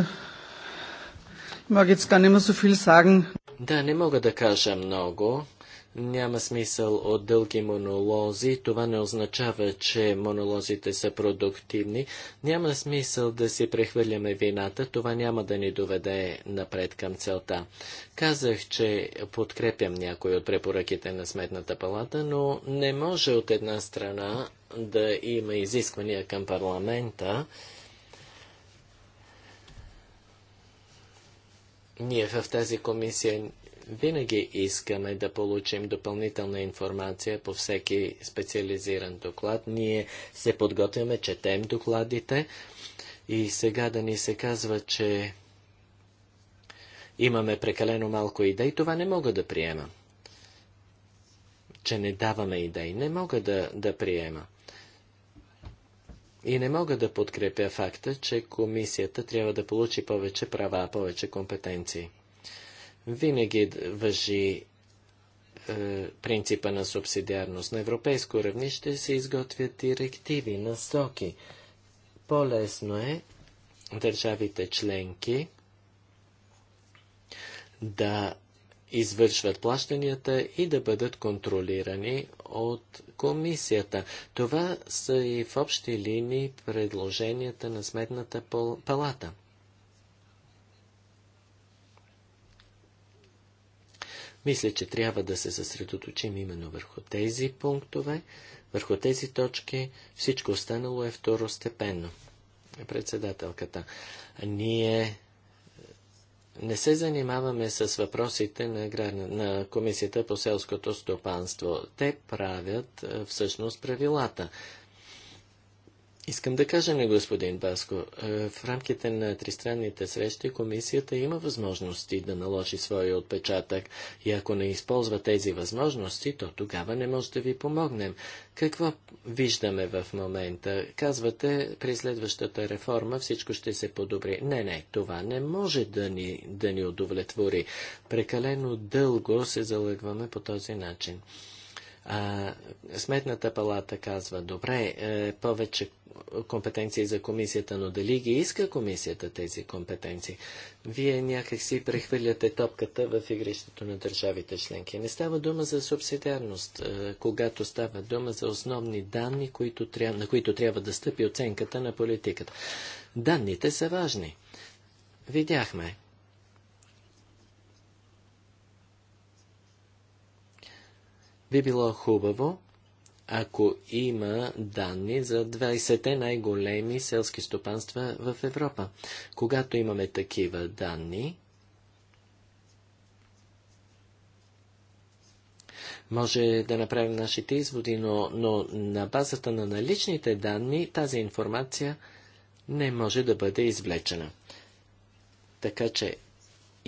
ich mag jetzt gar nicht mehr so viel sagen. Да, не мога да кажа много. Няма смисъл от дълги монолози. Това не означава, че монолозите са продуктивни. Няма смисъл да си прехвърляме вината. Това няма да ни доведе напред към целта. Казах, че подкрепям някои от препоръките на Сметната палата, но не може от една страна да има изисквания към парламента, Ние в тази комисия винаги искаме да получим допълнителна информация по всеки специализиран доклад. Ние се подготвяме, четем докладите и сега да ни се казва, че имаме прекалено малко идеи, това не мога да приема. Че не даваме идеи, не мога да, да приема. И не мога да подкрепя факта, че комисията трябва да получи повече права, повече компетенции. Винаги въжи е, принципа на субсидиарност. На европейско равнище се изготвят директиви, насоки. По-лесно е държавите членки да извършват плащанията и да бъдат контролирани от комисията. Това са и в общи линии предложенията на Сметната палата. Мисля, че трябва да се съсредоточим именно върху тези пунктове, върху тези точки. Всичко останало е второстепенно. Председателката. Ние не се занимаваме с въпросите на, грани... на Комисията по селското стопанство. Те правят е, всъщност правилата. Искам да кажа на господин Баско, е, в рамките на тристранните срещи комисията има възможности да наложи своя отпечатък и ако не използва тези възможности, то тогава не може да ви помогнем. Какво виждаме в момента? Казвате, при следващата реформа всичко ще се подобри. Не, не, това не може да ни, да ни удовлетвори. Прекалено дълго се залъгваме по този начин. А, сметната палата казва, добре, е, повече компетенции за комисията, но дали ги иска комисията тези компетенции? Вие някак си прехвърляте топката в игрището на държавите членки. Не става дума за субсидиарност, е, когато става дума за основни данни, които на които трябва да стъпи оценката на политиката. Данните са важни. Видяхме, Би било хубаво, ако има данни за 20-те най-големи селски стопанства в Европа. Когато имаме такива данни, може да направим нашите изводи, но, но на базата на наличните данни тази информация не може да бъде извлечена. Така че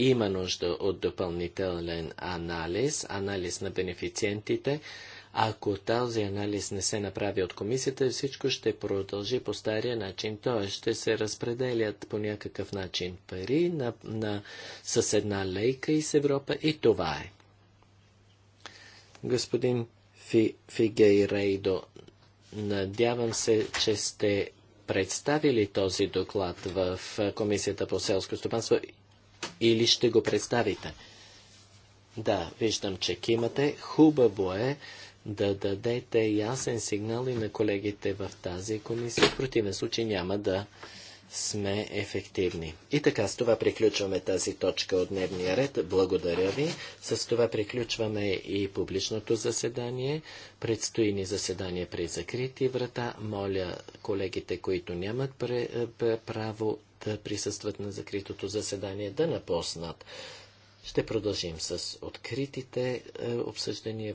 има нужда от допълнителен анализ, анализ на бенефициентите. Ако този анализ не се направи от комисията, всичко ще продължи по стария начин, т.е. ще се разпределят по някакъв начин пари на, на, с една лейка из Европа и това е. Господин Фи, Рейдо, надявам се, че сте представили този доклад в Комисията по селско стопанство или ще го представите? Да, виждам, че кимате. Хубаво е да дадете ясен сигнал и на колегите в тази комисия. В противен случай няма да сме ефективни. И така, с това приключваме тази точка от дневния ред. Благодаря ви. С това приключваме и публичното заседание. Предстои ни заседание при закрити врата. Моля колегите, които нямат право да присъстват на закритото заседание, да напоснат. Ще продължим с откритите е, обсъждания